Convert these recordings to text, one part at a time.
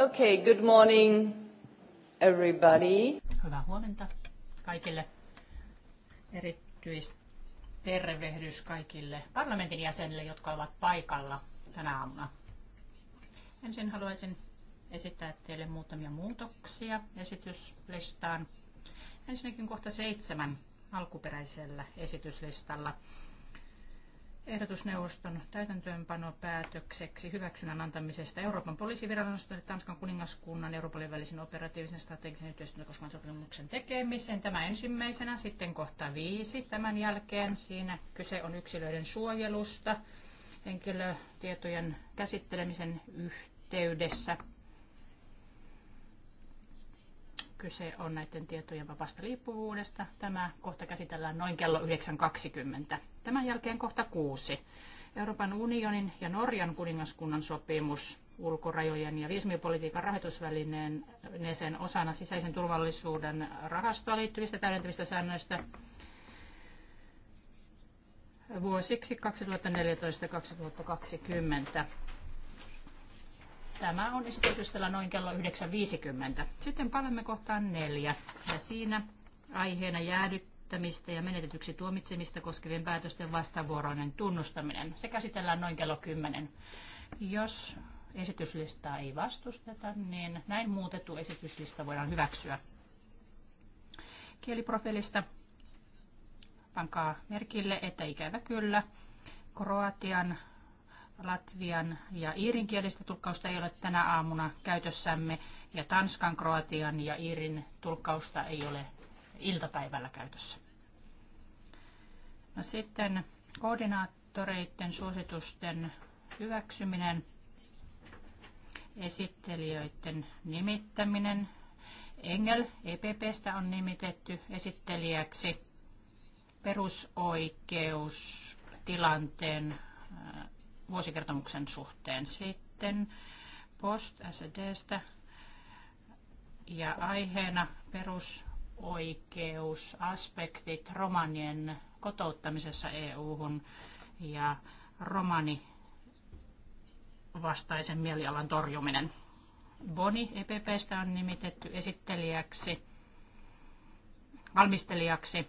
Okay, good morning everybody. Hyvää huomenta kaikille. Erityistervehdys kaikille parlamentin jäsenille, jotka ovat paikalla tänä aamuna. Ensin haluaisin esittää teille muutamia muutoksia esityslistaan. Ensinnäkin kohta seitsemän alkuperäisellä esityslistalla ehdotusneuvoston täytäntöönpanopäätökseksi hyväksynnän antamisesta Euroopan poliisiviranostolle Tanskan kuningaskunnan Euroopan välisen operatiivisen strategisen yhteistyön koskevan sopimuksen tekemiseen. Tämä ensimmäisenä, sitten kohta viisi tämän jälkeen. Siinä kyse on yksilöiden suojelusta henkilötietojen käsittelemisen yhteydessä. Kyse on näiden tietojen vapaasta liippuvuudesta. Tämä kohta käsitellään noin kello 9.20. Tämän jälkeen kohta kuusi. Euroopan unionin ja Norjan kuningaskunnan sopimus ulkorajojen ja viisumipolitiikan rahoitusvälineeseen osana sisäisen turvallisuuden rahastoa liittyvistä täydentävistä säännöistä vuosiksi 2014-2020. Tämä on esityslistalla noin kello 9.50. Sitten palemme kohtaan neljä. Ja siinä aiheena jäädyttämistä ja menetetyksi tuomitsemista koskevien päätösten vastavuoroinen tunnustaminen. Se käsitellään noin kello 10. Jos esityslistaa ei vastusteta, niin näin muutettu esityslista voidaan hyväksyä. Kieliprofiilista pankaa merkille, että ikävä kyllä Kroatian Latvian ja Iirin kielistä tulkkausta ei ole tänä aamuna käytössämme ja Tanskan, Kroatian ja Iirin tulkkausta ei ole iltapäivällä käytössä. No sitten koordinaattoreiden suositusten hyväksyminen, esittelijöiden nimittäminen. Engel EPPstä on nimitetty esittelijäksi perusoikeustilanteen vuosikertomuksen suhteen. Sitten Post SEDstä ja aiheena perusoikeusaspektit romanien kotouttamisessa EU-hun ja romani vastaisen mielialan torjuminen. Boni EPPstä on nimitetty esittelijäksi, valmistelijaksi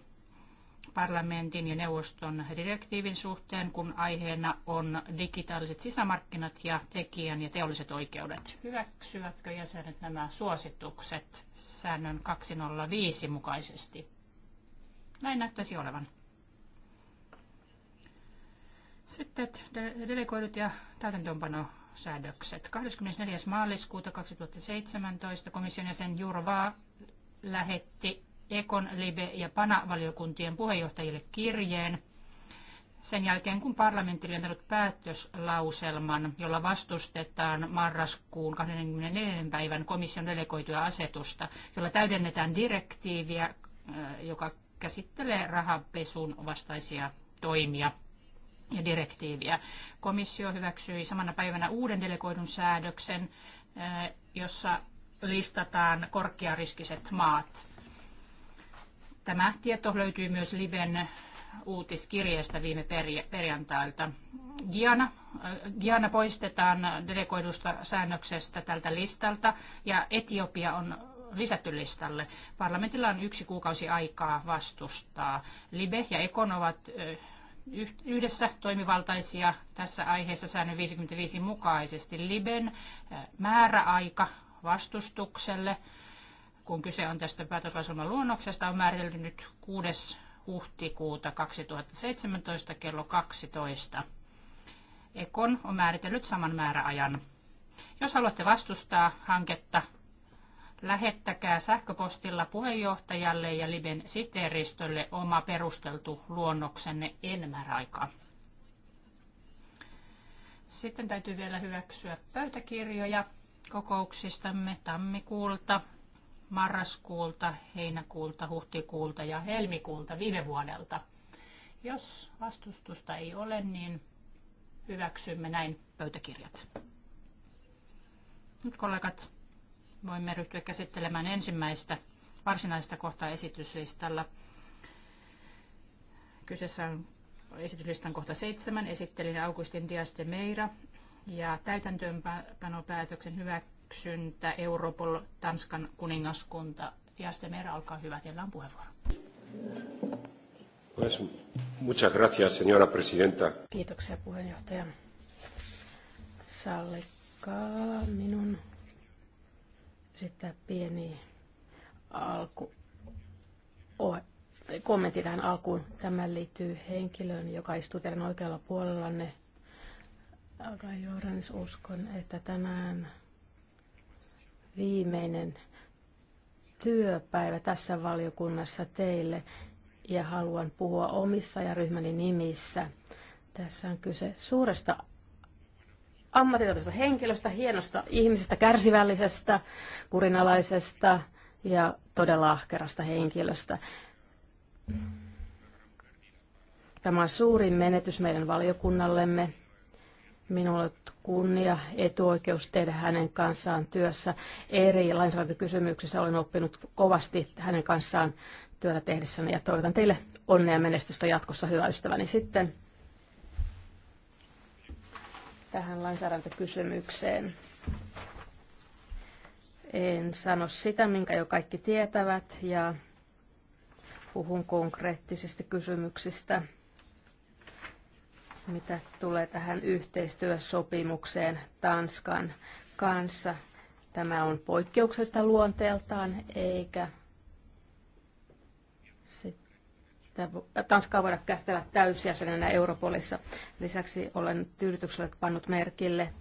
parlamentin ja neuvoston direktiivin suhteen, kun aiheena on digitaaliset sisämarkkinat ja tekijän ja teolliset oikeudet. Hyväksyvätkö jäsenet nämä suositukset säännön 205 mukaisesti? Näin näyttäisi olevan. Sitten delegoidut ja säädökset. 24. maaliskuuta 2017 komission jäsen Jurva lähetti Ekon, Libe ja PANA-valiokuntien puheenjohtajille kirjeen sen jälkeen, kun parlamentti oli antanut päätöslauselman, jolla vastustetaan marraskuun 24. päivän komission delegoituja asetusta, jolla täydennetään direktiiviä, äh, joka käsittelee rahapesun vastaisia toimia ja direktiiviä. Komissio hyväksyi samana päivänä uuden delegoidun säädöksen, äh, jossa listataan korkeariskiset maat. Tämä tieto löytyy myös Liben uutiskirjeestä viime perjantailta. Diana, Diana äh, poistetaan delegoidusta säännöksestä tältä listalta ja Etiopia on lisätty listalle. Parlamentilla on yksi kuukausi aikaa vastustaa. Libe ja Ekon ovat äh, yhdessä toimivaltaisia tässä aiheessa säännön 55 mukaisesti. Liben äh, määräaika vastustukselle kun kyse on tästä päätöslauselman luonnoksesta, on määritelty nyt 6. huhtikuuta 2017 kello 12. Ekon on määritellyt saman määräajan. Jos haluatte vastustaa hanketta, lähettäkää sähköpostilla puheenjohtajalle ja Liben siteeristölle oma perusteltu luonnoksenne ennen määräaikaa. Sitten täytyy vielä hyväksyä pöytäkirjoja kokouksistamme tammikuulta, marraskuulta, heinäkuulta, huhtikuulta ja helmikuulta viime vuodelta. Jos vastustusta ei ole, niin hyväksymme näin pöytäkirjat. Nyt kollegat, voimme ryhtyä käsittelemään ensimmäistä varsinaista kohtaa esityslistalla. Kyseessä on esityslistan kohta seitsemän. Esittelin Augustin Dias de Meira ja täytäntöönpanopäätöksen hyväksyminen tämä Europol, Tanskan kuningaskunta. Jastemer, olkaa hyvä, teillä on puheenvuoro. Pues, muchas gracias, señora presidenta. Kiitoksia puheenjohtaja. Sallikaa minun sitä pieni alku kommentti tähän alkuun. Tämä liittyy henkilöön, joka istuu teidän oikealla puolellanne. Alkaa Joranis, uskon, että tänään viimeinen työpäivä tässä valiokunnassa teille ja haluan puhua omissa ja ryhmäni nimissä. Tässä on kyse suuresta ammattitaitoisesta henkilöstä, hienosta ihmisestä, kärsivällisestä, kurinalaisesta ja todella ahkerasta henkilöstä. Tämä on suurin menetys meidän valiokunnallemme minulle on kunnia etuoikeus tehdä hänen kanssaan työssä eri lainsäädäntökysymyksissä. Olen oppinut kovasti hänen kanssaan työtä tehdessäni ja toivotan teille onnea ja menestystä jatkossa, hyvä ystäväni. Sitten tähän lainsäädäntökysymykseen. En sano sitä, minkä jo kaikki tietävät, ja puhun konkreettisista kysymyksistä mitä tulee tähän yhteistyösopimukseen Tanskan kanssa. Tämä on poikkeuksesta luonteeltaan, eikä sitä, Tanskaa voida käsitellä täysjäsenenä Europolissa. Lisäksi olen tyydytyksellä pannut merkille,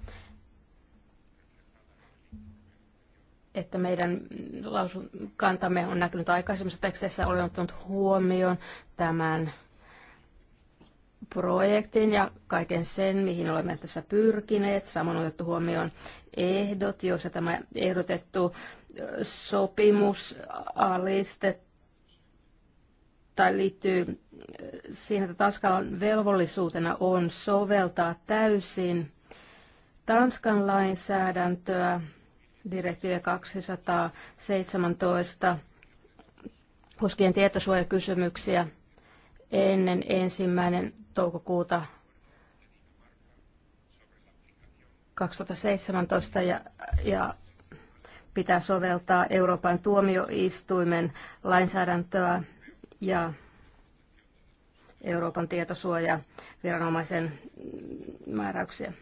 että meidän lausun kantamme on näkynyt aikaisemmissa teksteissä. Olen ottanut huomioon tämän projektin ja kaiken sen, mihin olemme tässä pyrkineet. Samoin on otettu huomioon ehdot, joissa tämä ehdotettu sopimus alistettu tai liittyy siihen, että Tanskan velvollisuutena on soveltaa täysin Tanskan lainsäädäntöä, direktiivi 217, koskien tietosuojakysymyksiä – ennen ensimmäinen toukokuuta 2017 ja, ja pitää soveltaa Euroopan tuomioistuimen lainsäädäntöä ja Euroopan viranomaisen määräyksiä.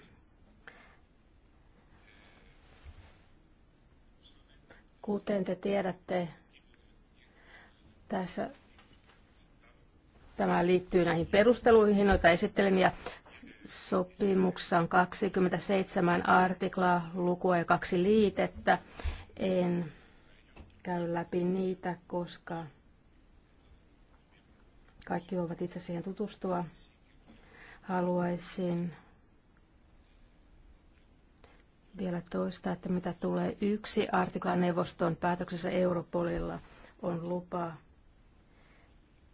Kuten te tiedätte, tässä Tämä liittyy näihin perusteluihin, joita esittelen, ja sopimuksessa on 27 artiklaa, lukua ja kaksi liitettä. En käy läpi niitä, koska kaikki voivat itse siihen tutustua. Haluaisin vielä toistaa, että mitä tulee yksi artikla neuvoston päätöksessä Europolilla on lupa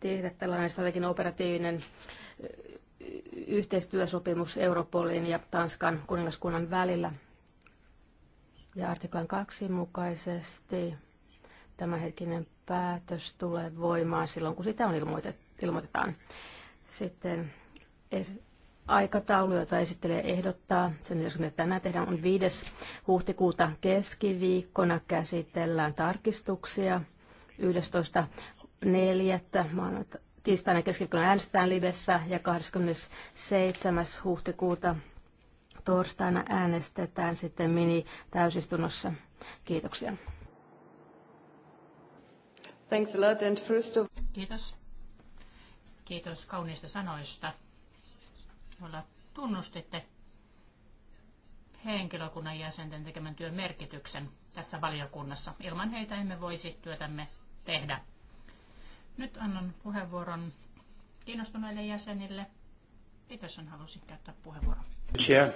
tehdä tällainen strateginen operatiivinen yhteistyösopimus Europolin ja Tanskan kuningaskunnan välillä. Ja artiklan 2 mukaisesti tämänhetkinen päätös tulee voimaan silloin, kun sitä on ilmoitettu. ilmoitetaan. Sitten aikataulu, jota esittelee ehdottaa, sen lisäksi me tänään tehdään, on 5. huhtikuuta keskiviikkona käsitellään tarkistuksia. 11. 4. tiistaina keskiviikkona äänestetään livessä ja 27. huhtikuuta torstaina äänestetään sitten mini-täysistunnossa. Kiitoksia. Thanks a lot and first of... Kiitos. Kiitos kauniista sanoista, joilla tunnustitte henkilökunnan jäsenten tekemän työn merkityksen tässä valiokunnassa. Ilman heitä emme voisi työtämme tehdä. Nyt annan puheenvuoron kiinnostuneille jäsenille. Peterson halusi käyttää puheenvuoron. Chair,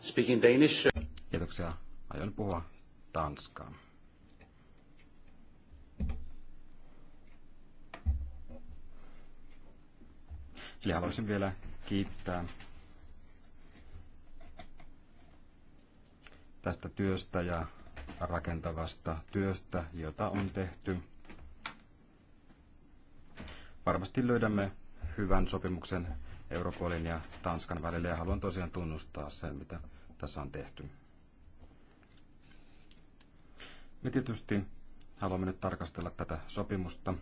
speaking Danish. Kiitoksia. Aion puhua tanskaa. Eli haluaisin vielä kiittää tästä työstä ja rakentavasta työstä, jota on tehty – varmasti löydämme hyvän sopimuksen Europolin ja Tanskan välillä ja haluan tosiaan tunnustaa sen, mitä tässä on tehty. Me tietysti haluamme nyt tarkastella tätä sopimusta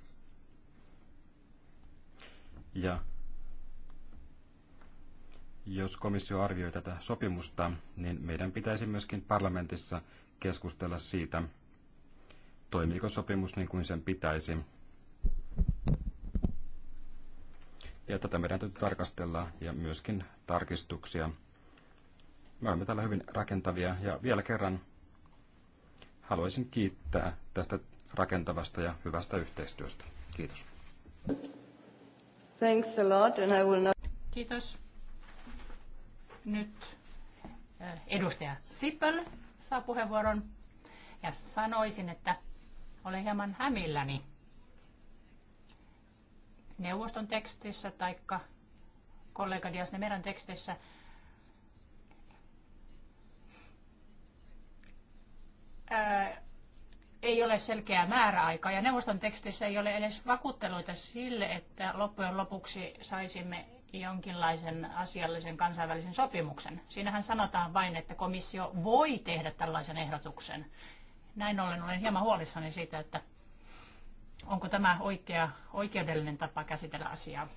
ja jos komissio arvioi tätä sopimusta, niin meidän pitäisi myöskin parlamentissa keskustella siitä, toimiiko sopimus niin kuin sen pitäisi Ja tätä meidän täytyy tarkastella ja myöskin tarkistuksia. Me olemme täällä hyvin rakentavia ja vielä kerran haluaisin kiittää tästä rakentavasta ja hyvästä yhteistyöstä. Kiitos. Thanks a lot and I will not... Kiitos. Nyt eh, edustaja Sipöl saa puheenvuoron ja sanoisin, että olen hieman hämilläni neuvoston tekstissä tai kollega Dias Nemeran tekstissä ää, ei ole selkeää määräaikaa ja neuvoston tekstissä ei ole edes vakuutteluita sille, että loppujen lopuksi saisimme jonkinlaisen asiallisen kansainvälisen sopimuksen. Siinähän sanotaan vain, että komissio voi tehdä tällaisen ehdotuksen. Näin ollen olen hieman huolissani siitä, että onko tämä oikea oikeudellinen tapa käsitellä asiaa.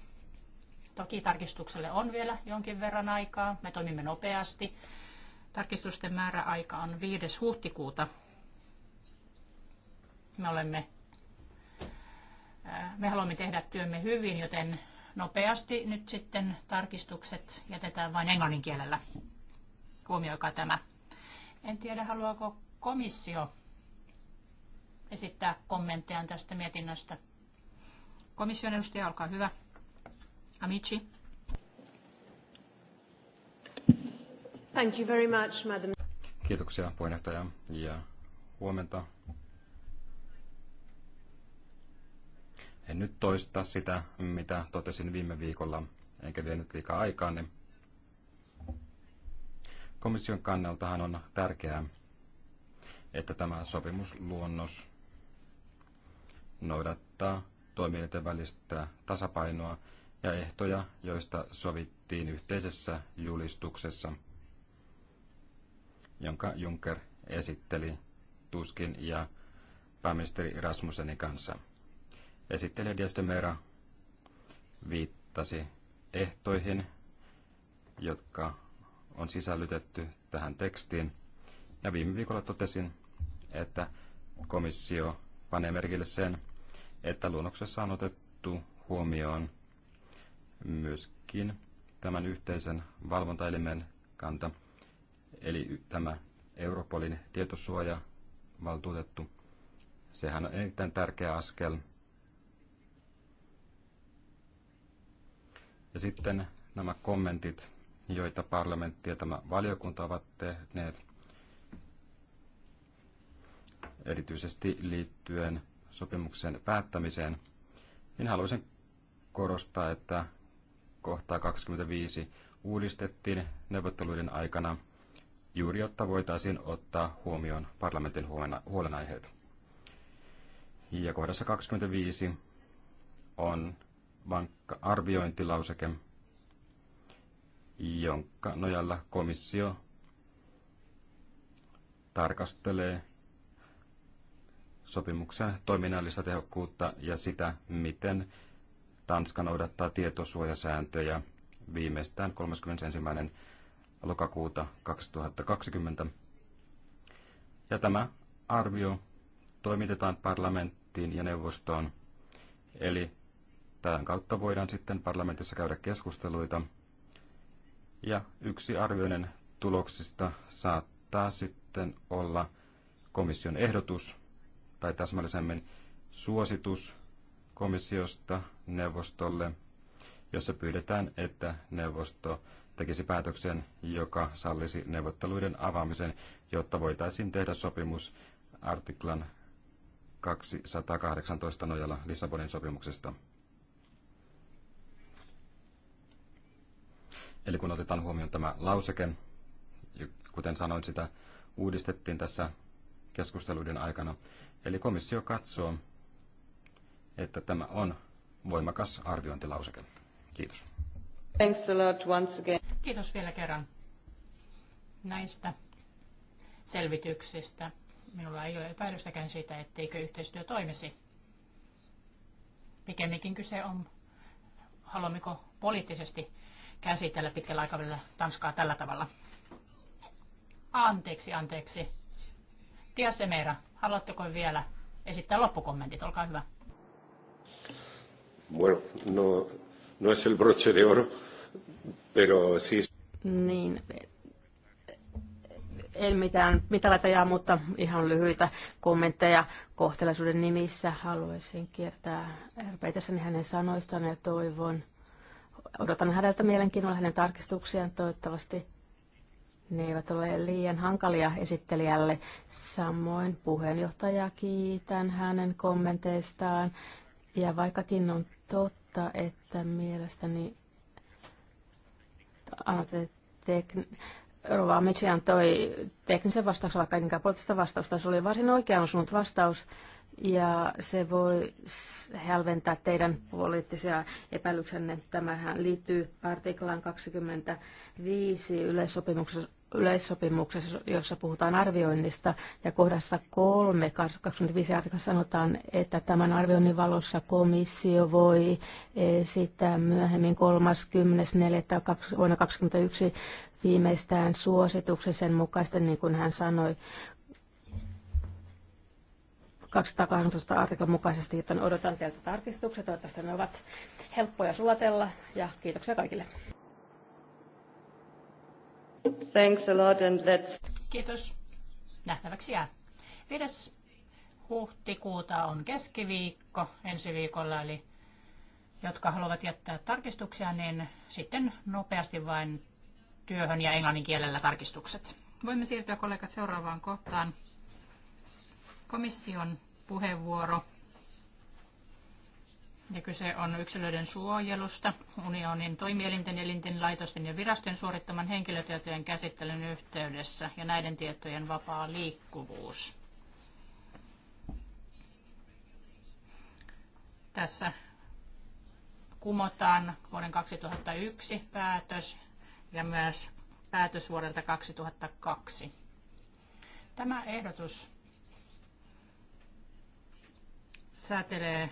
Toki tarkistukselle on vielä jonkin verran aikaa. Me toimimme nopeasti. Tarkistusten määräaika on 5. huhtikuuta. Me, olemme, me haluamme tehdä työmme hyvin, joten nopeasti nyt sitten tarkistukset jätetään vain englannin kielellä. Huomioikaa tämä. En tiedä, haluaako komissio esittää kommenttejaan tästä mietinnöstä. Komission edustaja, olkaa hyvä. Amici. Thank you very much, madam. Kiitoksia puheenjohtaja ja huomenta. En nyt toista sitä, mitä totesin viime viikolla, enkä vienyt liikaa aikaa, niin Komission kannaltahan on tärkeää, että tämä sopimusluonnos noudattaa toimielinten välistä tasapainoa ja ehtoja, joista sovittiin yhteisessä julistuksessa, jonka Juncker esitteli Tuskin ja pääministeri Rasmussenin kanssa. Esittelijä Diestemera viittasi ehtoihin, jotka on sisällytetty tähän tekstiin. Ja viime viikolla totesin, että komissio panee merkille sen, että luonnoksessa on otettu huomioon myöskin tämän yhteisen valvontaelimen kanta, eli tämä Europolin tietosuojavaltuutettu. Sehän on erittäin tärkeä askel. Ja sitten nämä kommentit, joita parlamentti ja tämä valiokunta ovat tehneet, erityisesti liittyen sopimuksen päättämiseen, niin haluaisin korostaa, että kohtaa 25 uudistettiin neuvotteluiden aikana juuri jotta voitaisiin ottaa huomioon parlamentin huolenaiheet. Ja kohdassa 25 on vankka arviointilauseke, jonka nojalla komissio tarkastelee sopimuksen toiminnallista tehokkuutta ja sitä, miten Tanska noudattaa tietosuojasääntöjä viimeistään 31. lokakuuta 2020. Ja tämä arvio toimitetaan parlamenttiin ja neuvostoon, eli tämän kautta voidaan sitten parlamentissa käydä keskusteluita. Ja yksi arvioinen tuloksista saattaa sitten olla komission ehdotus tai täsmällisemmin suositus komissiosta neuvostolle, jossa pyydetään, että neuvosto tekisi päätöksen, joka sallisi neuvotteluiden avaamisen, jotta voitaisiin tehdä sopimus artiklan 218 nojalla Lissabonin sopimuksesta. Eli kun otetaan huomioon tämä lauseke, kuten sanoin, sitä uudistettiin tässä keskusteluiden aikana. Eli komissio katsoo, että tämä on voimakas arviointilauseke. Kiitos. Thanks a lot once again. Kiitos vielä kerran näistä selvityksistä. Minulla ei ole epäilystäkään siitä, etteikö yhteistyö toimisi. Pikemminkin kyse on, haluammeko poliittisesti käsitellä pitkällä aikavälillä Tanskaa tällä tavalla. Anteeksi, anteeksi. Tiasemera. Haluatteko vielä esittää loppukommentit? Olkaa hyvä. Bueno, no, no es el broche de oro, pero sí. Niin, en mitään mitalatajaa, mutta ihan lyhyitä kommentteja kohtelaisuuden nimissä haluaisin kiertää Petersen hänen sanoistaan ja toivon. Odotan häneltä mielenkiinnolla hänen tarkistuksiaan toivottavasti ne eivät ole liian hankalia esittelijälle. Samoin puheenjohtaja kiitän hänen kommenteistaan. Ja vaikkakin on totta, että mielestäni Rova Mitsi antoi teknisen vastauksen, vaikka enkä poliittista vastausta. Se oli varsin oikean osunut vastaus ja se voi hälventää teidän poliittisia epäilyksenne. Tämähän liittyy artiklaan 25 yleissopimuksessa yleissopimuksessa, jossa puhutaan arvioinnista, ja kohdassa 3, 25 artikassa sanotaan, että tämän arvioinnin valossa komissio voi esittää myöhemmin 30.4. vuonna 2021 viimeistään suosituksen sen mukaisesti, niin kuin hän sanoi, 218 artiklan mukaisesti, joten odotan teiltä tarkistukset. Toivottavasti ne ovat helppoja sulatella ja kiitoksia kaikille. Thanks a lot and let's... Kiitos. Nähtäväksi jää. 5. huhtikuuta on keskiviikko ensi viikolla, eli jotka haluavat jättää tarkistuksia, niin sitten nopeasti vain työhön ja englannin kielellä tarkistukset. Voimme siirtyä kollegat seuraavaan kohtaan. Komission puheenvuoro ja kyse on yksilöiden suojelusta unionin toimielinten, elinten, laitosten ja virastojen suorittaman henkilötietojen käsittelyn yhteydessä ja näiden tietojen vapaa liikkuvuus. Tässä kumotaan vuoden 2001 päätös ja myös päätös vuodelta 2002. Tämä ehdotus säätelee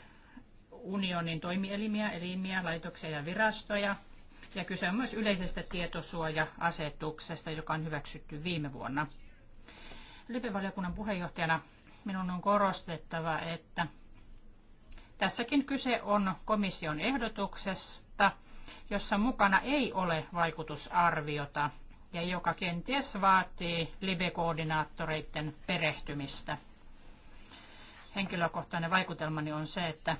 unionin toimielimiä, elimiä, laitoksia ja virastoja. Ja kyse on myös yleisestä tietosuoja-asetuksesta, joka on hyväksytty viime vuonna. Lipivaliokunnan puheenjohtajana minun on korostettava, että tässäkin kyse on komission ehdotuksesta, jossa mukana ei ole vaikutusarviota ja joka kenties vaatii live-koordinaattoreiden perehtymistä. Henkilökohtainen vaikutelmani on se, että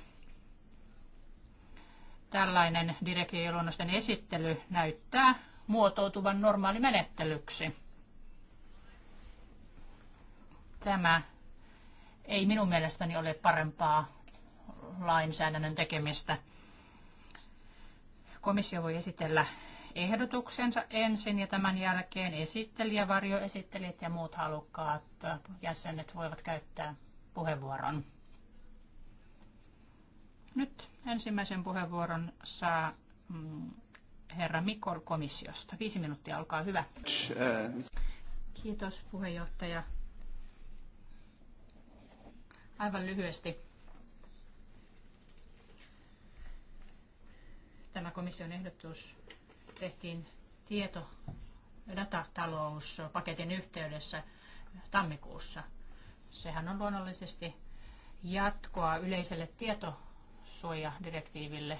tällainen direktiiviluonnosten esittely näyttää muotoutuvan normaalimenettelyksi. Tämä ei minun mielestäni ole parempaa lainsäädännön tekemistä. Komissio voi esitellä ehdotuksensa ensin ja tämän jälkeen esittelijä, varjoesittelijät ja muut halukkaat jäsenet voivat käyttää puheenvuoron. Nyt ensimmäisen puheenvuoron saa mm, herra Mikol komissiosta. Viisi minuuttia, olkaa hyvä. Kiitos puheenjohtaja. Aivan lyhyesti. Tämä komission ehdotus tehtiin tieto- ja datatalouspaketin yhteydessä tammikuussa. Sehän on luonnollisesti jatkoa yleiselle tieto suojadirektiiville,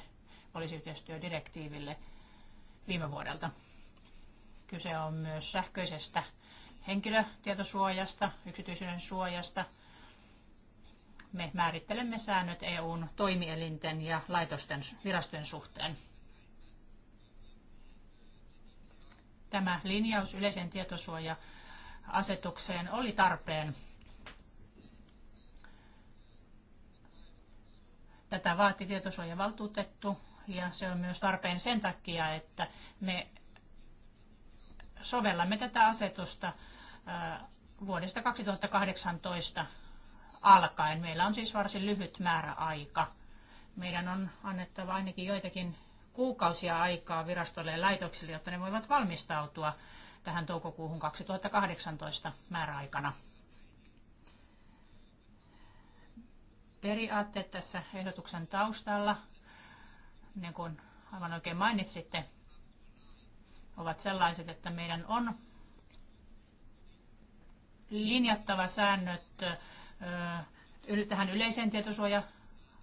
poliisiyhteistyödirektiiville viime vuodelta. Kyse on myös sähköisestä henkilötietosuojasta, yksityisyyden suojasta. Me määrittelemme säännöt EUn toimielinten ja laitosten virastojen suhteen. Tämä linjaus yleisen tietosuoja-asetukseen oli tarpeen Tätä vaati tietosuojavaltuutettu ja se on myös tarpeen sen takia, että me sovellamme tätä asetusta vuodesta 2018 alkaen. Meillä on siis varsin lyhyt määräaika. Meidän on annettava ainakin joitakin kuukausia aikaa virastolle ja laitoksille, jotta ne voivat valmistautua tähän toukokuuhun 2018 määräaikana. periaatteet tässä ehdotuksen taustalla, niin kuin aivan oikein mainitsitte, ovat sellaiset, että meidän on linjattava säännöt tähän yleiseen tietosuoja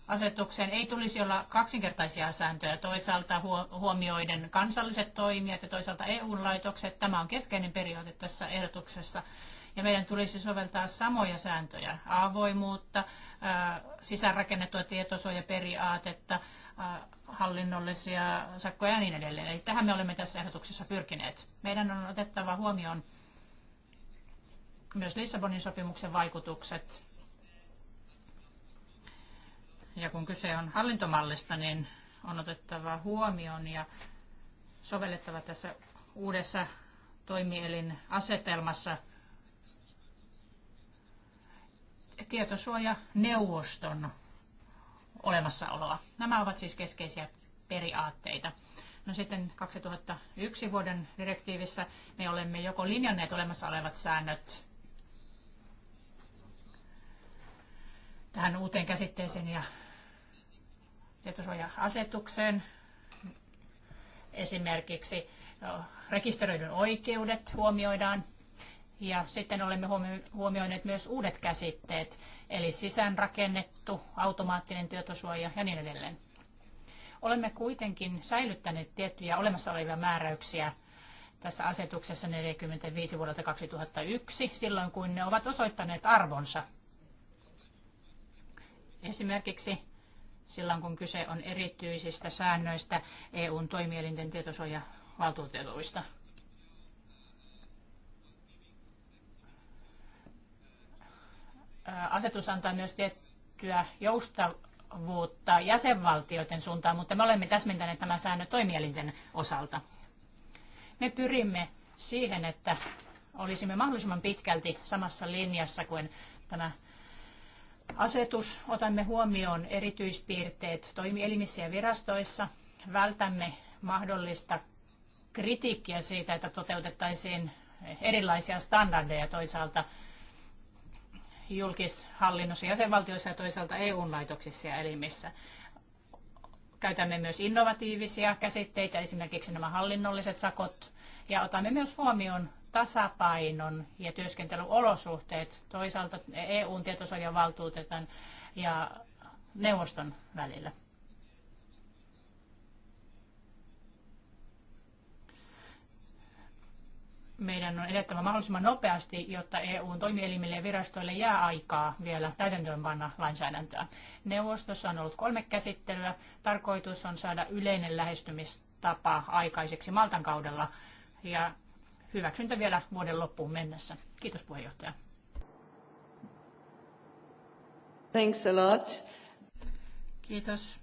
asetukseen ei tulisi olla kaksinkertaisia sääntöjä, toisaalta huomioiden kansalliset toimijat ja toisaalta EU-laitokset. Tämä on keskeinen periaate tässä ehdotuksessa ja meidän tulisi soveltaa samoja sääntöjä, avoimuutta, sisäänrakennettua tietosuojaperiaatetta, hallinnollisia sakkoja ja niin edelleen. Eli tähän me olemme tässä ehdotuksessa pyrkineet. Meidän on otettava huomioon myös Lissabonin sopimuksen vaikutukset. Ja kun kyse on hallintomallista, niin on otettava huomioon ja sovellettava tässä uudessa toimielin asetelmassa tietosuojaneuvoston olemassaoloa. Nämä ovat siis keskeisiä periaatteita. No sitten 2001 vuoden direktiivissä me olemme joko linjanneet olemassa olevat säännöt tähän uuteen käsitteeseen ja tietosuoja-asetukseen. Esimerkiksi rekisteröidyn oikeudet huomioidaan ja sitten olemme huomioineet myös uudet käsitteet, eli sisäänrakennettu, automaattinen tietosuoja ja niin edelleen. Olemme kuitenkin säilyttäneet tiettyjä olemassa olevia määräyksiä tässä asetuksessa 45 vuodelta 2001, silloin kun ne ovat osoittaneet arvonsa. Esimerkiksi silloin kun kyse on erityisistä säännöistä EUn toimielinten tietosuojavaltuutetuista. asetus antaa myös tiettyä joustavuutta jäsenvaltioiden suuntaan, mutta me olemme täsmentäneet tämän säännön toimielinten osalta. Me pyrimme siihen, että olisimme mahdollisimman pitkälti samassa linjassa kuin tämä asetus. Otamme huomioon erityispiirteet toimielimissä ja virastoissa. Vältämme mahdollista kritiikkiä siitä, että toteutettaisiin erilaisia standardeja toisaalta – julkishallinnossa, jäsenvaltioissa ja toisaalta EU-laitoksissa ja elimissä. Käytämme myös innovatiivisia käsitteitä, esimerkiksi nämä hallinnolliset sakot, ja otamme myös huomioon tasapainon ja työskentelyolosuhteet toisaalta EUn tietosuojavaltuutetun ja neuvoston välillä. meidän on edettävä mahdollisimman nopeasti, jotta EUn toimielimille ja virastoille jää aikaa vielä täytäntöönpanna lainsäädäntöä. Neuvostossa on ollut kolme käsittelyä. Tarkoitus on saada yleinen lähestymistapa aikaiseksi Maltan kaudella ja hyväksyntä vielä vuoden loppuun mennessä. Kiitos puheenjohtaja. Thanks a lot. Kiitos.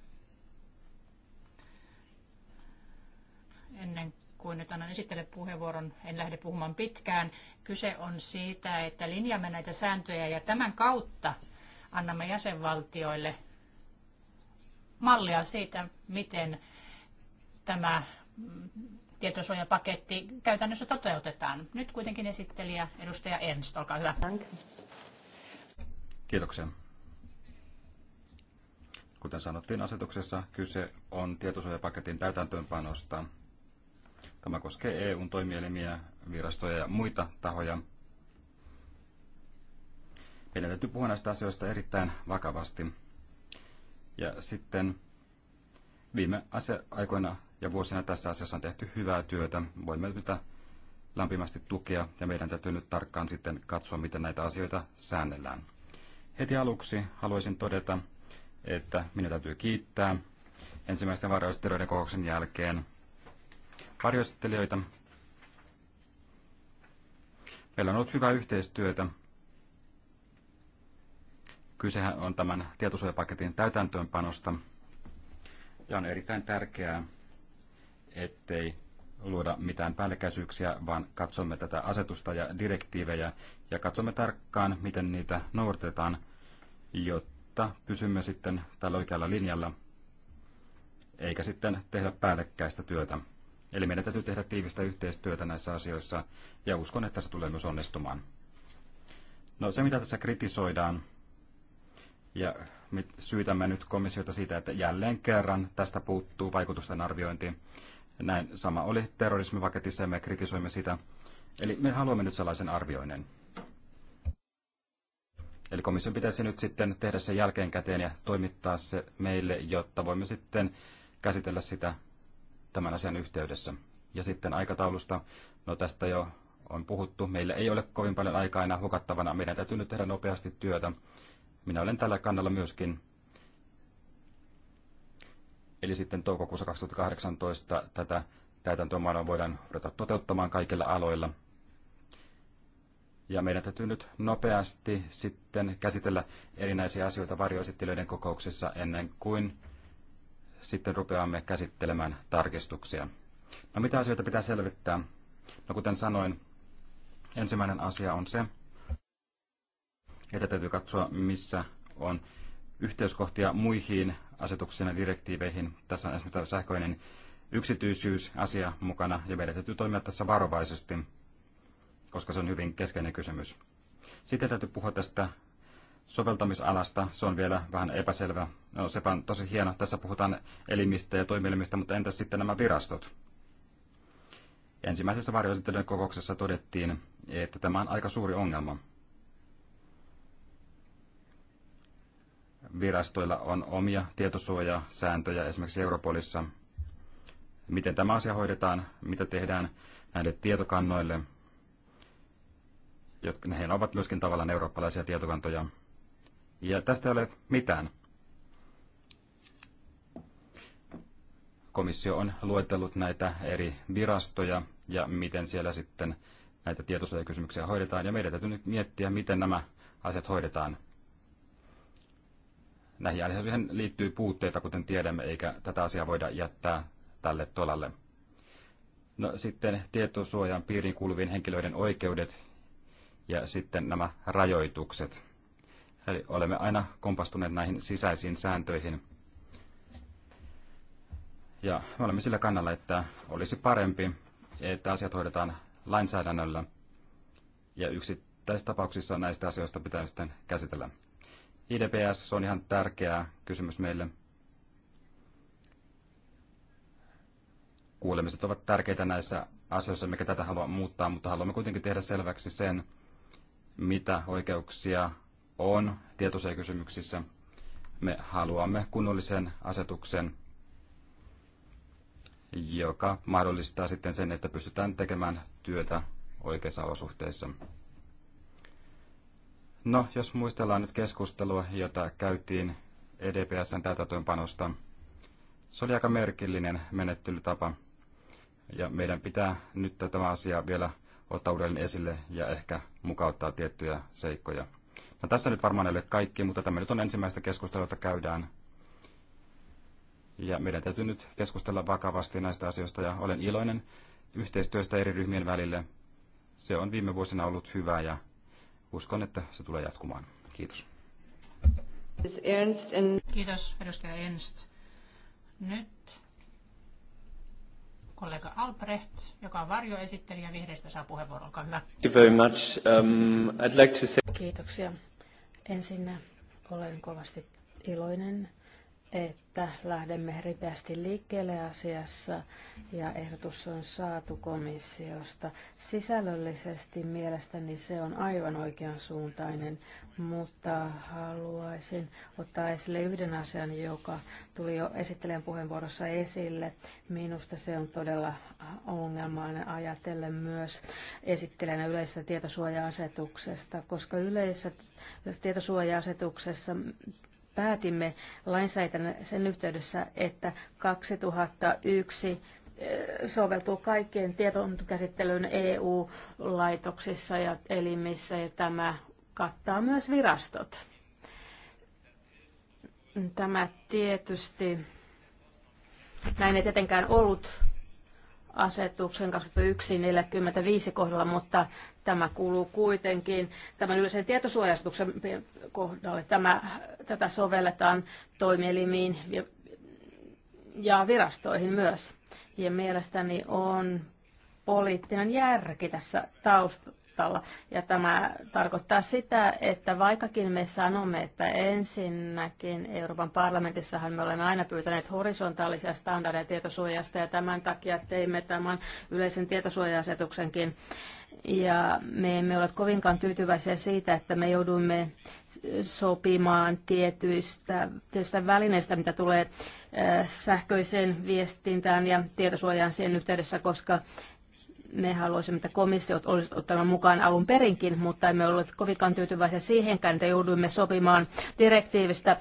Ennen kuin nyt annan esittele puheenvuoron, en lähde puhumaan pitkään. Kyse on siitä, että linjaamme näitä sääntöjä ja tämän kautta annamme jäsenvaltioille mallia siitä, miten tämä tietosuojapaketti käytännössä toteutetaan. Nyt kuitenkin esittelijä edustaja Ernst, olkaa hyvä. Kiitoksia. Kuten sanottiin asetuksessa, kyse on tietosuojapaketin täytäntöönpanosta – Tämä koskee EUn toimielimiä, virastoja ja muita tahoja. Meidän täytyy puhua näistä asioista erittäin vakavasti. Ja sitten viime aikoina ja vuosina tässä asiassa on tehty hyvää työtä. Voimme tätä lämpimästi tukea ja meidän täytyy nyt tarkkaan sitten katsoa, miten näitä asioita säännellään. Heti aluksi haluaisin todeta, että minä täytyy kiittää ensimmäisten varjoistelijoiden kokouksen jälkeen harjoittelijoita. Meillä on ollut hyvää yhteistyötä. Kysehän on tämän tietosuojapaketin täytäntöönpanosta. Ja on erittäin tärkeää, ettei luoda mitään päällekkäisyyksiä, vaan katsomme tätä asetusta ja direktiivejä ja katsomme tarkkaan, miten niitä noudatetaan, jotta pysymme sitten tällä oikealla linjalla, eikä sitten tehdä päällekkäistä työtä. Eli meidän täytyy tehdä tiivistä yhteistyötä näissä asioissa ja uskon, että se tulee myös onnistumaan. No se, mitä tässä kritisoidaan, ja syytämme nyt komissiota siitä, että jälleen kerran tästä puuttuu vaikutusten arviointi. Näin sama oli terrorismivaketissa, ja me kritisoimme sitä. Eli me haluamme nyt sellaisen arvioinnin. Eli komission pitäisi nyt sitten tehdä se jälkeenkäteen ja toimittaa se meille, jotta voimme sitten käsitellä sitä tämän asian yhteydessä. Ja sitten aikataulusta, no tästä jo on puhuttu. Meillä ei ole kovin paljon aikaa enää hukattavana. Meidän täytyy nyt tehdä nopeasti työtä. Minä olen tällä kannalla myöskin. Eli sitten toukokuussa 2018 tätä täytäntömaailmaa voidaan ruveta toteuttamaan kaikilla aloilla. Ja meidän täytyy nyt nopeasti sitten käsitellä erinäisiä asioita varjoesittelyiden kokouksissa ennen kuin sitten rupeamme käsittelemään tarkistuksia. No mitä asioita pitää selvittää? No kuten sanoin, ensimmäinen asia on se, että täytyy katsoa, missä on yhteyskohtia muihin asetuksiin ja direktiiveihin. Tässä on esimerkiksi sähköinen yksityisyysasia mukana, ja meidän täytyy toimia tässä varovaisesti, koska se on hyvin keskeinen kysymys. Sitten täytyy puhua tästä soveltamisalasta. Se on vielä vähän epäselvä. No, sepä on tosi hieno. Tässä puhutaan elimistä ja toimielimistä, mutta entäs sitten nämä virastot? Ensimmäisessä varjoesittelyn kokouksessa todettiin, että tämä on aika suuri ongelma. Virastoilla on omia tietosuojasääntöjä esimerkiksi Europolissa. Miten tämä asia hoidetaan, mitä tehdään näille tietokannoille, jotka ovat myöskin tavallaan eurooppalaisia tietokantoja. Ja tästä ei ole mitään. Komissio on luetellut näitä eri virastoja ja miten siellä sitten näitä tietosuojakysymyksiä hoidetaan. Ja meidän täytyy nyt miettiä, miten nämä asiat hoidetaan. Näihin asioihin liittyy puutteita, kuten tiedämme, eikä tätä asiaa voida jättää tälle tolalle. No, sitten tietosuojan piiriin kuuluvien henkilöiden oikeudet ja sitten nämä rajoitukset Eli olemme aina kompastuneet näihin sisäisiin sääntöihin. Ja me olemme sillä kannalla, että olisi parempi, että asiat hoidetaan lainsäädännöllä ja yksittäistapauksissa näistä asioista pitää sitten käsitellä. IDPS, se on ihan tärkeä kysymys meille. Kuulemiset ovat tärkeitä näissä asioissa, mikä tätä haluaa muuttaa, mutta haluamme kuitenkin tehdä selväksi sen, mitä oikeuksia on tietosuojakysymyksissä. Me haluamme kunnollisen asetuksen, joka mahdollistaa sitten sen, että pystytään tekemään työtä oikeissa olosuhteissa. No, jos muistellaan nyt keskustelua, jota käytiin EDPSn täytäntöönpanosta, se oli aika merkillinen menettelytapa. Ja meidän pitää nyt tämä asia vielä ottaa uudelleen esille ja ehkä mukauttaa tiettyjä seikkoja. No tässä nyt varmaan ei ole kaikki, mutta tämä nyt on ensimmäistä keskustelua, jota käydään. Ja meidän täytyy nyt keskustella vakavasti näistä asioista ja olen iloinen yhteistyöstä eri ryhmien välille. Se on viime vuosina ollut hyvää ja uskon, että se tulee jatkumaan. Kiitos. Kiitos edustaja Ernst. Nyt kollega Albrecht, joka on varjoesittelijä vihreistä, saa puheenvuoron. Olkaa hyvä. Thank you very much. Um, I'd like to say... Kiitoksia. Ensinnä olen kovasti iloinen että lähdemme ripeästi liikkeelle asiassa ja ehdotus on saatu komissiosta. Sisällöllisesti mielestäni se on aivan oikeansuuntainen, mutta haluaisin ottaa esille yhden asian, joka tuli jo esittelijän puheenvuorossa esille. Minusta se on todella ongelmainen ajatellen myös esittelijänä yleisestä tietosuoja-asetuksesta, koska yleisessä tietosuoja-asetuksessa päätimme lainsäädännön sen yhteydessä, että 2001 eh, soveltuu kaikkien tietokäsittelyyn EU-laitoksissa ja elimissä ja tämä kattaa myös virastot. Tämä tietysti, näin ei tietenkään ollut asetuksen 2145 kohdalla, mutta tämä kuuluu kuitenkin tämän yleisen tietosuojasetuksen kohdalle. Tämä, tätä sovelletaan toimielimiin ja virastoihin myös. Ja mielestäni on poliittinen järki tässä taust- kartalla. Ja tämä tarkoittaa sitä, että vaikkakin me sanomme, että ensinnäkin Euroopan parlamentissahan me olemme aina pyytäneet horisontaalisia standardeja tietosuojasta ja tämän takia teimme tämän yleisen tietosuoja-asetuksenkin. Ja me emme ole kovinkaan tyytyväisiä siitä, että me joudumme sopimaan tietyistä, tietyistä välineistä, mitä tulee äh, sähköiseen viestintään ja tietosuojaan sen yhteydessä, koska me haluaisimme, että komissiot olisivat ottaneet mukaan alun perinkin, mutta emme olleet kovinkaan tyytyväisiä siihenkään, että jouduimme sopimaan direktiivistä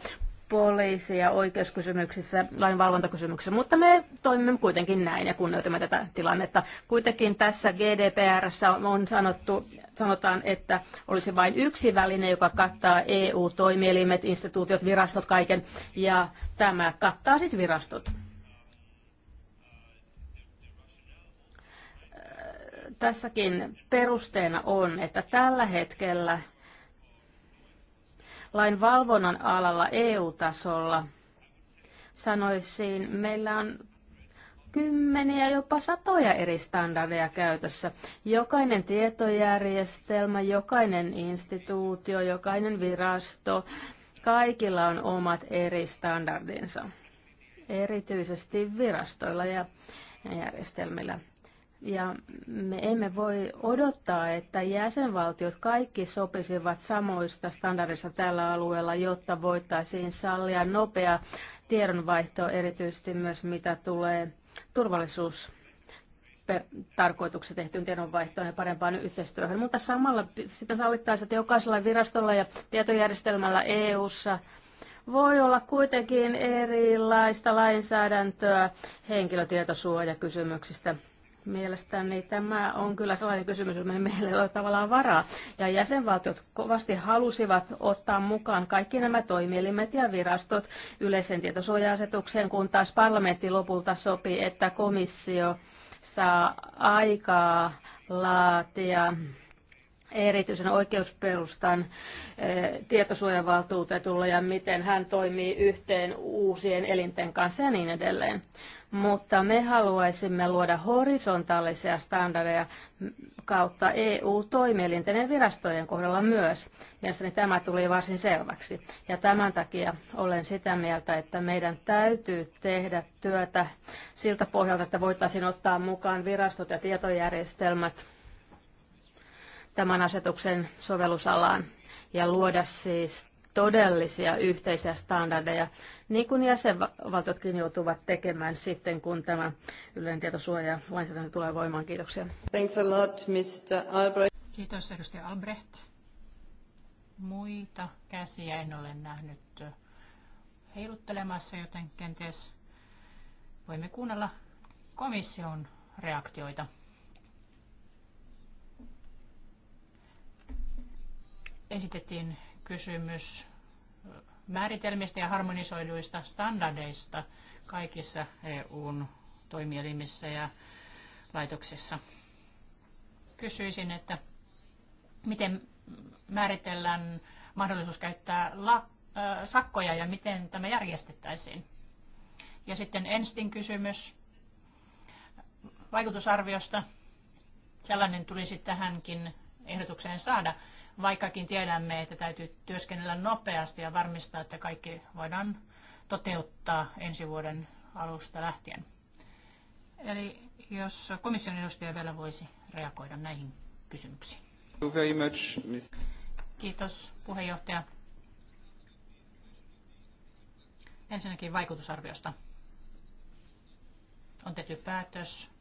poliisi- ja oikeuskysymyksissä, lainvalvontakysymyksissä, mutta me toimimme kuitenkin näin ja kunnioitamme tätä tilannetta. Kuitenkin tässä GDPRssä on sanottu, sanotaan, että olisi vain yksi väline, joka kattaa EU-toimielimet, instituutiot, virastot, kaiken, ja tämä kattaa siis virastot. Tässäkin perusteena on, että tällä hetkellä lain valvonnan alalla EU-tasolla sanoisin, meillä on kymmeniä, jopa satoja eri standardeja käytössä. Jokainen tietojärjestelmä, jokainen instituutio, jokainen virasto, kaikilla on omat eri standardinsa, erityisesti virastoilla ja järjestelmillä. Ja me emme voi odottaa, että jäsenvaltiot kaikki sopisivat samoista standardista tällä alueella, jotta voitaisiin sallia nopea tiedonvaihto, erityisesti myös mitä tulee turvallisuus tarkoituksessa tehtyyn tiedonvaihtoon ja parempaan yhteistyöhön, mutta samalla sitä sallittaisiin, että jokaisella virastolla ja tietojärjestelmällä EU-ssa voi olla kuitenkin erilaista lainsäädäntöä henkilötietosuojakysymyksistä. Mielestäni tämä on kyllä sellainen kysymys, johon meillä ei ole tavallaan varaa. Ja jäsenvaltiot kovasti halusivat ottaa mukaan kaikki nämä toimielimet ja virastot yleisen tietosuoja-asetukseen, kun taas parlamentti lopulta sopi, että komissio saa aikaa laatia erityisen oikeusperustan eh, tietosuojavaltuutetulle ja miten hän toimii yhteen uusien elinten kanssa ja niin edelleen. Mutta me haluaisimme luoda horisontaalisia standardeja kautta EU-toimielinten ja virastojen kohdalla myös. Mielestäni tämä tuli varsin selväksi. Ja tämän takia olen sitä mieltä, että meidän täytyy tehdä työtä siltä pohjalta, että voitaisiin ottaa mukaan virastot ja tietojärjestelmät tämän asetuksen sovellusalaan ja luoda siis todellisia yhteisiä standardeja, niin kuin jäsenvaltiotkin joutuvat tekemään sitten, kun tämä yleinen tietosuoja lainsäädäntö tulee voimaan. Kiitoksia. Thanks a lot, Mr. Albrecht. Kiitos, edustaja Albrecht. Muita käsiä en ole nähnyt heiluttelemassa, joten kenties voimme kuunnella komission reaktioita. Esitettiin kysymys määritelmistä ja harmonisoiduista standardeista kaikissa EUn toimielimissä ja laitoksissa. Kysyisin, että miten määritellään mahdollisuus käyttää la, äh, sakkoja ja miten tämä järjestettäisiin. Ja sitten Enstin kysymys vaikutusarviosta. Sellainen tulisi tähänkin ehdotukseen saada vaikkakin tiedämme, että täytyy työskennellä nopeasti ja varmistaa, että kaikki voidaan toteuttaa ensi vuoden alusta lähtien. Eli jos komission edustaja vielä voisi reagoida näihin kysymyksiin. Kiitos puheenjohtaja. Ensinnäkin vaikutusarviosta. On tehty päätös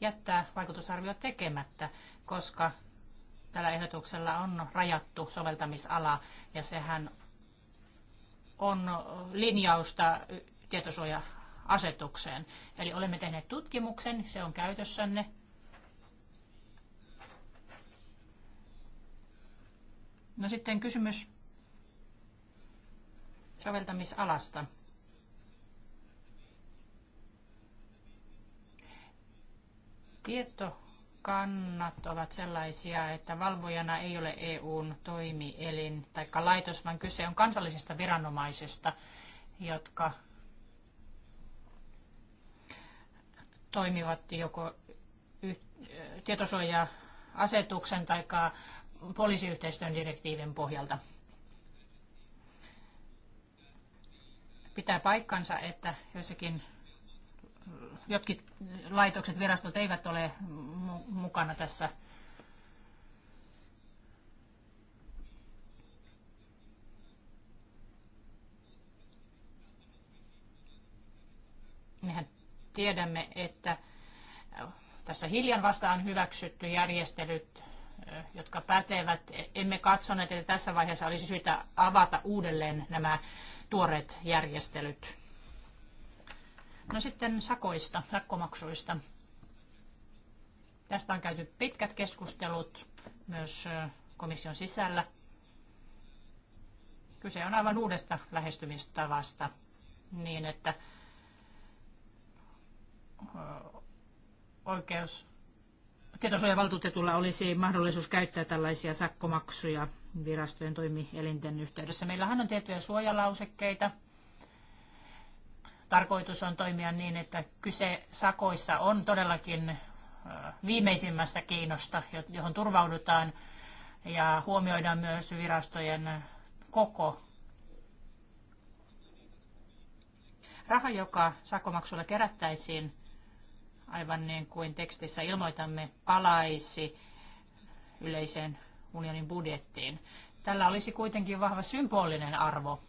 jättää vaikutusarvio tekemättä, koska Tällä ehdotuksella on rajattu soveltamisala ja sehän on linjausta tietosuoja-asetukseen. Eli olemme tehneet tutkimuksen, se on käytössänne. No sitten kysymys soveltamisalasta. Tieto kannat ovat sellaisia, että valvojana ei ole EUn toimielin tai laitos, vaan kyse on kansallisista viranomaisista, jotka toimivat joko tietosuoja-asetuksen tai poliisiyhteistyön direktiivin pohjalta. Pitää paikkansa, että jossakin jotkin laitokset, virastot eivät ole mukana tässä mehän tiedämme, että tässä hiljan vastaan hyväksytty järjestelyt, jotka pätevät, emme katsoneet, että tässä vaiheessa olisi syytä avata uudelleen nämä tuoreet järjestelyt. No sitten sakoista, sakkomaksuista Tästä on käyty pitkät keskustelut myös komission sisällä. Kyse on aivan uudesta lähestymistavasta niin, että oikeus tietosuojavaltuutetulla olisi mahdollisuus käyttää tällaisia sakkomaksuja virastojen toimielinten yhteydessä. Meillähän on tiettyjä suojalausekkeita, tarkoitus on toimia niin, että kyse sakoissa on todellakin viimeisimmästä keinosta, johon turvaudutaan ja huomioidaan myös virastojen koko. Raha, joka sakomaksulla kerättäisiin, aivan niin kuin tekstissä ilmoitamme, palaisi yleiseen unionin budjettiin. Tällä olisi kuitenkin vahva symbolinen arvo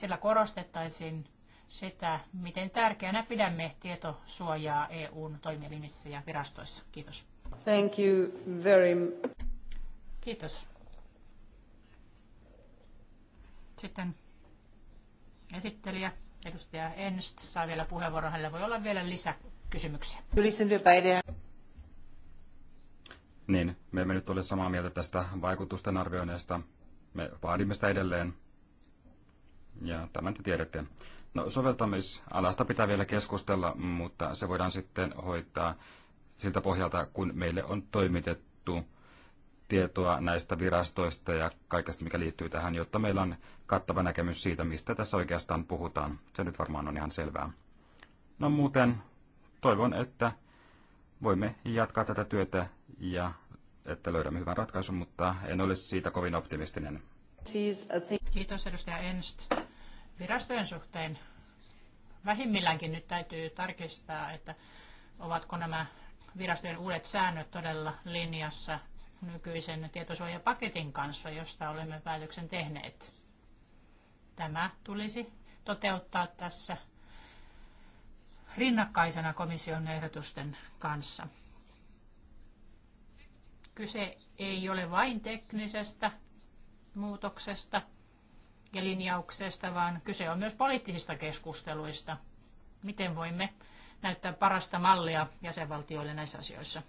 sillä korostettaisiin sitä, miten tärkeänä pidämme tietosuojaa EUn toimielimissä ja virastoissa. Kiitos. Thank you very... Kiitos. Sitten esittelijä, edustaja Ernst, saa vielä puheenvuoron. Hänellä voi olla vielä lisäkysymyksiä. Niin, me emme nyt ole samaa mieltä tästä vaikutusten arvioinnista. Me vaadimme sitä edelleen ja tämän te tiedätte. No, soveltamisalasta pitää vielä keskustella, mutta se voidaan sitten hoitaa siltä pohjalta, kun meille on toimitettu tietoa näistä virastoista ja kaikesta, mikä liittyy tähän, jotta meillä on kattava näkemys siitä, mistä tässä oikeastaan puhutaan. Se nyt varmaan on ihan selvää. No muuten toivon, että voimme jatkaa tätä työtä ja että löydämme hyvän ratkaisun, mutta en ole siitä kovin optimistinen. Siis, uh, Kiitos edustaja Enst virastojen suhteen vähimmilläänkin nyt täytyy tarkistaa, että ovatko nämä virastojen uudet säännöt todella linjassa nykyisen tietosuojapaketin kanssa, josta olemme päätöksen tehneet. Tämä tulisi toteuttaa tässä rinnakkaisena komission ehdotusten kanssa. Kyse ei ole vain teknisestä muutoksesta, ja linjauksesta, vaan kyse on myös poliittisista keskusteluista. Miten voimme näyttää parasta mallia jäsenvaltioille näissä asioissa?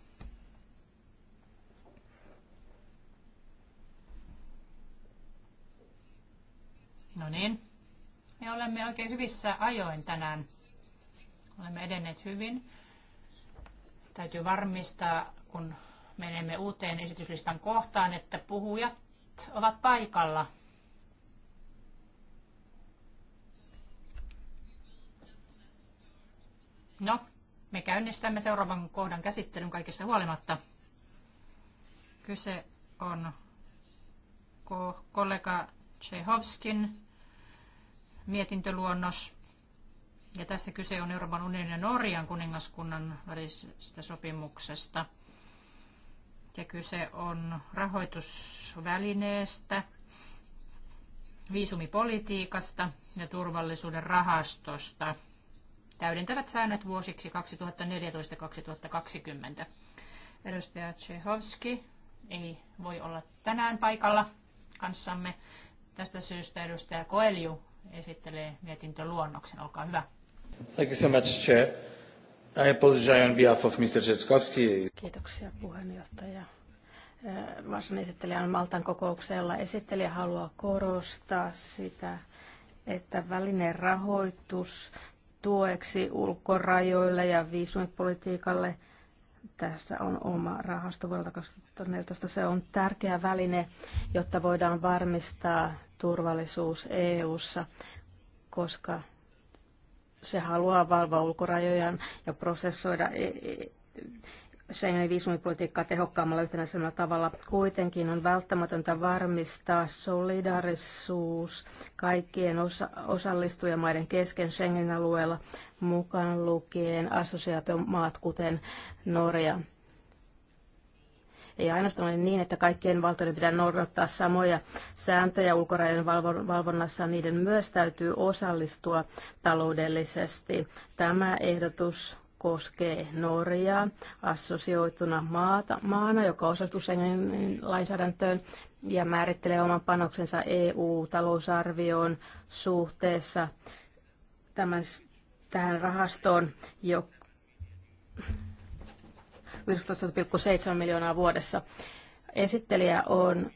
No niin. Me olemme oikein hyvissä ajoin tänään. Olemme edenneet hyvin. Täytyy varmistaa, kun menemme uuteen esityslistan kohtaan, että puhujat ovat paikalla. No, me käynnistämme seuraavan kohdan käsittelyn kaikessa huolimatta. Kyse on kollega Tsehovskin mietintöluonnos. Ja tässä kyse on Euroopan unionin ja Norjan kuningaskunnan välisestä sopimuksesta. Ja kyse on rahoitusvälineestä, viisumipolitiikasta ja turvallisuuden rahastosta – täydentävät säännöt vuosiksi 2014-2020. Edustaja Tsehovski ei voi olla tänään paikalla kanssamme. Tästä syystä edustaja Koelju esittelee mietintöluonnoksen. Olkaa hyvä. Thank you so much, Chair. I apologize on behalf of Mr. Tsetkovski. Kiitoksia puheenjohtaja. Äh, Varsin esittelijän Maltan kokouksella esittelijä haluaa korostaa sitä, että välinen rahoitus tueksi ulkorajoille ja viisumipolitiikalle. Tässä on oma rahasto vuodelta 2014. Se on tärkeä väline, jotta voidaan varmistaa turvallisuus EU:ssa, koska se haluaa valvoa ulkorajojaan ja prosessoida e- e- Schengenin viisumipolitiikkaa tehokkaammalla yhtenäisellä tavalla. Kuitenkin on välttämätöntä varmistaa solidarisuus kaikkien osa- osallistujamaiden kesken Schengenin alueella mukaan lukien assosiaatiomaat, kuten Norja. Ei ainoastaan ole niin, että kaikkien valtioiden pitää noudattaa samoja sääntöjä ulkorajojen valvonnassa, niiden myös täytyy osallistua taloudellisesti. Tämä ehdotus koskee Norjaa assosioituna maata, maana, joka osallistuu Schengenin lainsäädäntöön ja määrittelee oman panoksensa EU-talousarvioon suhteessa tämän, tähän rahastoon jo 19,7 miljoonaa vuodessa. Esittelijä on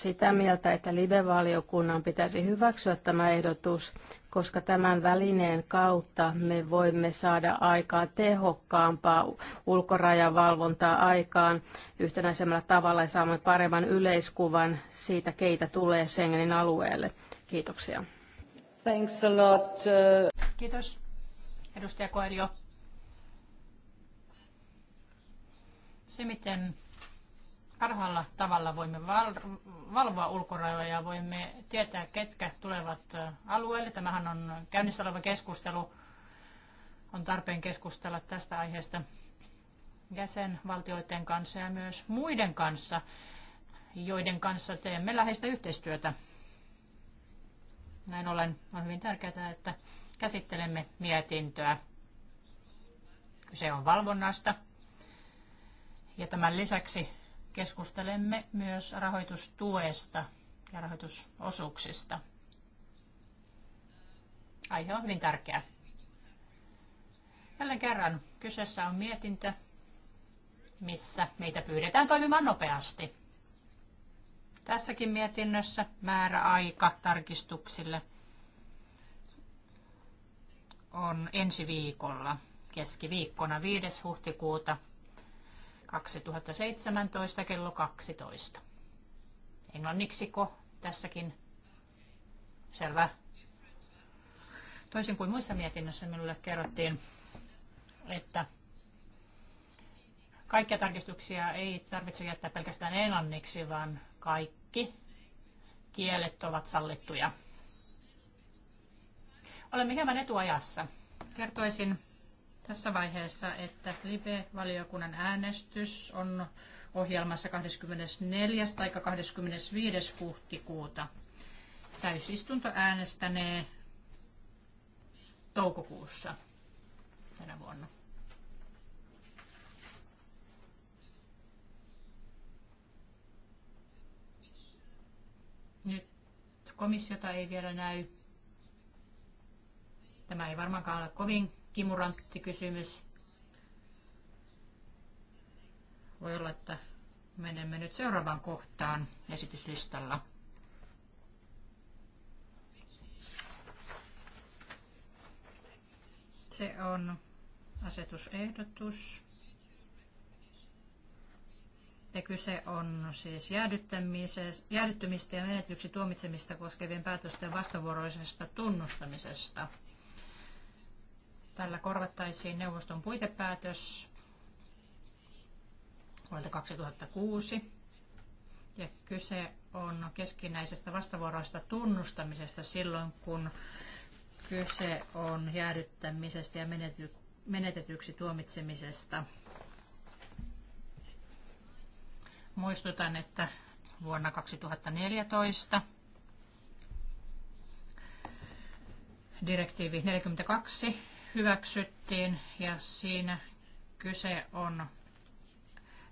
sitä mieltä, että live-valiokunnan pitäisi hyväksyä tämä ehdotus, koska tämän välineen kautta me voimme saada aikaa tehokkaampaa ulkorajavalvontaa aikaan yhtenäisemmällä tavalla ja saamme paremman yleiskuvan siitä, keitä tulee Schengenin alueelle. Kiitoksia. Thanks a lot. Uh, Kiitos, edustaja Koelio. Se, miten parhaalla tavalla voimme val- valvoa ulkorajoja, voimme tietää, ketkä tulevat alueelle. Tämähän on käynnissä oleva keskustelu. On tarpeen keskustella tästä aiheesta jäsenvaltioiden kanssa ja myös muiden kanssa, joiden kanssa teemme läheistä yhteistyötä. Näin ollen on hyvin tärkeää, että käsittelemme mietintöä. Kyse on valvonnasta. Ja tämän lisäksi keskustelemme myös rahoitustuesta ja rahoitusosuuksista. Aihe on hyvin tärkeä. Jälleen kerran kyseessä on mietintö, missä meitä pyydetään toimimaan nopeasti. Tässäkin mietinnössä määräaika tarkistuksille on ensi viikolla, keskiviikkona 5. huhtikuuta 2017 kello 12. Englanniksiko tässäkin? Selvä. Toisin kuin muissa mietinnöissä minulle kerrottiin, että kaikkia tarkistuksia ei tarvitse jättää pelkästään englanniksi, vaan kaikki kielet ovat sallittuja. Olemme hieman etuajassa. Kertoisin tässä vaiheessa, että LIBE-valiokunnan äänestys on ohjelmassa 24. tai 25. huhtikuuta. Täysistunto äänestänee toukokuussa tänä vuonna. Nyt komissiota ei vielä näy. Tämä ei varmaankaan ole kovin kimurantti kysymys. Voi olla, että menemme nyt seuraavaan kohtaan esityslistalla. Se on asetusehdotus. Ja kyse on siis jäädyttämistä ja menetyksi tuomitsemista koskevien päätösten vastavuoroisesta tunnustamisesta. Tällä korvattaisiin neuvoston puitepäätös vuodelta 2006. Ja kyse on keskinäisestä vastavuoroista tunnustamisesta silloin, kun kyse on jäädyttämisestä ja menety, menetetyksi tuomitsemisesta. Muistutan, että vuonna 2014 direktiivi 42 hyväksyttiin ja siinä kyse on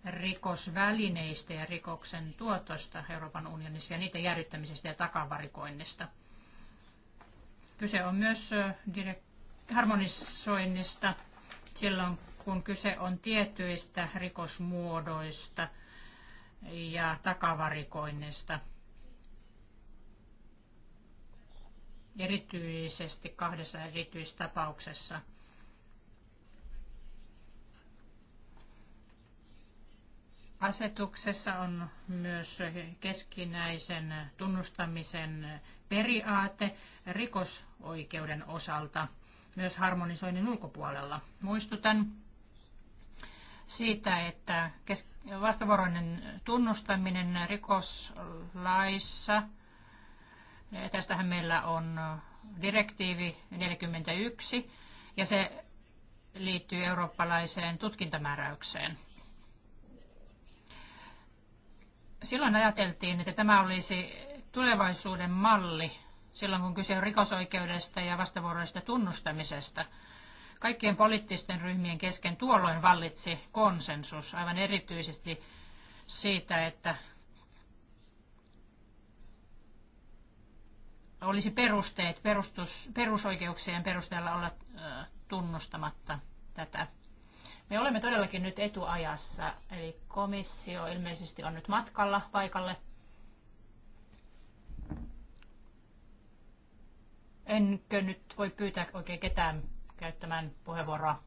rikosvälineistä ja rikoksen tuotosta Euroopan unionissa ja niiden järjyttämisestä ja takavarikoinnista. Kyse on myös harmonisoinnista silloin, kun kyse on tietyistä rikosmuodoista ja takavarikoinnista – erityisesti kahdessa erityistapauksessa. Asetuksessa on myös keskinäisen tunnustamisen periaate rikosoikeuden osalta myös harmonisoinnin ulkopuolella. Muistutan siitä, että vastavuoroinen tunnustaminen rikoslaissa – Tästähän meillä on direktiivi 41 ja se liittyy eurooppalaiseen tutkintamääräykseen. Silloin ajateltiin, että tämä olisi tulevaisuuden malli silloin, kun kyse on rikosoikeudesta ja vastavuoroisesta tunnustamisesta. Kaikkien poliittisten ryhmien kesken tuolloin vallitsi konsensus, aivan erityisesti siitä, että olisi perusteet perustus, perusoikeuksien perusteella olla tunnustamatta tätä. Me olemme todellakin nyt etuajassa, eli komissio ilmeisesti on nyt matkalla paikalle. Enkö nyt voi pyytää oikein ketään käyttämään puheenvuoroa?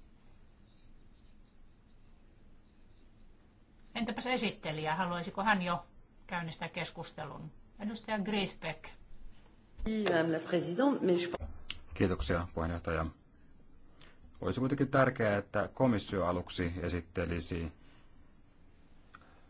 Entäpäs esittelijä, haluaisiko hän jo käynnistää keskustelun? Edustaja Griesbeck. Kiitoksia puheenjohtaja. Olisi kuitenkin tärkeää, että komissio aluksi esittelisi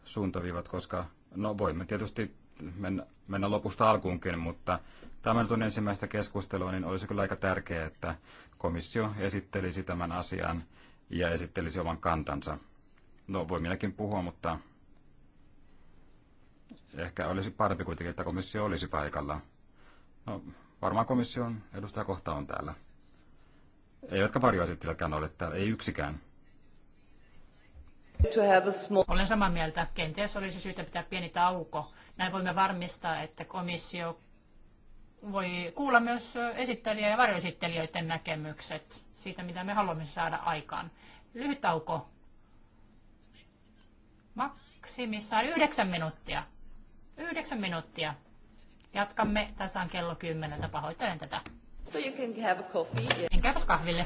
suuntaviivat, koska no voimme tietysti mennä, mennä lopusta alkuunkin, mutta tämän tunnin on ensimmäistä keskustelua, niin olisi kyllä aika tärkeää, että komissio esittelisi tämän asian ja esittelisi oman kantansa. No voi minäkin puhua, mutta ehkä olisi parempi kuitenkin, että komissio olisi paikalla. No, varmaan komission edustajakohta on täällä. Eivätkä varjoesittelijätkään ole täällä, ei yksikään. Olen samaa mieltä. Kenties olisi syytä pitää pieni tauko. Näin voimme varmistaa, että komissio voi kuulla myös esittelijä- ja varjoesittelijöiden näkemykset siitä, mitä me haluamme saada aikaan. Lyhyt tauko. Maksimissaan yhdeksän minuuttia. Yhdeksän minuuttia. Jatkamme tasan kello 10. Pahoittelen tätä. So you can have a coffee. Menkääpäs kahville.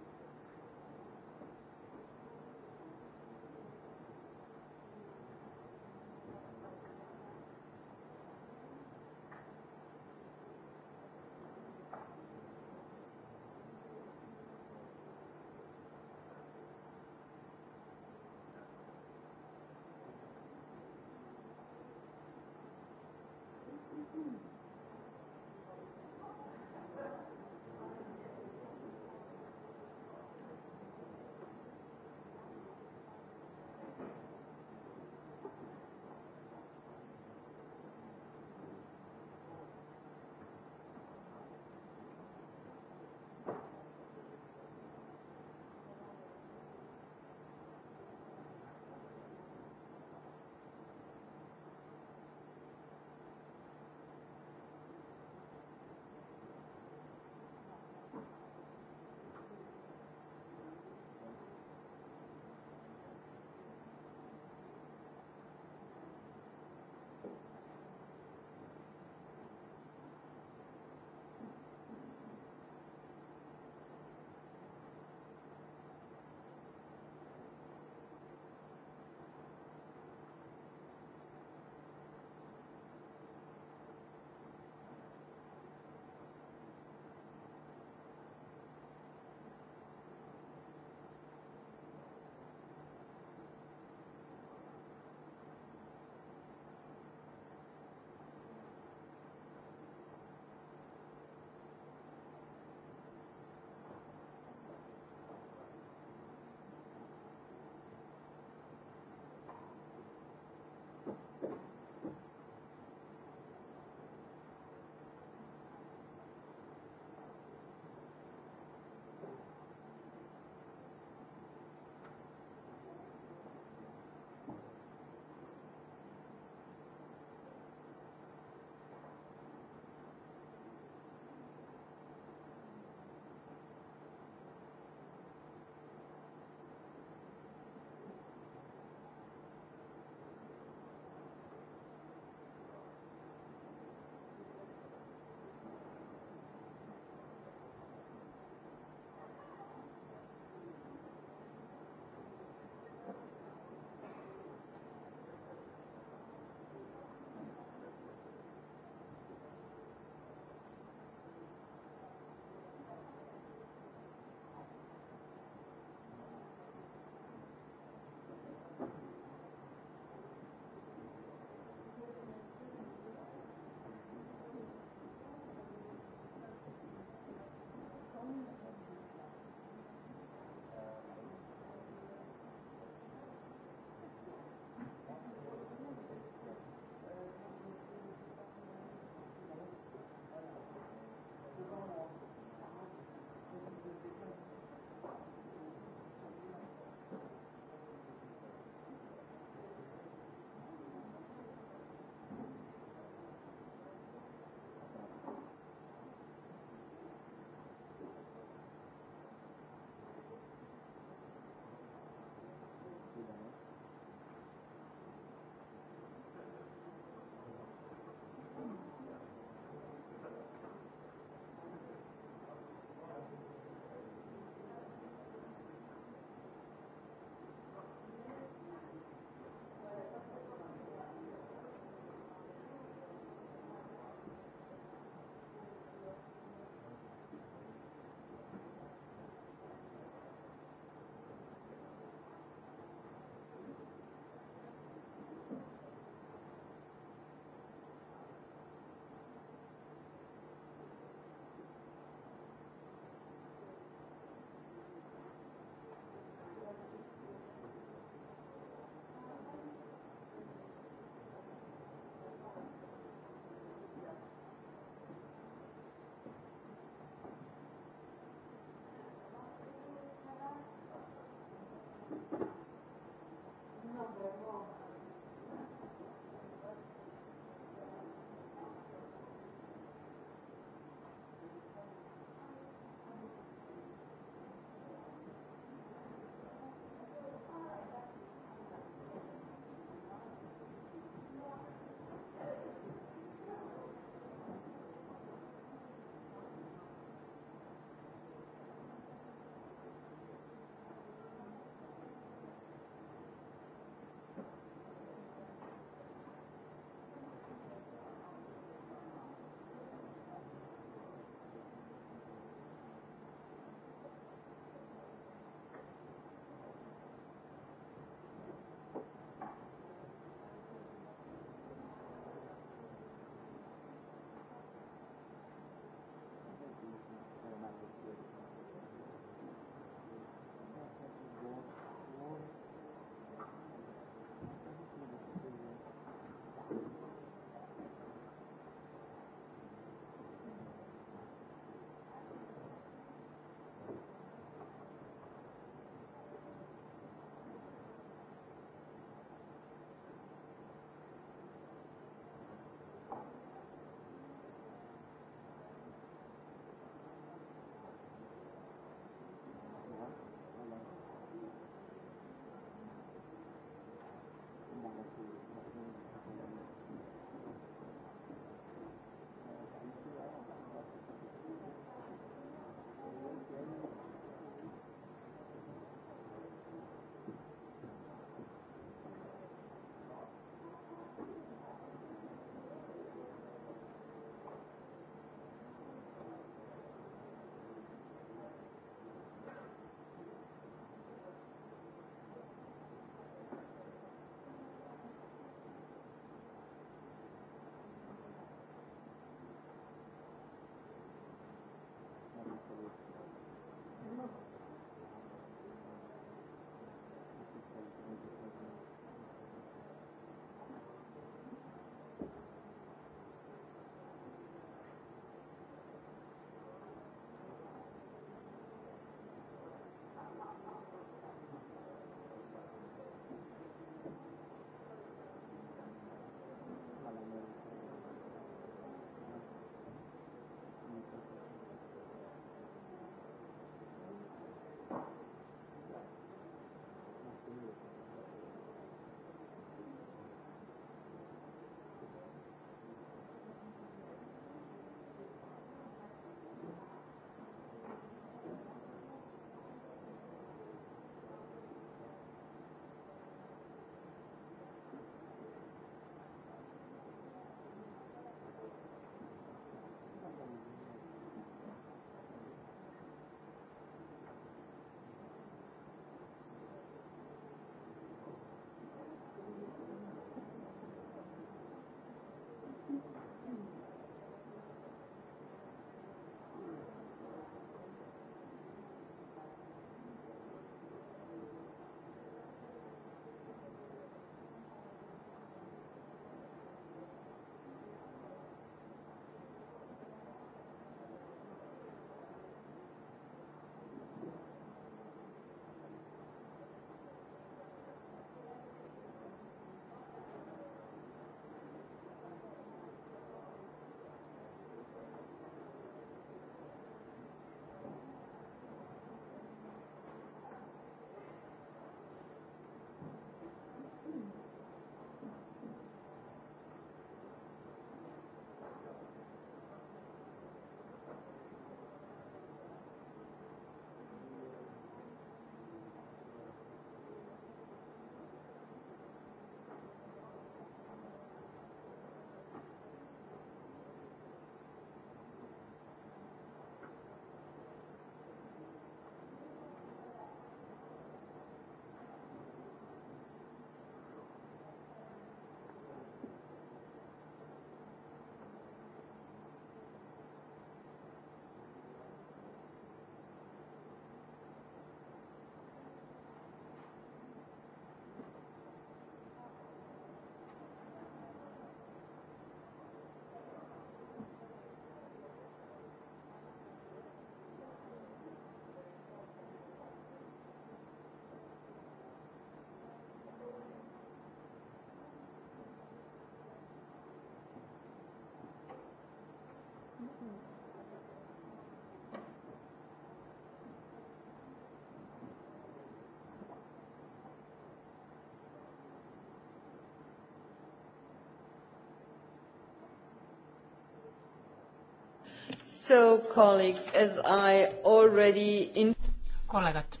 Kollegat,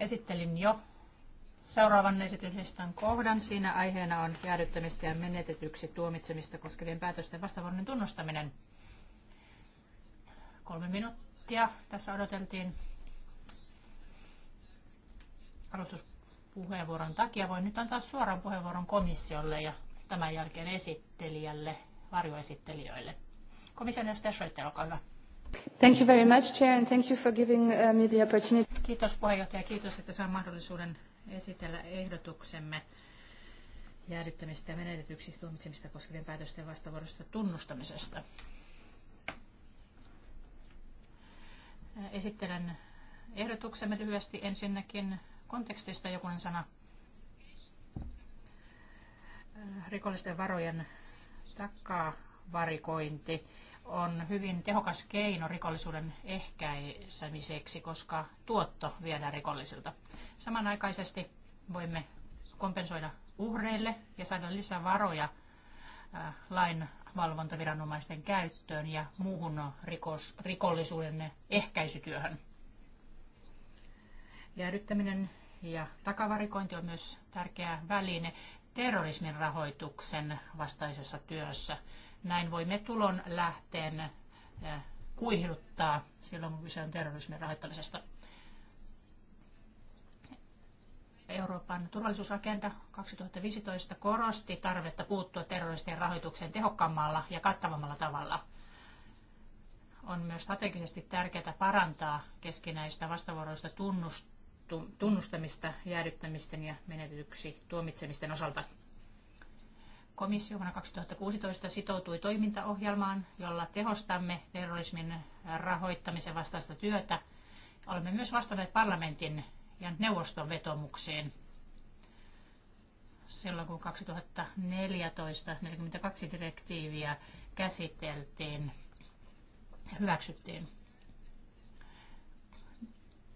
esittelin jo seuraavan esityslistan kohdan. Siinä aiheena on jäädyttämistä ja menetetyksi tuomitsemista koskevien päätösten vastavuoroinen tunnustaminen. Kolme minuuttia tässä odoteltiin aloituspuheenvuoron takia. Voin nyt antaa suoran puheenvuoron komissiolle ja tämän jälkeen esittelijälle, varjoesittelijöille. Komission olkaa hyvä. Thank you very much, Chair, and thank you for giving uh, me the opportunity. Kiitos puheenjohtaja, kiitos, että saan mahdollisuuden esitellä ehdotuksemme jäädyttämistä ja menetetyksi tuomitsemista koskevien päätösten vastavuorosta tunnustamisesta. Esittelen ehdotuksemme lyhyesti ensinnäkin kontekstista jokunen sana rikollisten varojen takaa varikointi on hyvin tehokas keino rikollisuuden ehkäisemiseksi, koska tuotto viedään rikollisilta. Samanaikaisesti voimme kompensoida uhreille ja saada lisää varoja äh, lainvalvontaviranomaisten käyttöön ja muuhun rikos, rikollisuuden ehkäisytyöhön. Jäädyttäminen ja takavarikointi on myös tärkeä väline terrorismin rahoituksen vastaisessa työssä. Näin voimme tulon lähteen eh, kuihduttaa silloin, kun kyse on terrorismin rahoittamisesta. Euroopan turvallisuusagenda 2015 korosti tarvetta puuttua terroristien rahoitukseen tehokkaammalla ja kattavammalla tavalla. On myös strategisesti tärkeää parantaa keskinäistä vastavuoroista tunnustamista, jäädyttämisten ja menetetyksi tuomitsemisten osalta. Komissio vuonna 2016 sitoutui toimintaohjelmaan, jolla tehostamme terrorismin rahoittamisen vastaista työtä. Olemme myös vastanneet parlamentin ja neuvoston vetomukseen silloin, kun 2014 42 direktiiviä käsiteltiin ja hyväksyttiin.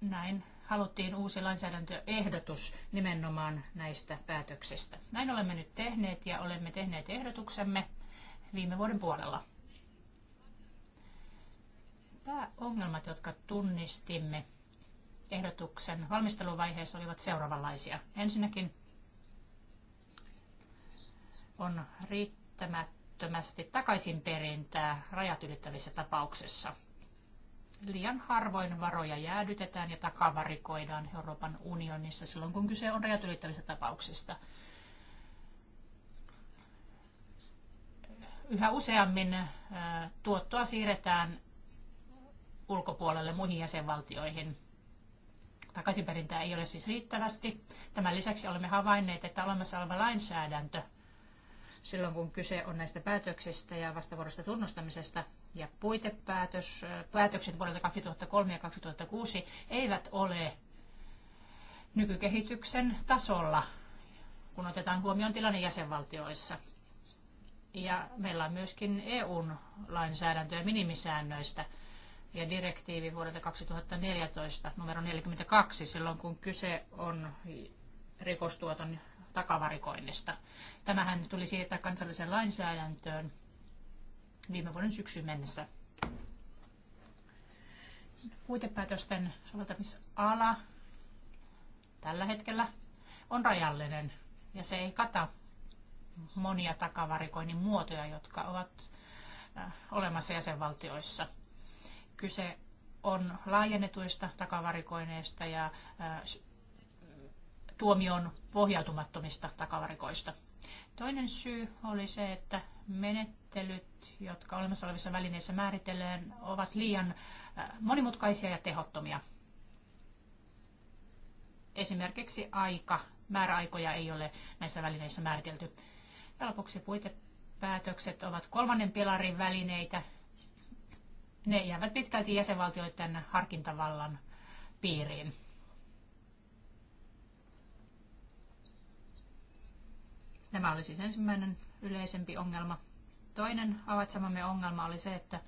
Näin haluttiin uusi lainsäädäntöehdotus nimenomaan näistä päätöksistä. Näin olemme nyt tehneet ja olemme tehneet ehdotuksemme viime vuoden puolella. Pääongelmat, jotka tunnistimme ehdotuksen valmisteluvaiheessa, olivat seuraavanlaisia. Ensinnäkin on riittämättömästi takaisinperintää rajat ylittävissä tapauksissa – liian harvoin varoja jäädytetään ja takavarikoidaan Euroopan unionissa silloin, kun kyse on rajat ylittävistä tapauksista. Yhä useammin tuottoa siirretään ulkopuolelle muihin jäsenvaltioihin. Takaisinperintää ei ole siis riittävästi. Tämän lisäksi olemme havainneet, että olemassa oleva lainsäädäntö silloin, kun kyse on näistä päätöksistä ja vastavuorosta tunnustamisesta, ja puitepäätös, päätökset vuodelta 2003 ja 2006 eivät ole nykykehityksen tasolla, kun otetaan huomioon tilanne jäsenvaltioissa. Ja meillä on myöskin EUn lainsäädäntöä minimisäännöistä ja direktiivi vuodelta 2014 numero 42 silloin, kun kyse on rikostuoton takavarikoinnista. Tämähän tuli siirtää kansalliseen lainsäädäntöön viime vuoden syksyyn mennessä. Puitepäätösten soveltamisala tällä hetkellä on rajallinen ja se ei kata monia takavarikoinnin muotoja, jotka ovat äh, olemassa jäsenvaltioissa. Kyse on laajennetuista takavarikoineista ja äh, tuomioon pohjautumattomista takavarikoista. Toinen syy oli se, että menettelyt, jotka olemassa olevissa välineissä määritellään, ovat liian äh, monimutkaisia ja tehottomia. Esimerkiksi aika, määräaikoja ei ole näissä välineissä määritelty. Ja lopuksi puitepäätökset ovat kolmannen pilarin välineitä. Ne jäävät pitkälti jäsenvaltioiden harkintavallan piiriin. Nämä oli siis ensimmäinen yleisempi ongelma. Toinen havaitsemamme ongelma oli se, että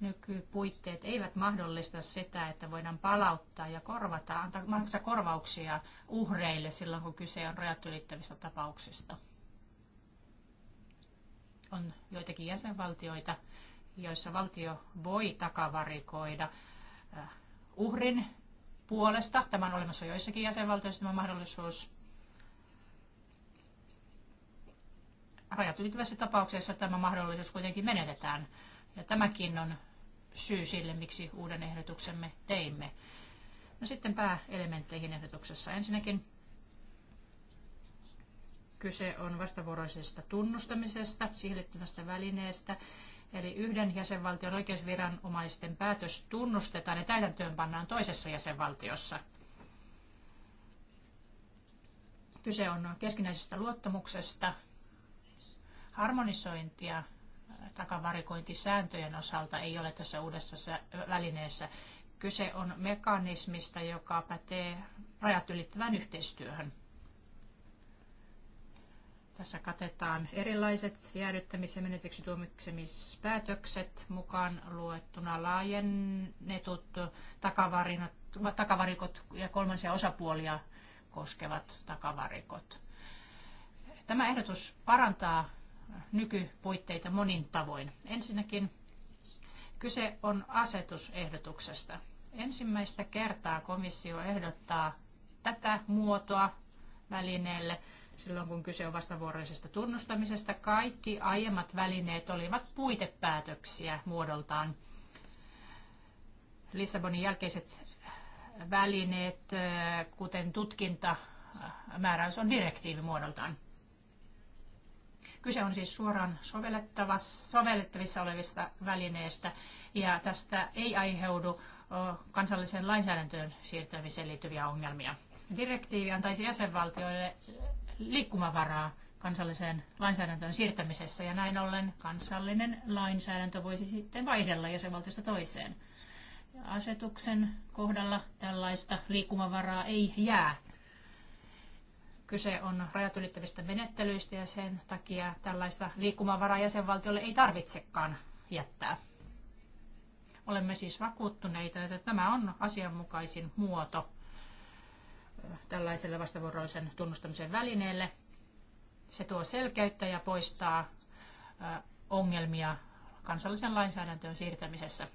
nykypuitteet eivät mahdollista sitä, että voidaan palauttaa ja korvata, antaa mahdollisia korvauksia uhreille silloin, kun kyse on rajat ylittävistä tapauksista. On joitakin jäsenvaltioita, joissa valtio voi takavarikoida äh, uhrin puolesta. Tämä on olemassa joissakin jäsenvaltioissa tämä mahdollisuus. rajat ylittävässä tapauksessa tämä mahdollisuus kuitenkin menetetään. Ja tämäkin on syy sille, miksi uuden ehdotuksemme teimme. No sitten pääelementteihin ehdotuksessa. Ensinnäkin kyse on vastavuoroisesta tunnustamisesta, siihen liittyvästä välineestä. Eli yhden jäsenvaltion oikeusviranomaisten päätös tunnustetaan ja täytäntöön pannaan toisessa jäsenvaltiossa. Kyse on keskinäisestä luottamuksesta harmonisointia takavarikointisääntöjen osalta ei ole tässä uudessa välineessä. Kyse on mekanismista, joka pätee rajat ylittävään yhteistyöhön. Tässä katetaan erilaiset jäädyttämis- ja menetyksi tuomitsemispäätökset mukaan luettuna laajennetut takavarikot ja kolmansia osapuolia koskevat takavarikot. Tämä ehdotus parantaa nykypuitteita monin tavoin. Ensinnäkin kyse on asetusehdotuksesta. Ensimmäistä kertaa komissio ehdottaa tätä muotoa välineelle silloin, kun kyse on vastavuoroisesta tunnustamisesta. Kaikki aiemmat välineet olivat puitepäätöksiä muodoltaan. Lissabonin jälkeiset välineet, kuten tutkinta, määräys on direktiivi muodoltaan. Kyse on siis suoraan sovellettavissa olevista välineistä ja tästä ei aiheudu kansalliseen lainsäädäntöön siirtämiseen liittyviä ongelmia. Direktiivi antaisi jäsenvaltioille liikkumavaraa kansalliseen lainsäädäntöön siirtämisessä ja näin ollen kansallinen lainsäädäntö voisi sitten vaihdella jäsenvaltiosta toiseen. Asetuksen kohdalla tällaista liikkumavaraa ei jää. Kyse on rajat ylittävistä menettelyistä ja sen takia tällaista liikkumavaraa jäsenvaltiolle ei tarvitsekaan jättää. Olemme siis vakuuttuneita, että tämä on asianmukaisin muoto tällaiselle vastavuoroisen tunnustamisen välineelle. Se tuo selkeyttä ja poistaa ongelmia kansallisen lainsäädäntöön siirtämisessä.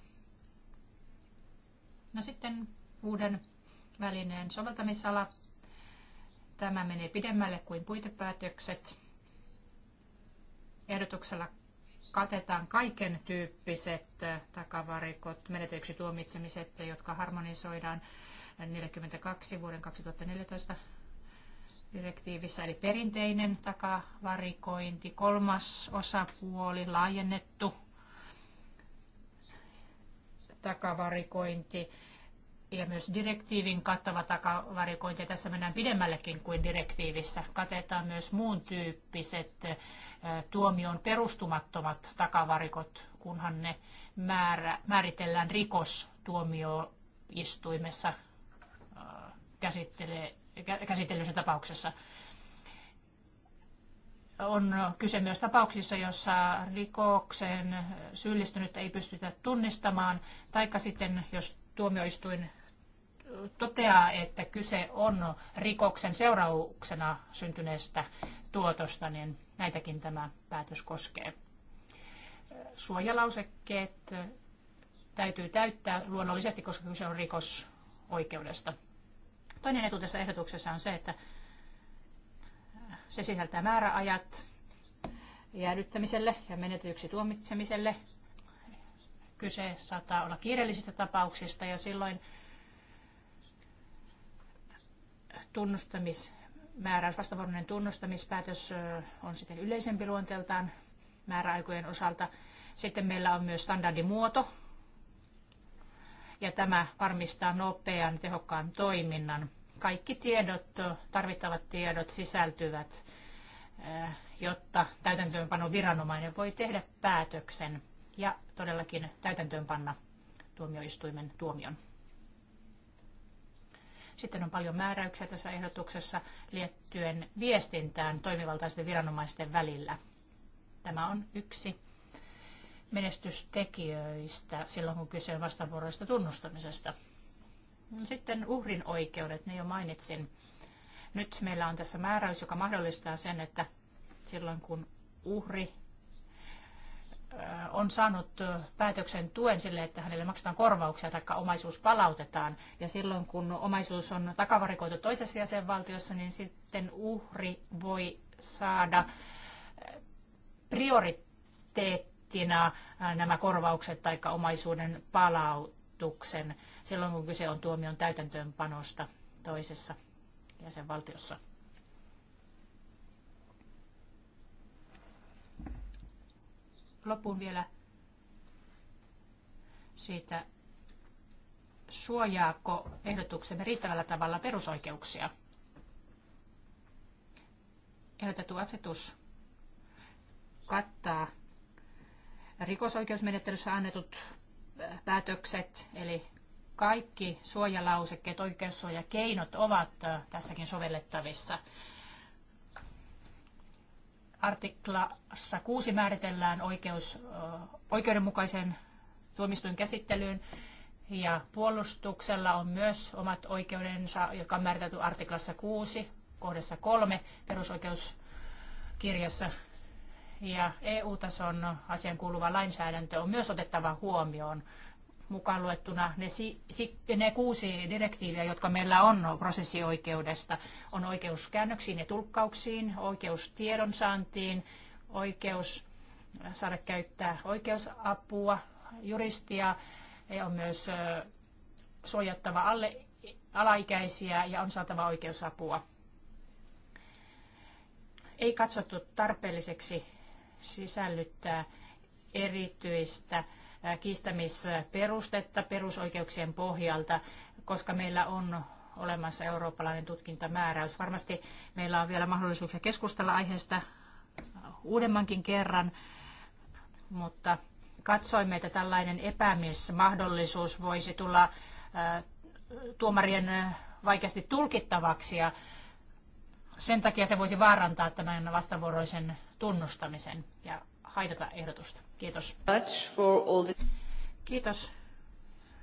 No sitten uuden välineen soveltamisala Tämä menee pidemmälle kuin puitepäätökset. Ehdotuksella katetaan kaiken tyyppiset takavarikot, menetetyksi tuomitsemiset, jotka harmonisoidaan 42 vuoden 2014 direktiivissä, eli perinteinen takavarikointi, kolmas osapuoli, laajennettu takavarikointi, ja myös direktiivin kattava takavarikointi. Tässä mennään pidemmällekin kuin direktiivissä. Katetaan myös muun tyyppiset tuomion perustumattomat takavarikot, kunhan ne määrä, määritellään rikostuomioistuimessa käsittelyssä tapauksessa. On kyse myös tapauksissa, jossa rikoksen syyllistynyt ei pystytä tunnistamaan, taikka sitten jos tuomioistuin toteaa, että kyse on rikoksen seurauksena syntyneestä tuotosta, niin näitäkin tämä päätös koskee. Suojalausekkeet täytyy täyttää luonnollisesti, koska kyse on rikosoikeudesta. Toinen etu tässä ehdotuksessa on se, että se sisältää määräajat jäädyttämiselle ja menetetyksi tuomitsemiselle. Kyse saattaa olla kiireellisistä tapauksista ja silloin tunnustamismääräys, vastavuoroinen tunnustamispäätös on sitten yleisempi luonteeltaan määräaikojen osalta. Sitten meillä on myös standardimuoto, ja tämä varmistaa nopean tehokkaan toiminnan. Kaikki tiedot, tarvittavat tiedot sisältyvät, jotta täytäntöönpano viranomainen voi tehdä päätöksen ja todellakin täytäntöönpanna tuomioistuimen tuomion. Sitten on paljon määräyksiä tässä ehdotuksessa liittyen viestintään toimivaltaisten viranomaisten välillä. Tämä on yksi menestystekijöistä silloin, kun kyse on vastavuoroista tunnustamisesta. Sitten uhrin oikeudet, ne jo mainitsin. Nyt meillä on tässä määräys, joka mahdollistaa sen, että silloin kun uhri on saanut päätöksen tuen sille, että hänelle maksetaan korvauksia tai omaisuus palautetaan. Ja silloin kun omaisuus on takavarikoitu toisessa jäsenvaltiossa, niin sitten uhri voi saada prioriteettina nämä korvaukset tai omaisuuden palautuksen silloin, kun kyse on tuomion täytäntöönpanosta toisessa jäsenvaltiossa. Lopun vielä siitä, suojaako ehdotuksemme riittävällä tavalla perusoikeuksia. Ehdotettu asetus kattaa rikosoikeusmenettelyssä annetut äh, päätökset, eli kaikki suojalausekkeet, oikeussuojakeinot ovat äh, tässäkin sovellettavissa. Artiklassa 6 määritellään oikeus oikeudenmukaiseen tuomistuin käsittelyyn ja puolustuksella on myös omat oikeudensa, jotka on määritelty artiklassa 6, kohdassa 3 perusoikeuskirjassa. Ja EU-tason asian kuuluva lainsäädäntö on myös otettava huomioon mukaan luettuna ne, ne kuusi direktiiviä, jotka meillä on prosessioikeudesta. On oikeus käännöksiin ja tulkkauksiin, oikeus tiedonsaantiin, oikeus saada käyttää oikeusapua, juristia ja on myös suojattava alle alaikäisiä ja on saatava oikeusapua. Ei katsottu tarpeelliseksi sisällyttää erityistä kiistämisperustetta perusoikeuksien pohjalta, koska meillä on olemassa eurooppalainen tutkintamääräys. Varmasti meillä on vielä mahdollisuuksia keskustella aiheesta uudemmankin kerran, mutta katsoimme, että tällainen epäämismahdollisuus voisi tulla tuomarien vaikeasti tulkittavaksi ja sen takia se voisi vaarantaa tämän vastavuoroisen tunnustamisen. Ja haitata ehdotusta. Kiitos. Kiitos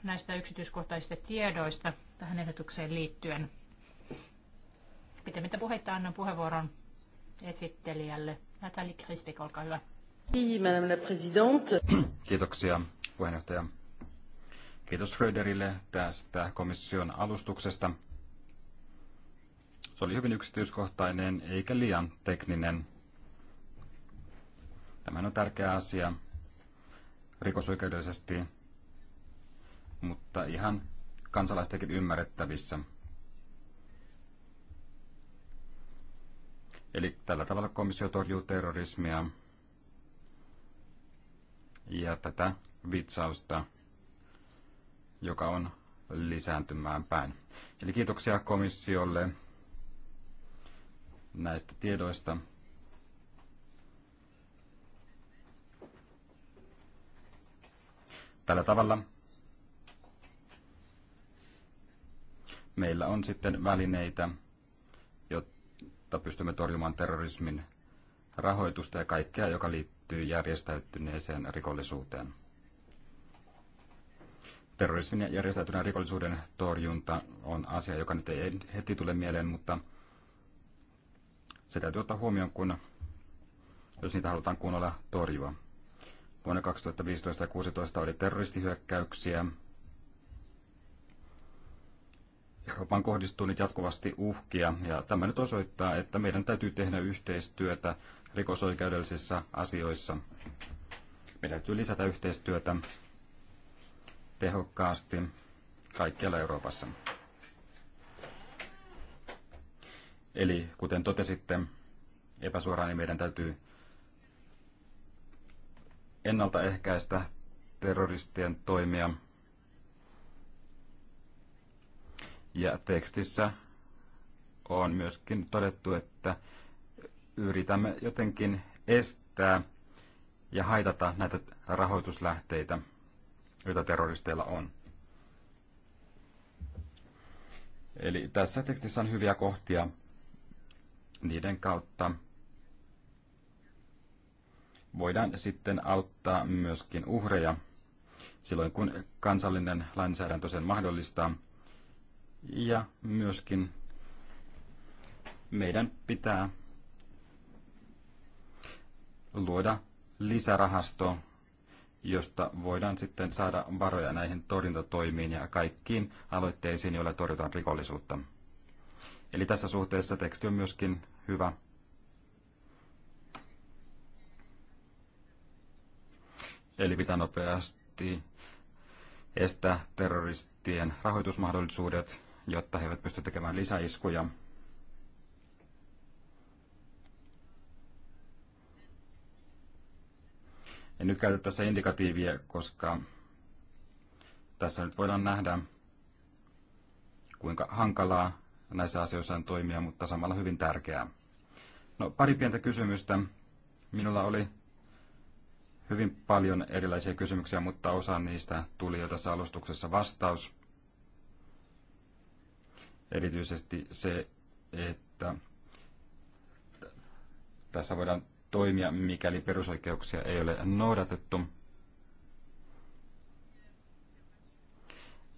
näistä yksityiskohtaisista tiedoista tähän ehdotukseen liittyen. Pitemmittä puheita annan puheenvuoron esittelijälle. Nathalie Kristik, olkaa hyvä. Kiitoksia puheenjohtaja. Kiitos Schröderille tästä komission alustuksesta. Se oli hyvin yksityiskohtainen eikä liian tekninen Tämähän on tärkeä asia rikosoikeudellisesti, mutta ihan kansalaistenkin ymmärrettävissä. Eli tällä tavalla komissio torjuu terrorismia ja tätä vitsausta, joka on lisääntymään päin. Eli kiitoksia komissiolle näistä tiedoista. Tällä tavalla meillä on sitten välineitä, jotta pystymme torjumaan terrorismin rahoitusta ja kaikkea, joka liittyy järjestäytyneeseen rikollisuuteen. Terrorismin ja järjestäytyneen rikollisuuden torjunta on asia, joka nyt ei heti tule mieleen, mutta se täytyy ottaa huomioon, kun, jos niitä halutaan kunnolla torjua. Vuonna 2015 ja 2016 oli terroristihyökkäyksiä. Euroopan kohdistuu nyt jatkuvasti uhkia ja tämä nyt osoittaa, että meidän täytyy tehdä yhteistyötä rikosoikeudellisissa asioissa. Meidän täytyy lisätä yhteistyötä tehokkaasti kaikkialla Euroopassa. Eli kuten totesitte, epäsuoraan niin meidän täytyy ennaltaehkäistä terroristien toimia. Ja tekstissä on myöskin todettu, että yritämme jotenkin estää ja haitata näitä rahoituslähteitä, joita terroristeilla on. Eli tässä tekstissä on hyviä kohtia niiden kautta voidaan sitten auttaa myöskin uhreja silloin, kun kansallinen lainsäädäntö sen mahdollistaa. Ja myöskin meidän pitää luoda lisärahasto, josta voidaan sitten saada varoja näihin torjuntatoimiin ja kaikkiin aloitteisiin, joilla torjutaan rikollisuutta. Eli tässä suhteessa teksti on myöskin hyvä Eli pitää nopeasti estää terroristien rahoitusmahdollisuudet, jotta he eivät pysty tekemään lisäiskuja. En nyt käytä tässä indikatiivia, koska tässä nyt voidaan nähdä, kuinka hankalaa näissä asioissa on toimia, mutta samalla hyvin tärkeää. No, pari pientä kysymystä. Minulla oli hyvin paljon erilaisia kysymyksiä, mutta osa niistä tuli jo tässä alustuksessa vastaus. Erityisesti se, että tässä voidaan toimia, mikäli perusoikeuksia ei ole noudatettu.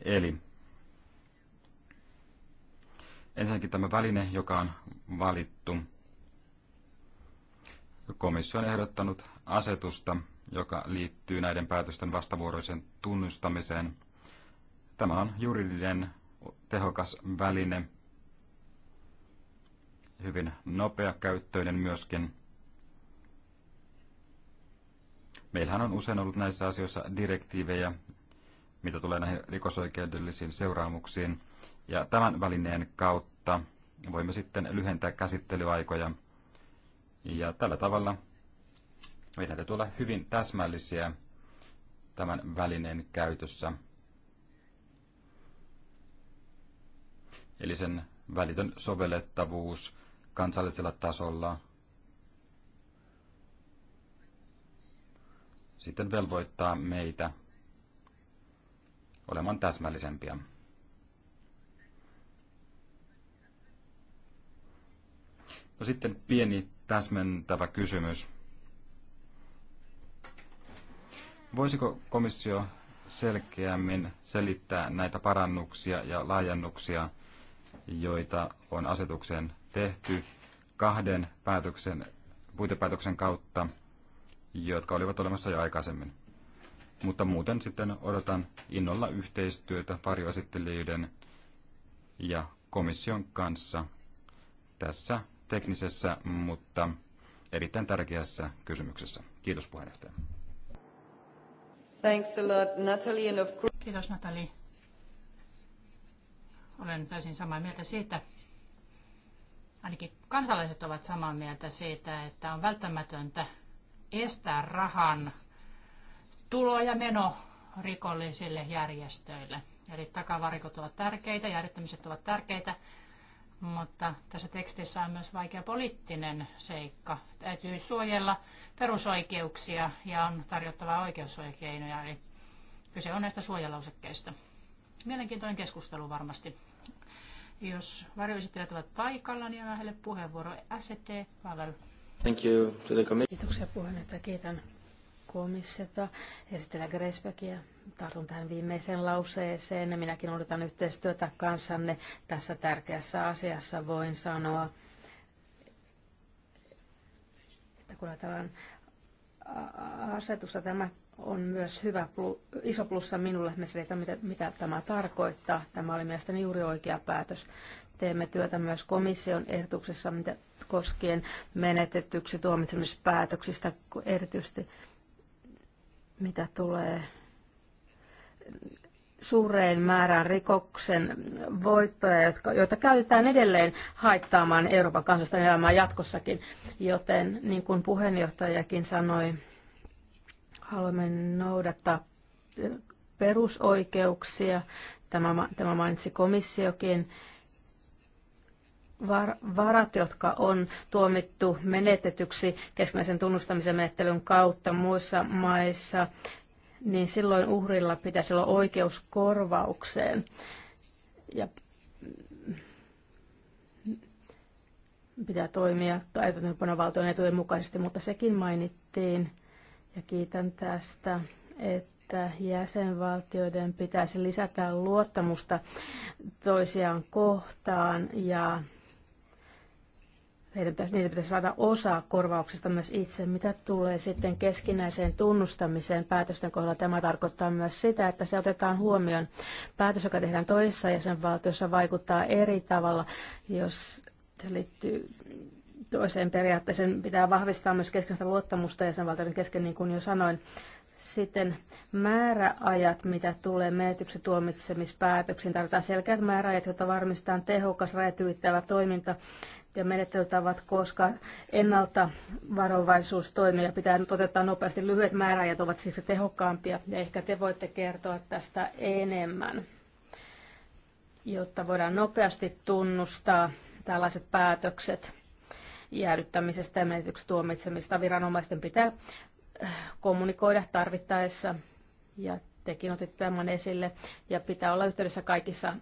Eli ensinnäkin tämä väline, joka on valittu. Komissio on ehdottanut asetusta, joka liittyy näiden päätösten vastavuoroisen tunnustamiseen. Tämä on juridinen tehokas väline, hyvin nopea käyttöinen myöskin. Meillähän on usein ollut näissä asioissa direktiivejä, mitä tulee näihin rikosoikeudellisiin seuraamuksiin. Ja tämän välineen kautta voimme sitten lyhentää käsittelyaikoja. Ja tällä tavalla meidän täytyy olla hyvin täsmällisiä tämän välineen käytössä. Eli sen välitön sovellettavuus kansallisella tasolla sitten velvoittaa meitä olemaan täsmällisempiä. No sitten pieni täsmentävä kysymys. Voisiko komissio selkeämmin selittää näitä parannuksia ja laajennuksia, joita on asetuksen tehty kahden päätöksen, puitepäätöksen kautta, jotka olivat olemassa jo aikaisemmin? Mutta muuten sitten odotan innolla yhteistyötä varjoesittelijöiden ja komission kanssa tässä teknisessä, mutta erittäin tärkeässä kysymyksessä. Kiitos puheenjohtaja. Thanks a lot, Natalie. And of course... Kiitos Natalie. Olen täysin samaa mieltä siitä. Ainakin kansalaiset ovat samaa mieltä siitä, että on välttämätöntä estää rahan tulo ja meno rikollisille järjestöille. Eli takavarikot ovat tärkeitä, järjestämiset ovat tärkeitä, mutta tässä tekstissä on myös vaikea poliittinen seikka. Täytyy suojella perusoikeuksia ja on tarjottava oikeusoikeinoja, eli kyse on näistä suojalausekkeista. Mielenkiintoinen keskustelu varmasti. Jos varjoesittelijät ovat paikalla, niin heille puheenvuoro ST Pavel. Thank you to the Kiitoksia puheenjohtaja. Kiitän komissiota, esitellä Gresbeckia. Tartun tähän viimeiseen lauseeseen ja minäkin odotan yhteistyötä kanssanne tässä tärkeässä asiassa. Voin sanoa, että kun ajatellaan asetusta, tämä on myös hyvä, iso plussa minulle. Me selitän, mitä, mitä tämä tarkoittaa. Tämä oli mielestäni juuri oikea päätös. Teemme työtä myös komission ehdotuksessa, mitä koskien menetetyksi tuomitsemispäätöksistä erityisesti mitä tulee suureen määrään rikoksen voittoja, jotka, joita käytetään edelleen haittaamaan Euroopan kansallista elämää jatkossakin. Joten niin kuin puheenjohtajakin sanoi, haluamme noudattaa perusoikeuksia. Tämä, tämä mainitsi komissiokin varat, jotka on tuomittu menetetyksi keskinäisen tunnustamisen menettelyn kautta muissa maissa, niin silloin uhrilla pitäisi olla oikeus korvaukseen. Ja pitää toimia täytäntöönpanon valtion etujen mukaisesti, mutta sekin mainittiin. Ja kiitän tästä, että jäsenvaltioiden pitäisi lisätä luottamusta toisiaan kohtaan ja meidän pitäisi, niitä pitäisi saada osa korvauksesta myös itse. Mitä tulee sitten keskinäiseen tunnustamiseen päätösten kohdalla, tämä tarkoittaa myös sitä, että se otetaan huomioon. Päätös, joka tehdään toisessa jäsenvaltiossa, vaikuttaa eri tavalla, jos se liittyy toiseen periaatteeseen. Pitää vahvistaa myös keskinäistä luottamusta jäsenvaltioiden kesken, niin kuin jo sanoin. Sitten määräajat, mitä tulee menetyksi tuomitsemispäätöksiin. Tarvitaan selkeät määräajat, jotta varmistetaan tehokas rajat toiminta ja menettelytavat, koska ennalta varovaisuustoimia pitää nyt ottaa nopeasti. Lyhyet määräajat ovat siksi tehokkaampia ja ehkä te voitte kertoa tästä enemmän, jotta voidaan nopeasti tunnustaa tällaiset päätökset jäädyttämisestä ja menetyksestä tuomitsemista. Viranomaisten pitää eh, kommunikoida tarvittaessa ja tekin otitte tämän esille, ja pitää olla yhteydessä kaikissa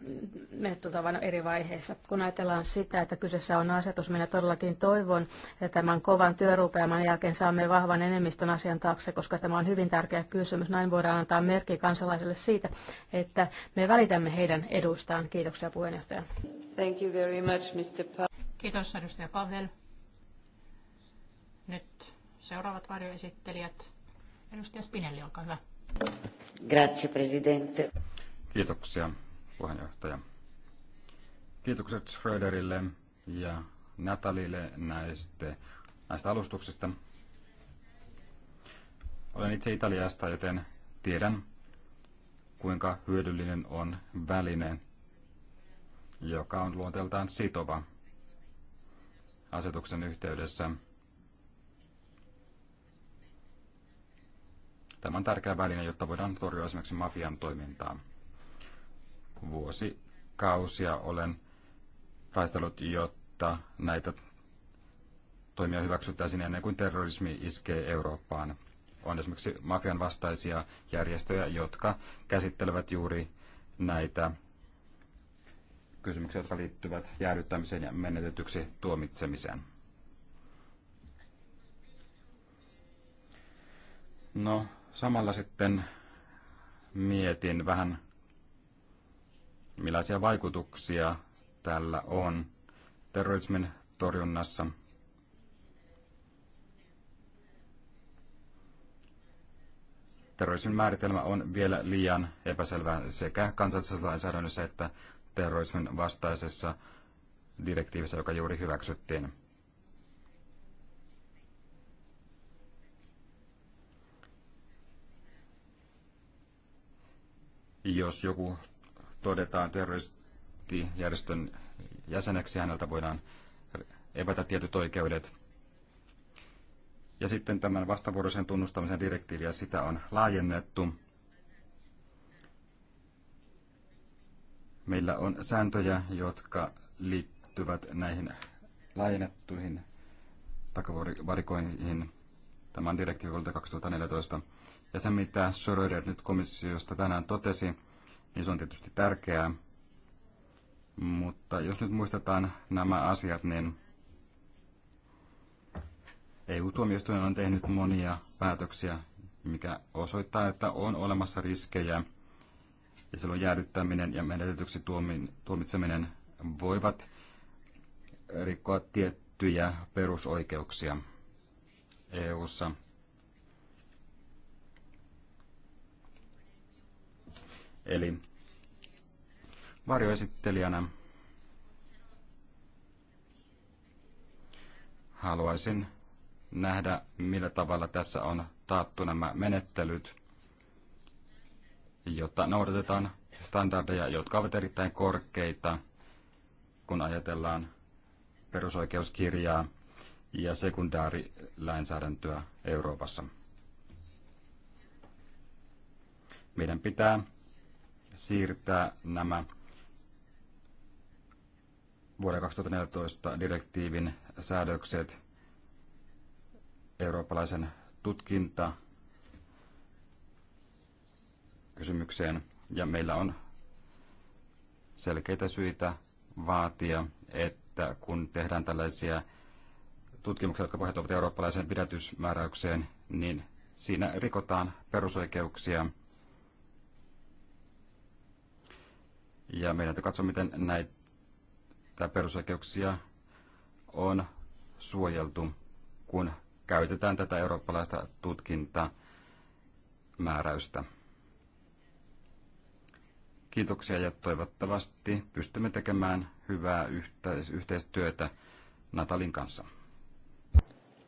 menettelytavan eri vaiheissa. Kun ajatellaan sitä, että kyseessä on asetus, minä todellakin toivon, että tämän kovan työrupeaman jälkeen saamme vahvan enemmistön asian taakse, koska tämä on hyvin tärkeä kysymys. Näin voidaan antaa merkki kansalaisille siitä, että me välitämme heidän edustaan. Kiitoksia puheenjohtaja. Thank you very much, Mr. Pa- Kiitos, edustaja Pavel. Nyt seuraavat varjoesittelijät. Edustaja Spinelli, olkaa hyvä. Grazie, presidente. Kiitoksia, puheenjohtaja. Kiitokset Schröderille ja Natalille näistä, näistä alustuksista. Olen itse Italiasta, joten tiedän, kuinka hyödyllinen on väline, joka on luonteeltaan sitova asetuksen yhteydessä – Tämä on tärkeä väline, jotta voidaan torjua esimerkiksi mafian toimintaa. Vuosikausia olen taistellut, jotta näitä toimia hyväksyttäisiin ennen kuin terrorismi iskee Eurooppaan. On esimerkiksi mafian vastaisia järjestöjä, jotka käsittelevät juuri näitä kysymyksiä, jotka liittyvät jäädyttämiseen ja menetetyksi tuomitsemiseen. No, Samalla sitten mietin vähän, millaisia vaikutuksia tällä on terrorismin torjunnassa. Terrorismin määritelmä on vielä liian epäselvä sekä kansallisessa lainsäädännössä että terrorismin vastaisessa direktiivissä, joka juuri hyväksyttiin. jos joku todetaan terroristijärjestön jäseneksi, häneltä voidaan evätä tietyt oikeudet. Ja sitten tämän vastavuoroisen tunnustamisen direktiiviä, sitä on laajennettu. Meillä on sääntöjä, jotka liittyvät näihin laajennettuihin takavarikoihin. Tämä on direktiivi vuodelta 2014. Ja se, mitä Schröder nyt komissiosta tänään totesi, niin se on tietysti tärkeää. Mutta jos nyt muistetaan nämä asiat, niin EU-tuomioistuin on tehnyt monia päätöksiä, mikä osoittaa, että on olemassa riskejä. Ja silloin jäädyttäminen ja menetetyksi tuomitseminen voivat rikkoa tiettyjä perusoikeuksia EU:ssa. ssa Eli varjoesittelijänä haluaisin nähdä, millä tavalla tässä on taattu nämä menettelyt, jotta noudatetaan standardeja, jotka ovat erittäin korkeita, kun ajatellaan perusoikeuskirjaa ja sekundaarilainsäädäntöä Euroopassa. Meidän pitää siirtää nämä vuoden 2014 direktiivin säädökset eurooppalaisen tutkinta kysymykseen ja meillä on selkeitä syitä vaatia, että kun tehdään tällaisia tutkimuksia, jotka pohjautuvat eurooppalaiseen pidätysmääräykseen, niin siinä rikotaan perusoikeuksia Ja meidän täytyy katsoa, miten näitä perusoikeuksia on suojeltu, kun käytetään tätä eurooppalaista tutkintamääräystä. Kiitoksia ja toivottavasti pystymme tekemään hyvää yhteistyötä Natalin kanssa.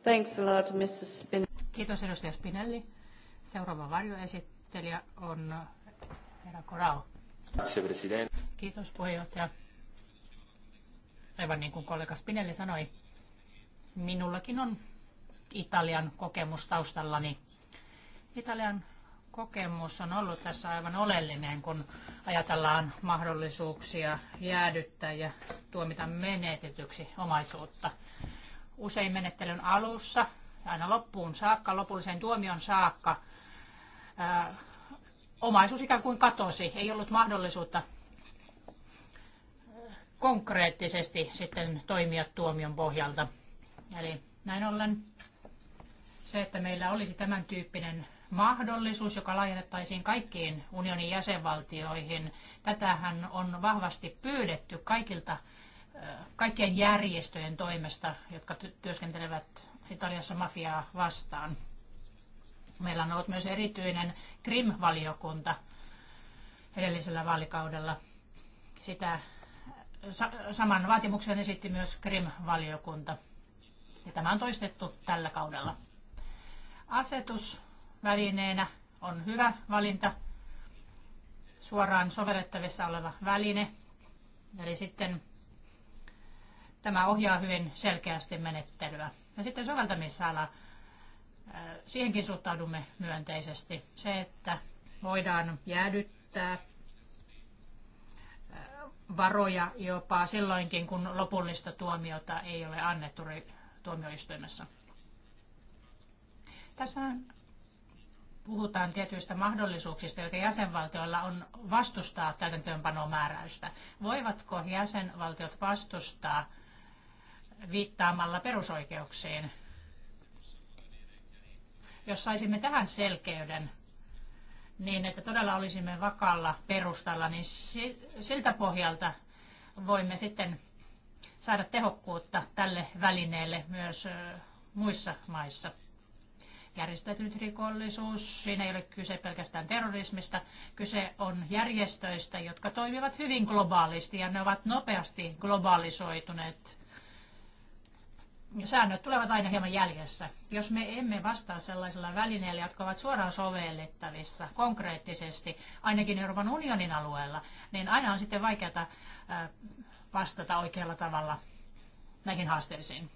Thanks a lot, Mrs. Spin- Kiitos edustaja Spinelli. Seuraava varjoesittelijä on herra Corao. Kiitos puheenjohtaja. Aivan niin kuin kollega Spinelli sanoi, minullakin on Italian kokemus taustallani. Italian kokemus on ollut tässä aivan oleellinen, kun ajatellaan mahdollisuuksia jäädyttää ja tuomita menetetyksi omaisuutta. Usein menettelyn alussa, aina loppuun saakka, lopulliseen tuomion saakka, omaisuus ikään kuin katosi, ei ollut mahdollisuutta äh, konkreettisesti sitten toimia tuomion pohjalta. Eli näin ollen se, että meillä olisi tämän tyyppinen mahdollisuus, joka laajennettaisiin kaikkiin unionin jäsenvaltioihin. Tätähän on vahvasti pyydetty kaikilta, äh, kaikkien järjestöjen toimesta, jotka työskentelevät Italiassa mafiaa vastaan. Meillä on ollut myös erityinen Krim-valiokunta edellisellä vaalikaudella. Sitä saman vaatimuksen esitti myös Krim-valiokunta. Ja tämä on toistettu tällä kaudella. Asetusvälineenä on hyvä valinta, suoraan sovellettavissa oleva väline. Eli sitten tämä ohjaa hyvin selkeästi menettelyä. Ja sitten soveltamisala Siihenkin suhtaudumme myönteisesti. Se, että voidaan jäädyttää varoja jopa silloinkin, kun lopullista tuomiota ei ole annettu tuomioistuimessa. Tässä puhutaan tietyistä mahdollisuuksista, joita jäsenvaltioilla on vastustaa täytäntöönpanomääräystä. Voivatko jäsenvaltiot vastustaa viittaamalla perusoikeuksiin jos saisimme tähän selkeyden, niin että todella olisimme vakalla perustalla, niin siltä pohjalta voimme sitten saada tehokkuutta tälle välineelle myös muissa maissa. Järjestäytynyt rikollisuus, siinä ei ole kyse pelkästään terrorismista, kyse on järjestöistä, jotka toimivat hyvin globaalisti ja ne ovat nopeasti globalisoituneet säännöt tulevat aina hieman jäljessä. Jos me emme vastaa sellaisilla välineillä, jotka ovat suoraan sovellettavissa konkreettisesti, ainakin Euroopan unionin alueella, niin aina on sitten vaikeaa vastata oikealla tavalla näihin haasteisiin.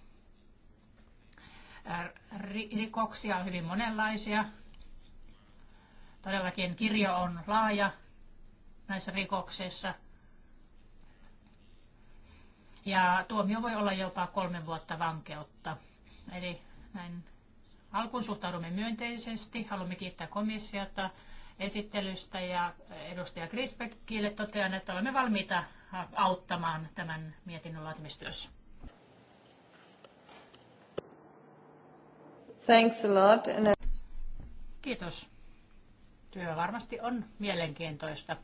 Rikoksia on hyvin monenlaisia. Todellakin kirjo on laaja näissä rikoksissa – ja tuomio voi olla jopa kolme vuotta vankeutta. Eli näin alkuun suhtaudumme myönteisesti. Haluamme kiittää komissiota esittelystä ja edustaja Grisbeckille totean, että olemme valmiita auttamaan tämän mietinnön laatimistyössä. Thanks a lot. Kiitos. Työ varmasti on mielenkiintoista.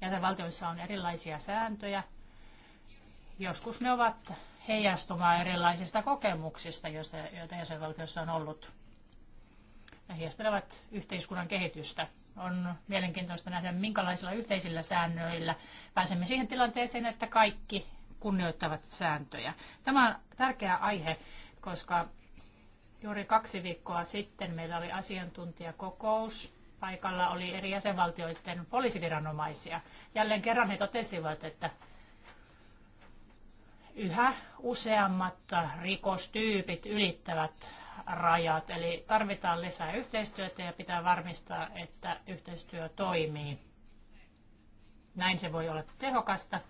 Jäsenvaltioissa on erilaisia sääntöjä Joskus ne ovat heijastumaa erilaisista kokemuksista, joista joita jäsenvaltiossa on ollut. Ne heijastelevat yhteiskunnan kehitystä. On mielenkiintoista nähdä, minkälaisilla yhteisillä säännöillä pääsemme siihen tilanteeseen, että kaikki kunnioittavat sääntöjä. Tämä on tärkeä aihe, koska juuri kaksi viikkoa sitten meillä oli asiantuntijakokous. Paikalla oli eri jäsenvaltioiden poliisiviranomaisia. Jälleen kerran he totesivat, että yhä useammat rikostyypit ylittävät rajat, eli tarvitaan lisää yhteistyötä ja pitää varmistaa, että yhteistyö toimii. Näin se voi olla tehokasta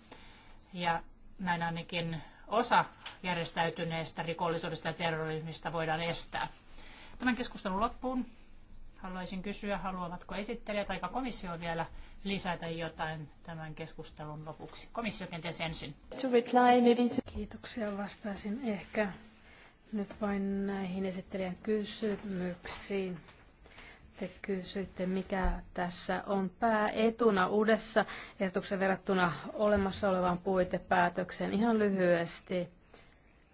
ja näin ainakin osa järjestäytyneestä rikollisuudesta ja terrorismista voidaan estää. Tämän keskustelun loppuun haluaisin kysyä, haluavatko esittelijät tai komissio vielä lisätä jotain tämän keskustelun lopuksi. Komissio kenties ensin. To reply, maybe to... Kiitoksia. Vastaisin ehkä nyt vain näihin esittelijän kysymyksiin. Te kysyitte, mikä tässä on pääetuna uudessa ehdotuksen verrattuna olemassa olevaan puitepäätökseen. Ihan lyhyesti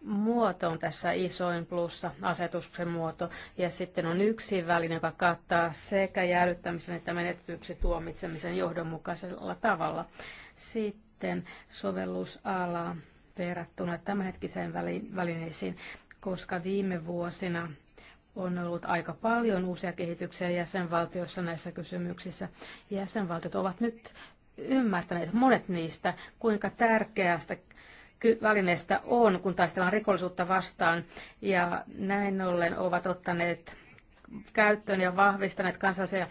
muoto on tässä isoin plussa, asetuksen muoto. Ja sitten on yksi väline, joka kattaa sekä jäädyttämisen että menetetyksi tuomitsemisen johdonmukaisella tavalla. Sitten sovellusala verrattuna tämänhetkiseen välineisiin, koska viime vuosina on ollut aika paljon uusia kehityksiä jäsenvaltioissa näissä kysymyksissä. Jäsenvaltiot ovat nyt ymmärtäneet, monet niistä, kuinka tärkeästä välineistä on, kun taistellaan rikollisuutta vastaan. Ja näin ollen ovat ottaneet käyttöön ja vahvistaneet kansallisia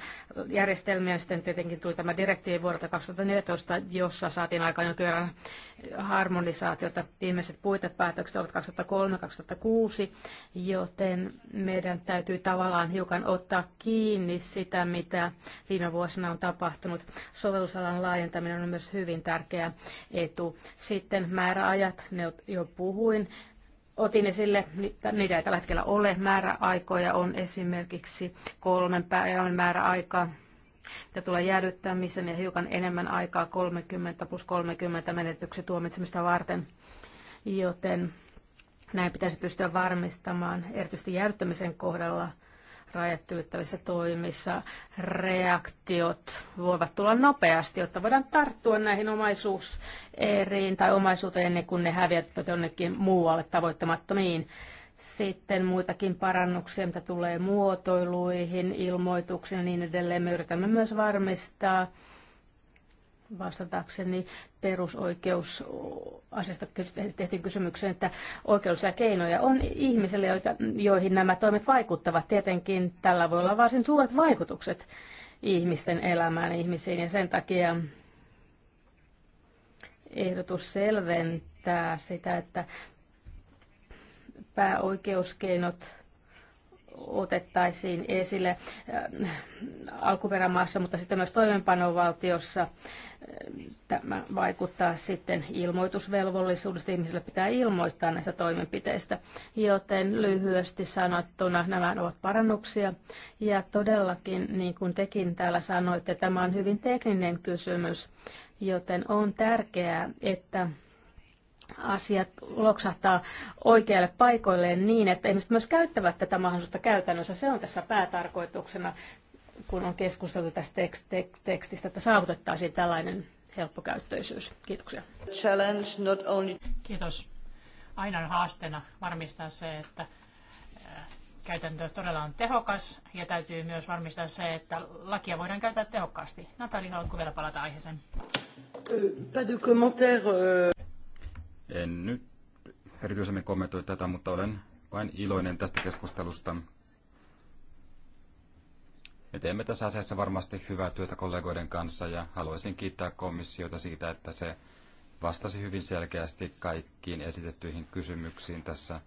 järjestelmiä. Sitten tietenkin tuli tämä direktiivi vuodelta 2014, jossa saatiin aika jo kerran harmonisaatiota. Viimeiset puitepäätökset ovat 2003-2006, joten meidän täytyy tavallaan hiukan ottaa kiinni sitä, mitä viime vuosina on tapahtunut. Sovellusalan laajentaminen on myös hyvin tärkeä etu. Sitten määräajat, ne jo puhuin otin esille, niitä ei tällä hetkellä ole, määräaikoja on esimerkiksi kolmen päivän määräaika, mitä tulee jäädyttämisen ja hiukan enemmän aikaa 30 plus 30 menetyksen tuomitsemista varten, joten näin pitäisi pystyä varmistamaan erityisesti jäädyttämisen kohdalla – rajat ylittävissä toimissa reaktiot voivat tulla nopeasti, jotta voidaan tarttua näihin omaisuuseriin tai omaisuuteen ennen kuin ne häviävät jonnekin muualle tavoittamattomiin. Sitten muitakin parannuksia, mitä tulee muotoiluihin, ilmoituksiin ja niin edelleen. Me yritämme myös varmistaa, vastatakseni asiasta tehtiin kysymykseen, että oikeudellisia keinoja on ihmisille, joita, joihin nämä toimet vaikuttavat. Tietenkin tällä voi olla varsin suuret vaikutukset ihmisten elämään ihmisiin ja sen takia ehdotus selventää sitä, että pääoikeuskeinot otettaisiin esille äh, alkuperämaassa, mutta sitten myös toimeenpanovaltiossa. Äh, tämä vaikuttaa sitten ilmoitusvelvollisuudesta. Ihmisille pitää ilmoittaa näistä toimenpiteistä, joten lyhyesti sanottuna nämä ovat parannuksia. Ja todellakin, niin kuin tekin täällä sanoitte, tämä on hyvin tekninen kysymys, joten on tärkeää, että asiat loksahtaa oikealle paikoilleen niin, että ihmiset myös käyttävät tätä mahdollisuutta käytännössä. Se on tässä päätarkoituksena, kun on keskusteltu tästä tekstistä, että saavutettaisiin tällainen helppokäyttöisyys. Kiitoksia. Challenge not only... Kiitos. Aina on haasteena varmistaa se, että äh, käytäntö todella on tehokas ja täytyy myös varmistaa se, että lakia voidaan käyttää tehokkaasti. Natali, haluatko vielä palata aiheeseen? Euh, pas de commentaire. Euh, en nyt erityisemmin kommentoi tätä, mutta olen vain iloinen tästä keskustelusta. Me teemme tässä asiassa varmasti hyvää työtä kollegoiden kanssa ja haluaisin kiittää komissiota siitä, että se vastasi hyvin selkeästi kaikkiin esitettyihin kysymyksiin tässä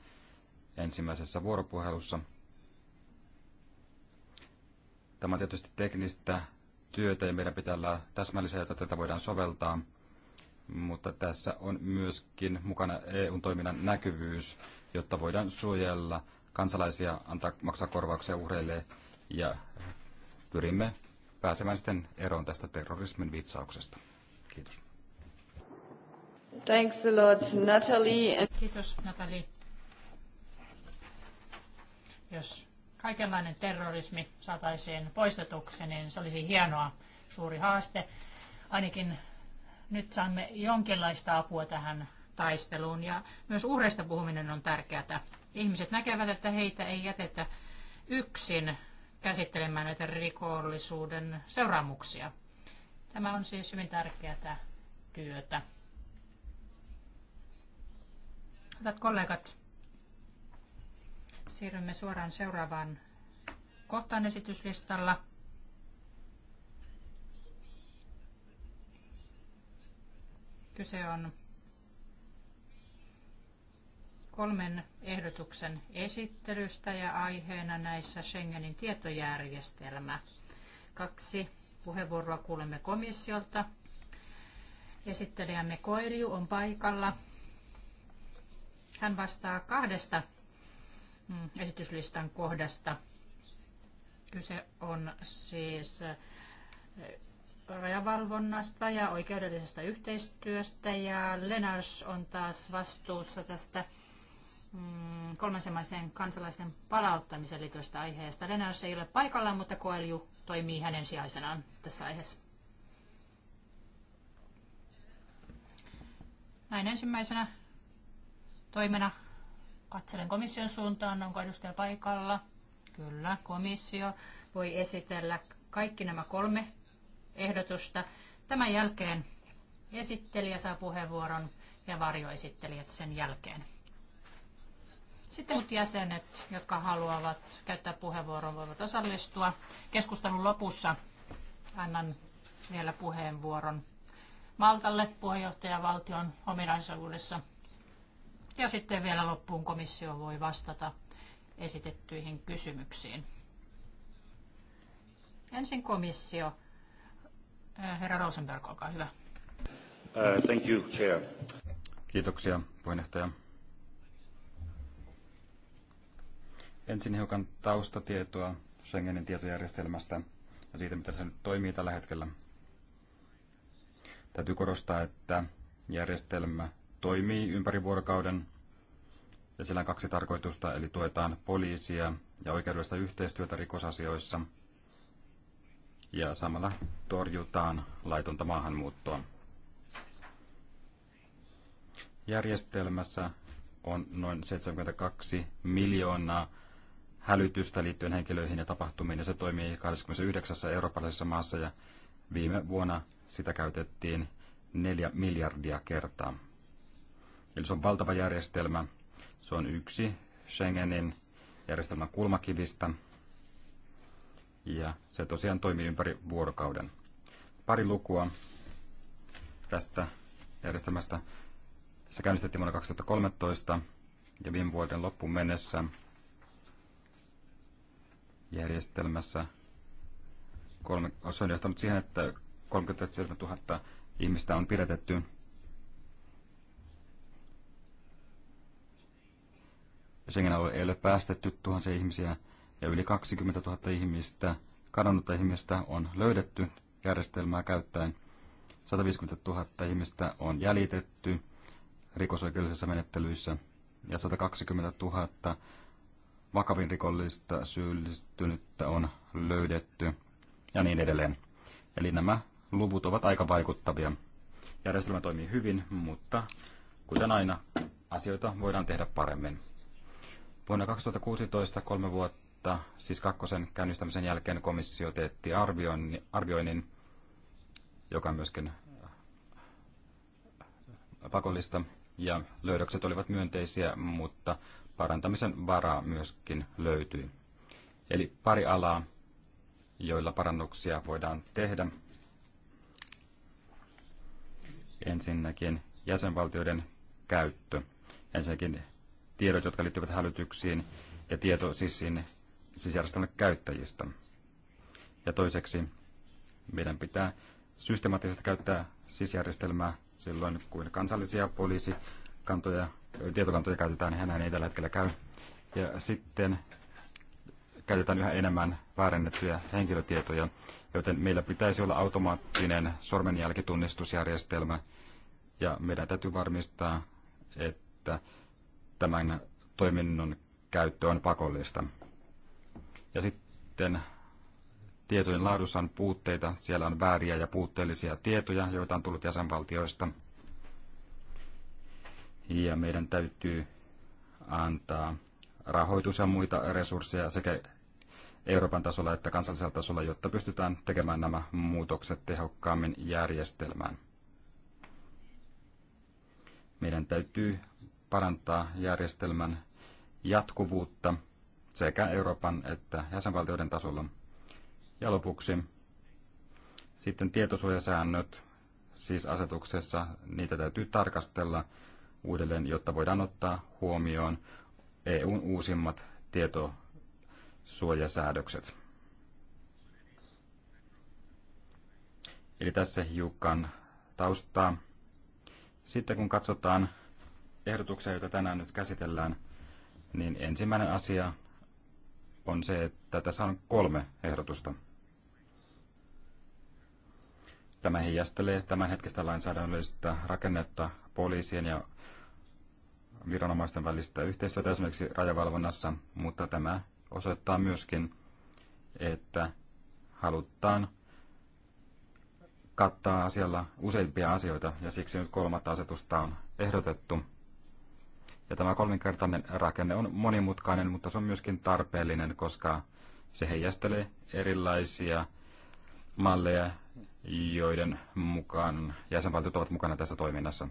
ensimmäisessä vuoropuhelussa. Tämä on tietysti teknistä työtä ja meidän pitää olla täsmällisiä, että tätä voidaan soveltaa – mutta tässä on myöskin mukana EUn toiminnan näkyvyys, jotta voidaan suojella kansalaisia, antaa maksaa korvauksia uhreille ja pyrimme pääsemään sitten eroon tästä terrorismin vitsauksesta. Kiitos. Thanks a lot, Natalie. Kiitos, Natalie. Jos kaikenlainen terrorismi saataisiin poistetuksi, niin se olisi hienoa suuri haaste. Ainakin nyt saamme jonkinlaista apua tähän taisteluun. Ja myös uhreista puhuminen on tärkeää. Ihmiset näkevät, että heitä ei jätetä yksin käsittelemään näitä rikollisuuden seuraamuksia. Tämä on siis hyvin tärkeää työtä. Hyvät kollegat, siirrymme suoraan seuraavaan kohtaan esityslistalla. Kyse on kolmen ehdotuksen esittelystä ja aiheena näissä Schengenin tietojärjestelmä. Kaksi puheenvuoroa kuulemme komissiolta. Esittelijämme Koilju on paikalla. Hän vastaa kahdesta mm, esityslistan kohdasta. Kyse on siis rajavalvonnasta ja oikeudellisesta yhteistyöstä ja Lenars on taas vastuussa tästä mm, kolmansemaisen kansalaisten palauttamisen liittyvästä aiheesta. Lenars ei ole paikalla, mutta Koelju toimii hänen sijaisenaan tässä aiheessa. Näin ensimmäisenä toimena katselen komission suuntaan, onko edustaja paikalla. Kyllä, komissio voi esitellä kaikki nämä kolme ehdotusta. Tämän jälkeen esittelijä saa puheenvuoron ja varjoesittelijät sen jälkeen. Sitten muut jäsenet, jotka haluavat käyttää puheenvuoron, voivat osallistua. Keskustelun lopussa annan vielä puheenvuoron Maltalle puheenjohtajavaltion ominaisuudessa. Ja sitten vielä loppuun komissio voi vastata esitettyihin kysymyksiin. Ensin komissio. Äh, herra Rosenberg, olkaa hyvä. Uh, thank you, Chair. Kiitoksia, puheenjohtaja. Ensin hiukan taustatietoa Schengenin tietojärjestelmästä ja siitä, mitä se nyt toimii tällä hetkellä. Täytyy korostaa, että järjestelmä toimii ympäri vuorokauden ja sillä on kaksi tarkoitusta, eli tuetaan poliisia ja oikeudellista yhteistyötä rikosasioissa – ja samalla torjutaan laitonta maahanmuuttoa. Järjestelmässä on noin 72 miljoonaa hälytystä liittyen henkilöihin ja tapahtumiin, ja se toimii 29 eurooppalaisessa maassa, ja viime vuonna sitä käytettiin 4 miljardia kertaa. Eli se on valtava järjestelmä. Se on yksi Schengenin järjestelmän kulmakivistä, ja se tosiaan toimii ympäri vuorokauden. Pari lukua tästä järjestelmästä. Se käynnistettiin vuonna 2013 ja viime vuoden loppuun mennessä järjestelmässä kolme, se on johtanut siihen, että 37 000 ihmistä on pidätetty. Schengen-alue ei ole päästetty tuhansia ihmisiä ja yli 20 000 ihmistä, kadonnutta ihmistä on löydetty järjestelmää käyttäen. 150 000 ihmistä on jäljitetty rikosoikeudellisissa menettelyissä ja 120 000 vakavin rikollista syyllistynyttä on löydetty ja niin edelleen. Eli nämä luvut ovat aika vaikuttavia. Järjestelmä toimii hyvin, mutta kuten aina, asioita voidaan tehdä paremmin. Vuonna 2016, kolme vuotta vuotta, siis kakkosen käynnistämisen jälkeen komissio teetti arvioinnin, joka on myöskin äh, pakollista, ja löydökset olivat myönteisiä, mutta parantamisen varaa myöskin löytyi. Eli pari alaa, joilla parannuksia voidaan tehdä. Ensinnäkin jäsenvaltioiden käyttö. Ensinnäkin tiedot, jotka liittyvät hälytyksiin ja tieto SISin siis järjestelmän käyttäjistä. Ja toiseksi meidän pitää systemaattisesti käyttää sisjärjestelmää silloin, kun kansallisia poliisikantoja, tietokantoja käytetään, niin näin ei tällä hetkellä käy. Ja sitten käytetään yhä enemmän väärennettyjä henkilötietoja, joten meillä pitäisi olla automaattinen sormenjälkitunnistusjärjestelmä, ja meidän täytyy varmistaa, että tämän toiminnon käyttö on pakollista. Ja sitten tietojen laadussa on puutteita. Siellä on vääriä ja puutteellisia tietoja, joita on tullut jäsenvaltioista. Ja meidän täytyy antaa rahoitus ja muita resursseja sekä Euroopan tasolla että kansallisella tasolla, jotta pystytään tekemään nämä muutokset tehokkaammin järjestelmään. Meidän täytyy parantaa järjestelmän jatkuvuutta – sekä Euroopan että jäsenvaltioiden tasolla. Ja lopuksi sitten tietosuojasäännöt, siis asetuksessa, niitä täytyy tarkastella uudelleen, jotta voidaan ottaa huomioon EUn uusimmat tietosuojasäädökset. Eli tässä hiukan taustaa. Sitten kun katsotaan ehdotuksia, joita tänään nyt käsitellään, niin ensimmäinen asia on se, että tässä on kolme ehdotusta. Tämä heijastelee tämänhetkistä lainsäädännöllistä rakennetta poliisien ja viranomaisten välistä yhteistyötä esimerkiksi rajavalvonnassa, mutta tämä osoittaa myöskin, että halutaan kattaa asialla useimpia asioita ja siksi nyt kolmatta asetusta on ehdotettu ja tämä kolminkertainen rakenne on monimutkainen, mutta se on myöskin tarpeellinen, koska se heijastelee erilaisia malleja, joiden mukaan jäsenvaltiot ovat mukana tässä toiminnassa.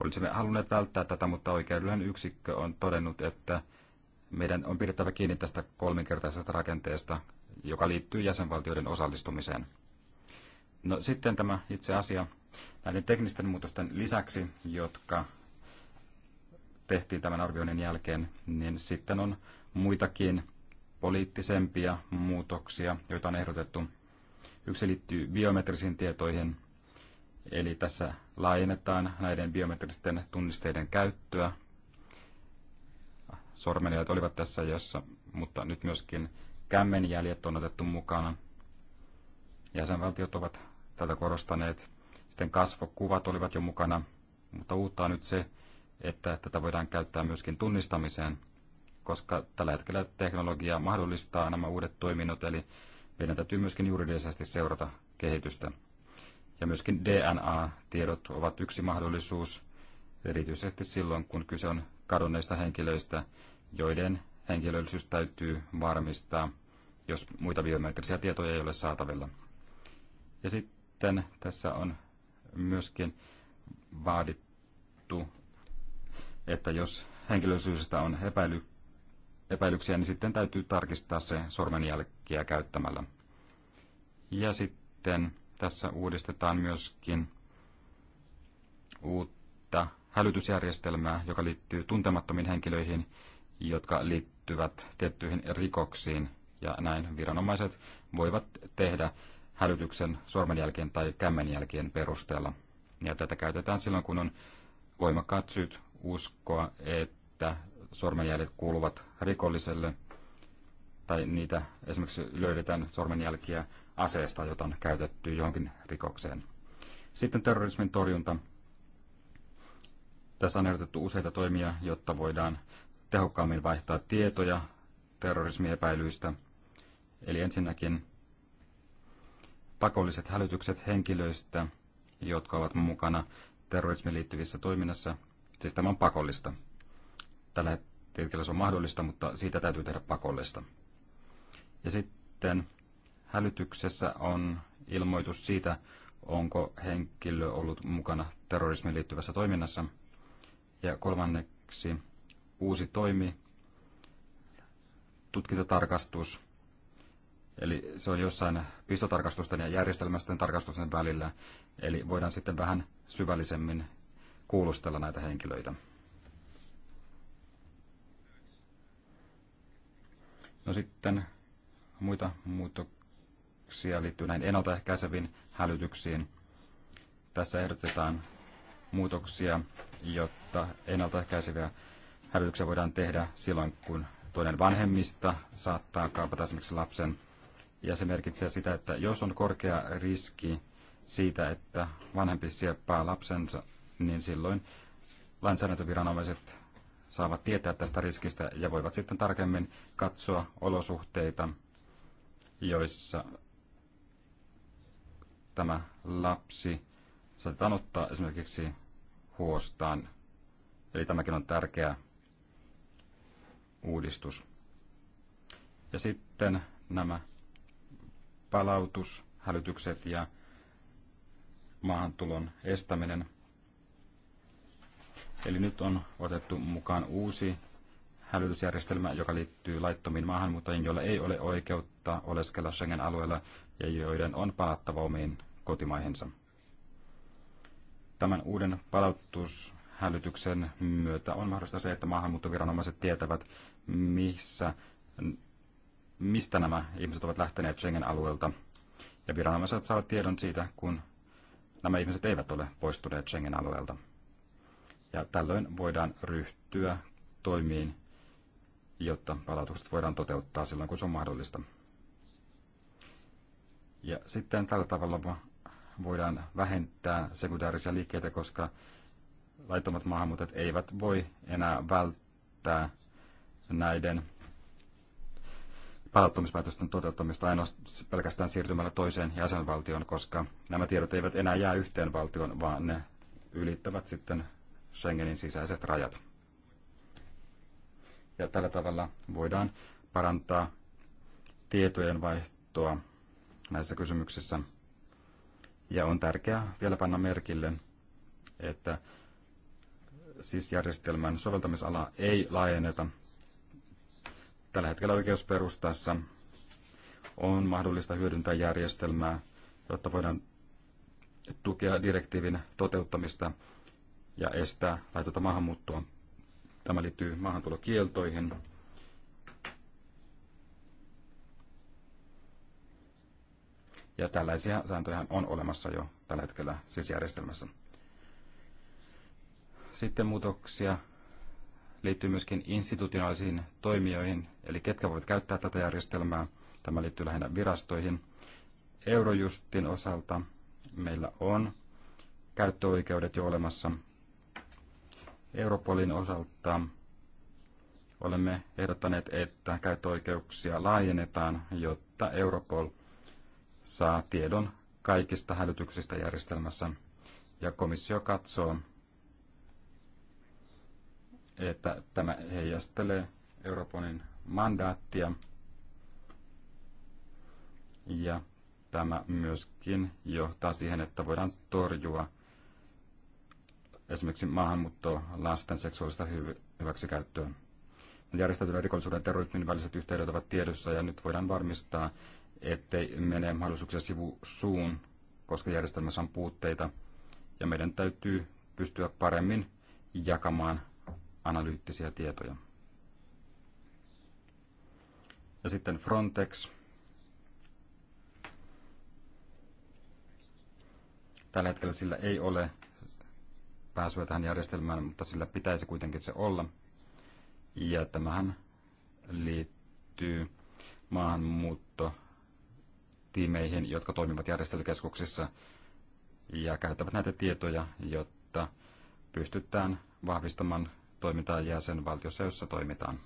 Olisimme halunneet välttää tätä, mutta oikeudellinen yksikkö on todennut, että meidän on pidettävä kiinni tästä kolminkertaisesta rakenteesta, joka liittyy jäsenvaltioiden osallistumiseen. No sitten tämä itse asia näiden teknisten muutosten lisäksi, jotka tehtiin tämän arvioinnin jälkeen, niin sitten on muitakin poliittisempia muutoksia, joita on ehdotettu. Yksi liittyy biometrisiin tietoihin, eli tässä laajennetaan näiden biometristen tunnisteiden käyttöä. Sormenjäljet olivat tässä jossa, mutta nyt myöskin kämmenjäljet on otettu mukana. Jäsenvaltiot ovat tätä korostaneet. Sitten kasvokuvat olivat jo mukana, mutta uutta on nyt se, että tätä voidaan käyttää myöskin tunnistamiseen, koska tällä hetkellä teknologia mahdollistaa nämä uudet toiminnot, eli meidän täytyy myöskin juridisesti seurata kehitystä. Ja myöskin DNA-tiedot ovat yksi mahdollisuus, erityisesti silloin, kun kyse on kadonneista henkilöistä, joiden henkilöllisyys täytyy varmistaa, jos muita biometrisiä tietoja ei ole saatavilla. Ja sitten tässä on myöskin vaadittu että jos henkilöllisyydestä on epäily, epäilyksiä, niin sitten täytyy tarkistaa se sormenjälkiä käyttämällä. Ja sitten tässä uudistetaan myöskin uutta hälytysjärjestelmää, joka liittyy tuntemattomiin henkilöihin, jotka liittyvät tiettyihin rikoksiin. Ja näin viranomaiset voivat tehdä hälytyksen sormenjälkien tai kämmenjälkien perusteella. Ja tätä käytetään silloin, kun on voimakkaat syyt uskoa, että sormenjäljet kuuluvat rikolliselle tai niitä esimerkiksi löydetään sormenjälkiä aseesta, jota on käytetty johonkin rikokseen. Sitten terrorismin torjunta. Tässä on ehdotettu useita toimia, jotta voidaan tehokkaammin vaihtaa tietoja terrorismiepäilyistä. Eli ensinnäkin pakolliset hälytykset henkilöistä, jotka ovat mukana terrorismiin liittyvissä toiminnassa Siis tämä on pakollista. Tällä hetkellä se on mahdollista, mutta siitä täytyy tehdä pakollista. Ja sitten hälytyksessä on ilmoitus siitä, onko henkilö ollut mukana terrorismiin liittyvässä toiminnassa. Ja kolmanneksi uusi toimi, tutkintatarkastus, eli se on jossain pistotarkastusten ja järjestelmästen tarkastusten välillä, eli voidaan sitten vähän syvällisemmin kuulustella näitä henkilöitä. No sitten muita muutoksia liittyy näin ennaltaehkäiseviin hälytyksiin. Tässä ehdotetaan muutoksia, jotta ennaltaehkäiseviä hälytyksiä voidaan tehdä silloin, kun toinen vanhemmista saattaa kaapata esimerkiksi lapsen. Ja se merkitsee sitä, että jos on korkea riski siitä, että vanhempi sieppaa lapsensa niin silloin lainsäädäntöviranomaiset saavat tietää tästä riskistä ja voivat sitten tarkemmin katsoa olosuhteita, joissa tämä lapsi saatetaan ottaa esimerkiksi huostaan. Eli tämäkin on tärkeä uudistus. Ja sitten nämä palautushälytykset ja maahantulon estäminen – Eli nyt on otettu mukaan uusi hälytysjärjestelmä, joka liittyy laittomiin maahanmuuttajiin, joilla ei ole oikeutta oleskella Schengen-alueella ja joiden on palattava omiin kotimaihinsa. Tämän uuden palautushälytyksen myötä on mahdollista se, että maahanmuuttoviranomaiset tietävät, missä, mistä nämä ihmiset ovat lähteneet Schengen-alueelta. Ja viranomaiset saavat tiedon siitä, kun nämä ihmiset eivät ole poistuneet Schengen-alueelta. Ja tällöin voidaan ryhtyä toimiin, jotta palautukset voidaan toteuttaa silloin, kun se on mahdollista. Ja sitten tällä tavalla voidaan vähentää sekundaarisia liikkeitä, koska laittomat maahanmuuttajat eivät voi enää välttää näiden palauttamispäätösten toteuttamista ainoastaan pelkästään siirtymällä toiseen jäsenvaltioon, koska nämä tiedot eivät enää jää yhteen valtioon, vaan ne ylittävät sitten Schengenin sisäiset rajat. Ja tällä tavalla voidaan parantaa tietojen vaihtoa näissä kysymyksissä. Ja on tärkeää vielä panna merkille, että siis järjestelmän soveltamisala ei laajenneta. Tällä hetkellä oikeusperustassa on mahdollista hyödyntää järjestelmää, jotta voidaan tukea direktiivin toteuttamista ja estää laitonta maahanmuuttoa. Tämä liittyy maahantulokieltoihin. Ja tällaisia sääntöjä on olemassa jo tällä hetkellä sisjärjestelmässä. Sitten muutoksia liittyy myöskin institutionaalisiin toimijoihin, eli ketkä voivat käyttää tätä järjestelmää. Tämä liittyy lähinnä virastoihin. Eurojustin osalta meillä on käyttöoikeudet jo olemassa, Europolin osalta olemme ehdottaneet, että käyttöoikeuksia laajennetaan, jotta Europol saa tiedon kaikista hälytyksistä järjestelmässä. Ja komissio katsoo, että tämä heijastelee Europolin mandaattia. Ja tämä myöskin johtaa siihen, että voidaan torjua esimerkiksi maahanmuuttoa, lasten seksuaalista hyväksikäyttöä. Järjestäytyneen rikollisuuden ja terrorismin väliset yhteydet ovat tiedossa ja nyt voidaan varmistaa, ettei mene mahdollisuuksia suun, koska järjestelmässä on puutteita ja meidän täytyy pystyä paremmin jakamaan analyyttisiä tietoja. Ja sitten Frontex. Tällä hetkellä sillä ei ole pääsyä tähän järjestelmään, mutta sillä pitäisi kuitenkin se olla. Ja tämähän liittyy maahanmuuttotiimeihin, jotka toimivat järjestelykeskuksissa ja käyttävät näitä tietoja, jotta pystytään vahvistamaan toimintaa jäsenvaltiossa, jossa toimitaan.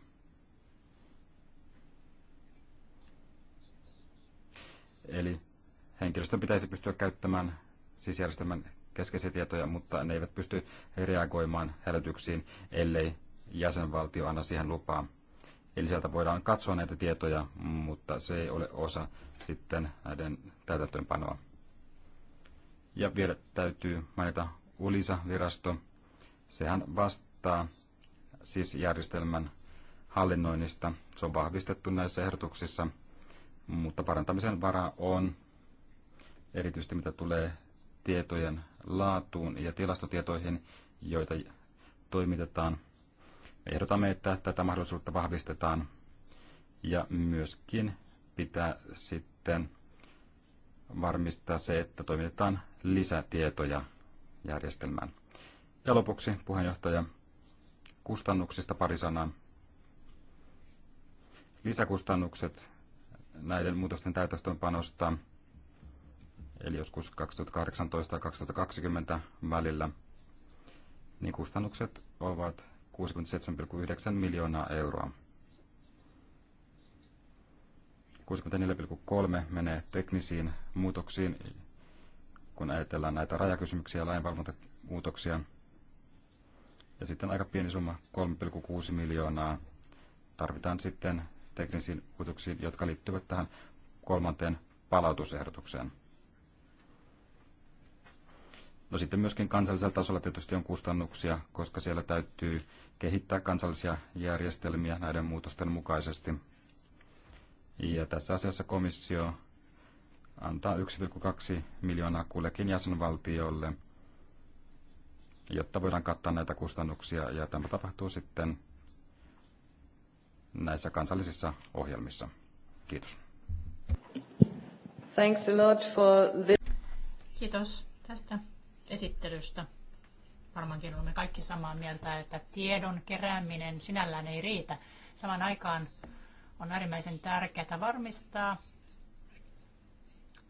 Eli henkilöstön pitäisi pystyä käyttämään sisäjärjestelmän järjestelmän keskeisiä tietoja, mutta ne eivät pysty reagoimaan hälytyksiin, ellei jäsenvaltio anna siihen lupaa. Eli sieltä voidaan katsoa näitä tietoja, mutta se ei ole osa sitten näiden täytäntöönpanoa. Ja vielä täytyy mainita ULISA-virasto. Sehän vastaa siis järjestelmän hallinnoinnista. Se on vahvistettu näissä ehdotuksissa, mutta parantamisen varaa on erityisesti mitä tulee tietojen laatuun ja tilastotietoihin, joita toimitetaan. Me ehdotamme, että tätä mahdollisuutta vahvistetaan ja myöskin pitää sitten varmistaa se, että toimitetaan lisätietoja järjestelmään. Ja lopuksi puheenjohtaja kustannuksista pari sanaa. Lisäkustannukset näiden muutosten täytäntöönpanosta eli joskus 2018-2020 välillä, niin kustannukset ovat 67,9 miljoonaa euroa. 64,3 menee teknisiin muutoksiin, kun ajatellaan näitä rajakysymyksiä ja lainvalvontamuutoksia. Ja sitten aika pieni summa, 3,6 miljoonaa, tarvitaan sitten teknisiin muutoksiin, jotka liittyvät tähän kolmanteen palautusehdotukseen. No sitten myöskin kansallisella tasolla tietysti on kustannuksia, koska siellä täytyy kehittää kansallisia järjestelmiä näiden muutosten mukaisesti. Ja tässä asiassa komissio antaa 1,2 miljoonaa kullekin jäsenvaltiolle, jotta voidaan kattaa näitä kustannuksia, ja tämä tapahtuu sitten näissä kansallisissa ohjelmissa. Kiitos. Thanks a lot for this. Kiitos tästä esittelystä. Varmaankin olemme kaikki samaa mieltä, että tiedon kerääminen sinällään ei riitä. Saman aikaan on äärimmäisen tärkeää varmistaa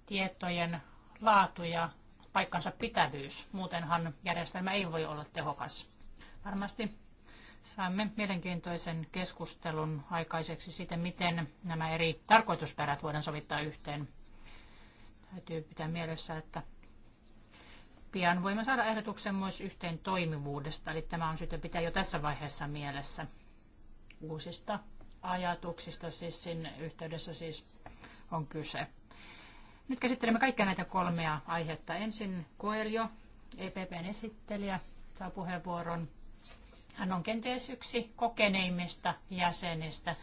tietojen laatu ja paikkansa pitävyys. Muutenhan järjestelmä ei voi olla tehokas. Varmasti saamme mielenkiintoisen keskustelun aikaiseksi siitä, miten nämä eri tarkoitusperät voidaan sovittaa yhteen. Täytyy pitää mielessä, että pian voimme saada ehdotuksen myös yhteen toimivuudesta, eli tämä on syytä pitää jo tässä vaiheessa mielessä uusista ajatuksista, siis sinne yhteydessä siis on kyse. Nyt käsittelemme kaikkia näitä kolmea aihetta. Ensin Koelio, EPPn esittelijä, saa puheenvuoron. Hän on kenties yksi kokeneimmista jäsenistä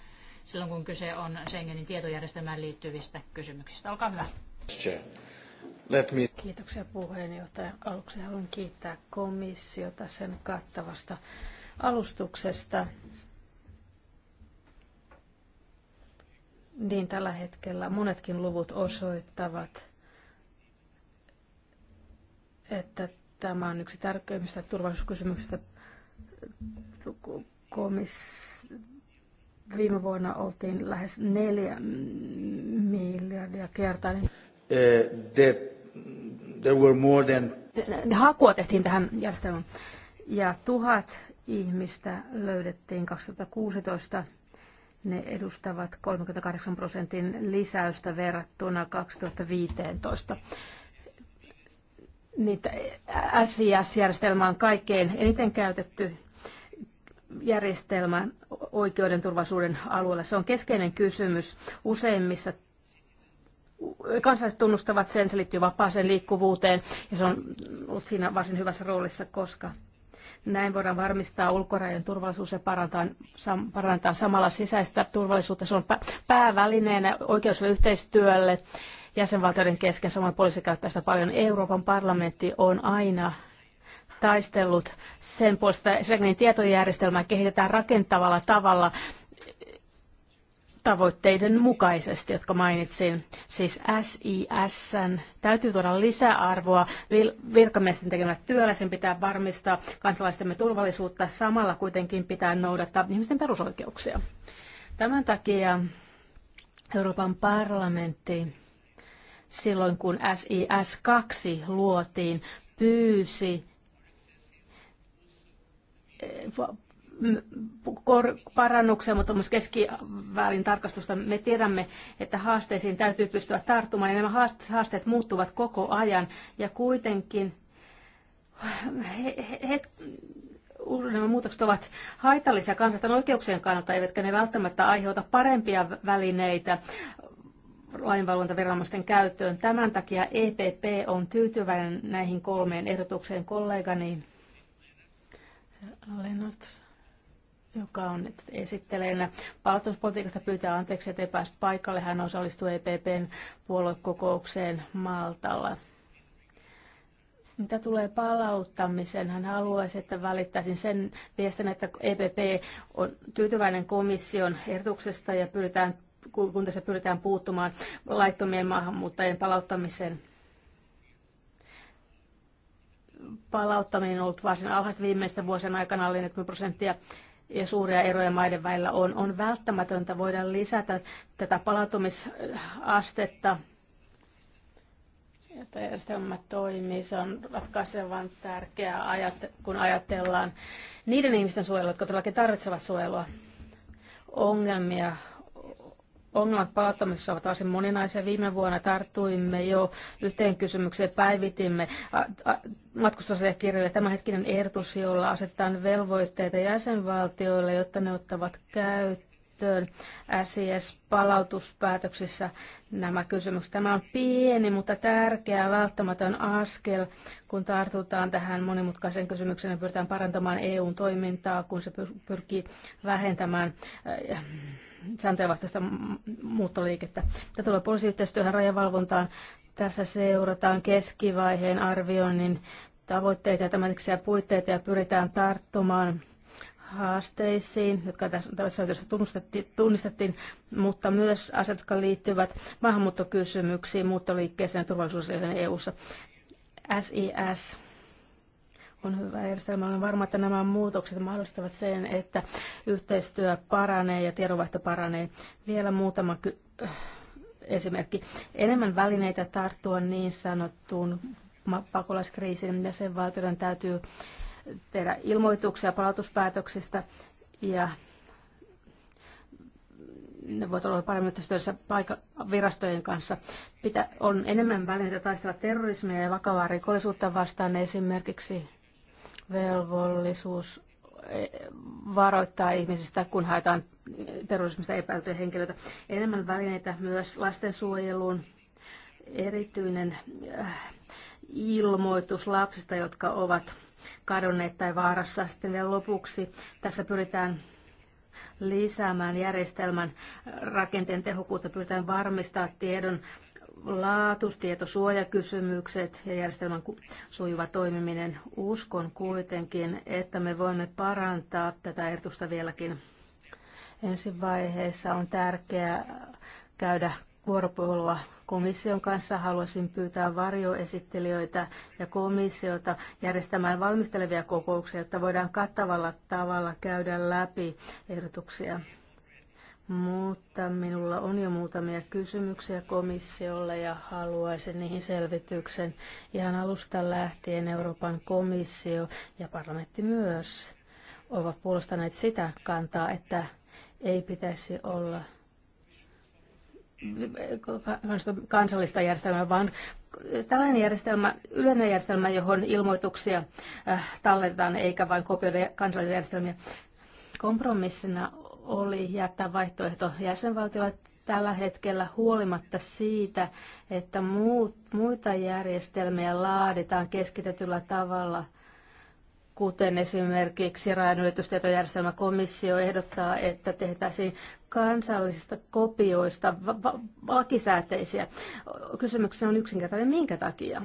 silloin, kun kyse on Schengenin tietojärjestelmään liittyvistä kysymyksistä. Olkaa hyvä. Let me... Kiitoksia puheenjohtaja. Aluksi haluan kiittää komissiota sen kattavasta alustuksesta. Niin tällä hetkellä monetkin luvut osoittavat, että tämä on yksi tärkeimmistä turvallisuuskysymyksistä. Komis... Viime vuonna oltiin lähes neljä miljardia kertaa. Niin Uh, that there were more than... Hakua tehtiin tähän järjestelmään. Ja tuhat ihmistä löydettiin 2016. Ne edustavat 38 prosentin lisäystä verrattuna 2015 niitä SIS-järjestelmä on kaikkein eniten käytetty järjestelmä oikeudenturvaisuuden alueella. Se on keskeinen kysymys useimmissa kansalaiset tunnustavat sen, se liittyy vapaaseen liikkuvuuteen ja se on ollut siinä varsin hyvässä roolissa, koska näin voidaan varmistaa ulkorajojen turvallisuus ja parantaa, sam, parantaa samalla sisäistä turvallisuutta. Se on pä, päävälineenä oikeusille yhteistyölle jäsenvaltioiden kesken. Samoin poliisi käyttää sitä paljon. Euroopan parlamentti on aina taistellut sen puolesta, että tietojärjestelmää kehitetään rakentavalla tavalla tavoitteiden mukaisesti, jotka mainitsin. Siis SIS täytyy tuoda lisäarvoa. Virkamiesten tekemät työllä sen pitää varmistaa kansalaistemme turvallisuutta. Samalla kuitenkin pitää noudattaa ihmisten perusoikeuksia. Tämän takia Euroopan parlamentti silloin, kun SIS-2 luotiin, pyysi parannuksia, mutta myös keskiväälin tarkastusta me tiedämme, että haasteisiin täytyy pystyä tarttumaan ja nämä haasteet muuttuvat koko ajan ja kuitenkin he, he, he, nämä muutokset ovat haitallisia kansalaisten oikeuksien kannalta, eivätkä ne välttämättä aiheuta parempia välineitä lainvalvontaviranomaisten käyttöön. Tämän takia EPP on tyytyväinen näihin kolmeen ehdotukseen kollegani Lennart joka on esitteleenä palautuspolitiikasta pyytää anteeksi, ei päässyt paikalle. Hän osallistui EPPn puoluekokoukseen Maltalla. Mitä tulee palauttamiseen, hän haluaisi, että välittäisin sen viestin, että EPP on tyytyväinen komission ehdotuksesta ja pyritään, kun tässä pyritään puuttumaan laittomien maahanmuuttajien palauttamiseen palauttaminen on ollut varsin alhaista viimeisten vuosien aikana, alle 40 prosenttia ja suuria eroja maiden välillä on, on välttämätöntä voida lisätä tätä palautumisastetta, jotta järjestelmä toimii. Se on ratkaisevan tärkeää, kun ajatellaan niiden ihmisten suojelua, jotka todellakin tarvitsevat suojelua. Ongelmia Ongelmat palauttamisessa ovat varsin moninaisia. Viime vuonna tarttuimme jo yhteen kysymykseen, päivitimme matkustusasiakirjoille tämänhetkinen ehdotus, jolla asetetaan velvoitteita jäsenvaltioille, jotta ne ottavat käyttöön SIS-palautuspäätöksissä nämä kysymykset. Tämä on pieni, mutta tärkeä välttämätön askel, kun tartutaan tähän monimutkaisen kysymykseen ja pyritään parantamaan EUn toimintaa, kun se pyrkii vähentämään äh, sääntöjen vastaista muuttoliikettä. Tätä tulee poliisiyhteistyöhön rajavalvontaan. Tässä seurataan keskivaiheen arvioinnin tavoitteita ja tämmöisiä puitteita ja pyritään tarttumaan haasteisiin, jotka tässä yhteydessä tunnistettiin, mutta myös asiat, jotka liittyvät maahanmuuttokysymyksiin, muuttoliikkeeseen ja turvallisuusasioihin EU-ssa. SIS on hyvä järjestelmä. Olen varma, että nämä muutokset mahdollistavat sen, että yhteistyö paranee ja tiedonvaihto paranee. Vielä muutama ky- esimerkki. Enemmän välineitä tarttua niin sanottuun pakolaiskriisiin. valtioiden täytyy tehdä ilmoituksia palautuspäätöksistä ja ne voivat olla paremmin yhteistyössä virastojen kanssa. Pitä, on enemmän välineitä taistella terrorismia ja vakavaa rikollisuutta vastaan esimerkiksi velvollisuus e, varoittaa ihmisistä, kun haetaan terrorismista epäiltyjä henkilöitä. Enemmän välineitä myös lastensuojeluun, erityinen äh, ilmoitus lapsista, jotka ovat kadonneet tai vaarassa. Sitten vielä lopuksi tässä pyritään lisäämään järjestelmän äh, rakenteen tehokkuutta, pyritään varmistaa tiedon laatustietosuojakysymykset ja järjestelmän sujuva toimiminen. Uskon kuitenkin, että me voimme parantaa tätä ehdotusta vieläkin. Ensi vaiheessa on tärkeää käydä vuoropuhelua komission kanssa. Haluaisin pyytää varjoesittelijöitä ja komissiota järjestämään valmistelevia kokouksia, jotta voidaan kattavalla tavalla käydä läpi ehdotuksia mutta minulla on jo muutamia kysymyksiä komissiolle ja haluaisin niihin selvityksen. Ihan alusta lähtien Euroopan komissio ja parlamentti myös ovat puolustaneet sitä kantaa, että ei pitäisi olla kansallista järjestelmää, vaan tällainen järjestelmä, yleinen järjestelmä, johon ilmoituksia äh, talletetaan eikä vain kopioida kansallisia järjestelmiä. Kompromissina oli jättää vaihtoehto jäsenvaltiolle tällä hetkellä huolimatta siitä, että muut, muita järjestelmiä laaditaan keskitetyllä tavalla, kuten esimerkiksi rajanylitystietojärjestelmä komissio ehdottaa, että tehtäisiin kansallisista kopioista lakisääteisiä. Kysymykseni on yksinkertainen, minkä takia?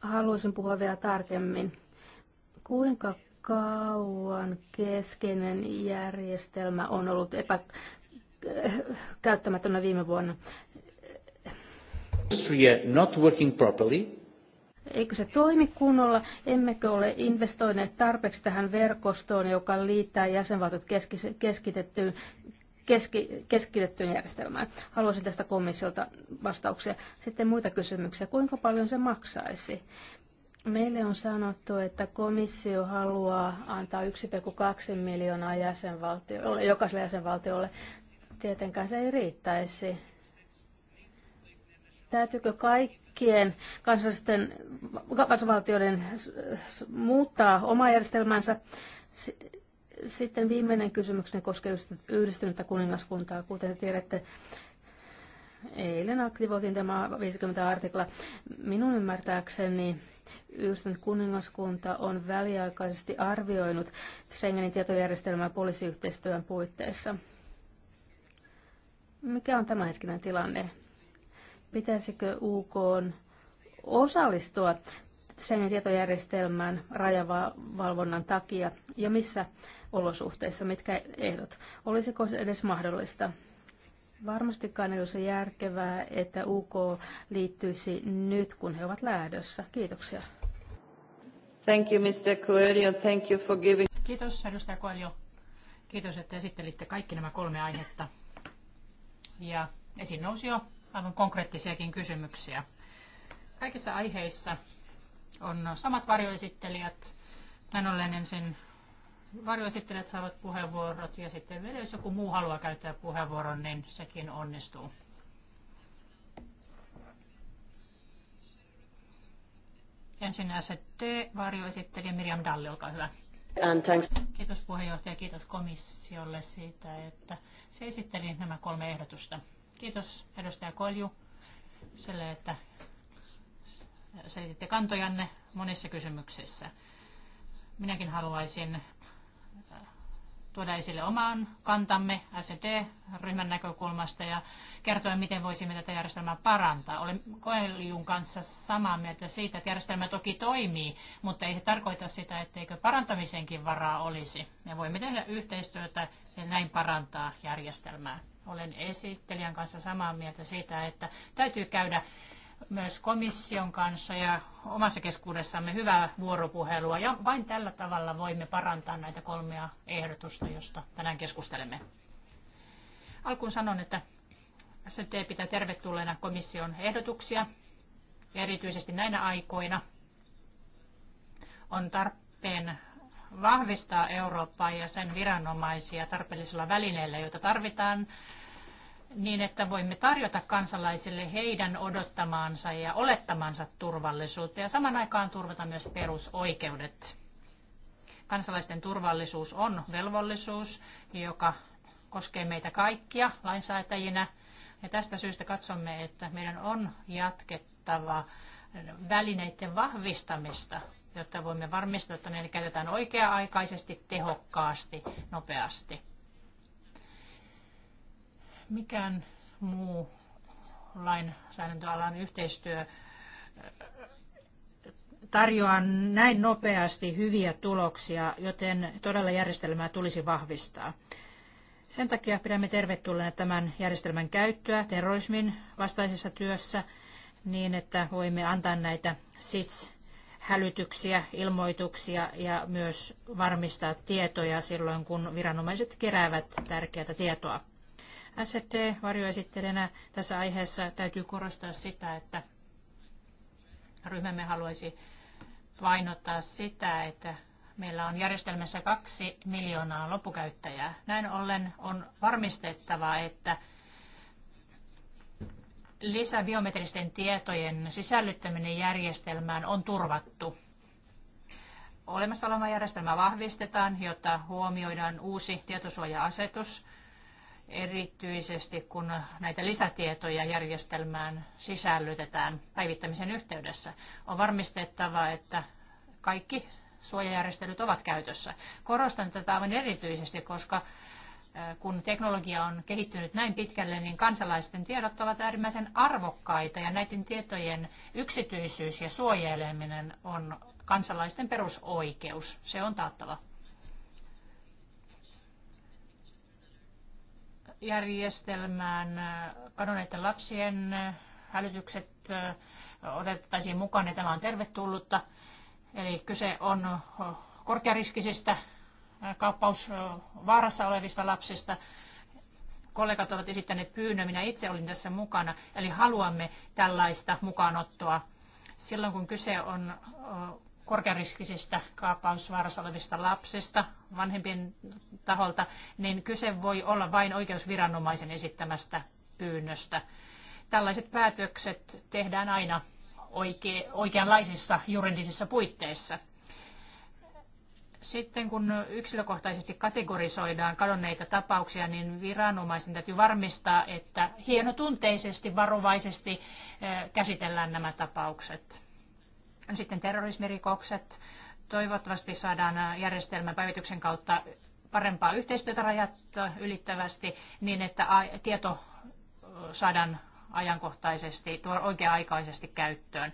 Haluaisin puhua vielä tarkemmin. Kuinka kauan keskeinen järjestelmä on ollut epä viime vuonna. Not working properly. Eikö se toimi kunnolla? Emmekö ole investoineet tarpeeksi tähän verkostoon, joka liittää jäsenvaltiot keskitettyyn, keski, keskitettyyn järjestelmään? Haluaisin tästä komissiolta vastauksia. Sitten muita kysymyksiä. Kuinka paljon se maksaisi? Meille on sanottu, että komissio haluaa antaa 1,2 miljoonaa jäsenvaltiolle, jokaiselle jäsenvaltiolle. Tietenkään se ei riittäisi. Täytyykö kaikkien kansallisten kansallisvaltioiden muuttaa omaa järjestelmänsä? Sitten viimeinen kysymykseni koskee yhdistynyttä kuningaskuntaa. Kuten tiedätte, Eilen aktivoitiin tämä 50 artikla. Minun ymmärtääkseni Yhdistynyt kuningaskunta on väliaikaisesti arvioinut Schengenin tietojärjestelmää poliisiyhteistyön puitteissa. Mikä on tämänhetkinen tilanne? Pitäisikö UK osallistua Schengenin tietojärjestelmään rajavalvonnan takia ja missä olosuhteissa, mitkä ehdot? Olisiko se edes mahdollista? Varmastikaan ei olisi järkevää, että UK liittyisi nyt, kun he ovat lähdössä. Kiitoksia. Thank you, Mr. Coelho. Thank you for giving... Kiitos, edustaja Coelho. Kiitos, että esittelitte kaikki nämä kolme aihetta. Ja esiin nousi jo aivan konkreettisiakin kysymyksiä. Kaikissa aiheissa on samat varjoesittelijät. Näin ollen ensin varjoesittelijät saavat puheenvuorot ja sitten vielä jos joku muu haluaa käyttää puheenvuoron, niin sekin onnistuu. Ensin ST-varjoesittelijä Mirjam Dalli, olkaa hyvä. Kiitos puheenjohtaja, kiitos komissiolle siitä, että se esitteli nämä kolme ehdotusta. Kiitos edustaja Kolju sille, että selititte kantojanne monissa kysymyksissä. Minäkin haluaisin tuoda esille oman kantamme SED-ryhmän näkökulmasta ja kertoa, miten voisimme tätä järjestelmää parantaa. Olen Koeljun kanssa samaa mieltä siitä, että järjestelmä toki toimii, mutta ei se tarkoita sitä, etteikö parantamisenkin varaa olisi. Me voimme tehdä yhteistyötä ja näin parantaa järjestelmää. Olen esittelijän kanssa samaa mieltä siitä, että täytyy käydä myös komission kanssa ja omassa keskuudessamme hyvää vuoropuhelua. Ja vain tällä tavalla voimme parantaa näitä kolmea ehdotusta, josta tänään keskustelemme. Alkuun sanon, että ST pitää tervetulleena komission ehdotuksia. Ja erityisesti näinä aikoina on tarpeen vahvistaa Eurooppaa ja sen viranomaisia tarpeellisilla välineillä, joita tarvitaan niin, että voimme tarjota kansalaisille heidän odottamaansa ja olettamansa turvallisuutta ja saman aikaan turvata myös perusoikeudet. Kansalaisten turvallisuus on velvollisuus, joka koskee meitä kaikkia lainsäätäjinä. Ja tästä syystä katsomme, että meidän on jatkettava välineiden vahvistamista, jotta voimme varmistaa, että ne käytetään oikea-aikaisesti, tehokkaasti, nopeasti mikään muu lainsäädäntöalan yhteistyö äh, tarjoaa näin nopeasti hyviä tuloksia, joten todella järjestelmää tulisi vahvistaa. Sen takia pidämme tervetulleena tämän järjestelmän käyttöä terrorismin vastaisessa työssä niin, että voimme antaa näitä SIS-hälytyksiä, ilmoituksia ja myös varmistaa tietoja silloin, kun viranomaiset keräävät tärkeää tietoa. SET-varjoesittelijänä tässä aiheessa täytyy korostaa sitä, että ryhmämme haluaisi painottaa sitä, että meillä on järjestelmässä kaksi miljoonaa loppukäyttäjää. Näin ollen on varmistettava, että lisäbiometristen tietojen sisällyttäminen järjestelmään on turvattu. Olemassa oleva järjestelmä vahvistetaan, jotta huomioidaan uusi tietosuoja-asetus erityisesti kun näitä lisätietoja järjestelmään sisällytetään päivittämisen yhteydessä. On varmistettava, että kaikki suojajärjestelyt ovat käytössä. Korostan tätä aivan erityisesti, koska kun teknologia on kehittynyt näin pitkälle, niin kansalaisten tiedot ovat äärimmäisen arvokkaita ja näiden tietojen yksityisyys ja suojeleminen on kansalaisten perusoikeus. Se on taattava. järjestelmään äh, kadonneiden lapsien äh, hälytykset äh, otettaisiin mukaan ja niin tämä on tervetullutta. Eli kyse on korkeariskisistä kaappausvaarassa olevista lapsista. Kollegat ovat esittäneet pyynnön, minä itse olin tässä mukana, eli haluamme tällaista mukaanottoa silloin kun kyse on korkeariskisistä kaappausvaarassa olevista lapsista vanhempien taholta, niin kyse voi olla vain oikeusviranomaisen esittämästä pyynnöstä. Tällaiset päätökset tehdään aina oike- oikeanlaisissa juridisissa puitteissa. Sitten kun yksilökohtaisesti kategorisoidaan kadonneita tapauksia, niin viranomaisen täytyy varmistaa, että hienotunteisesti, varovaisesti eh, käsitellään nämä tapaukset sitten terrorismirikokset. Toivottavasti saadaan järjestelmän päivityksen kautta parempaa yhteistyötä rajat ylittävästi niin, että tieto saadaan ajankohtaisesti, oikea-aikaisesti käyttöön.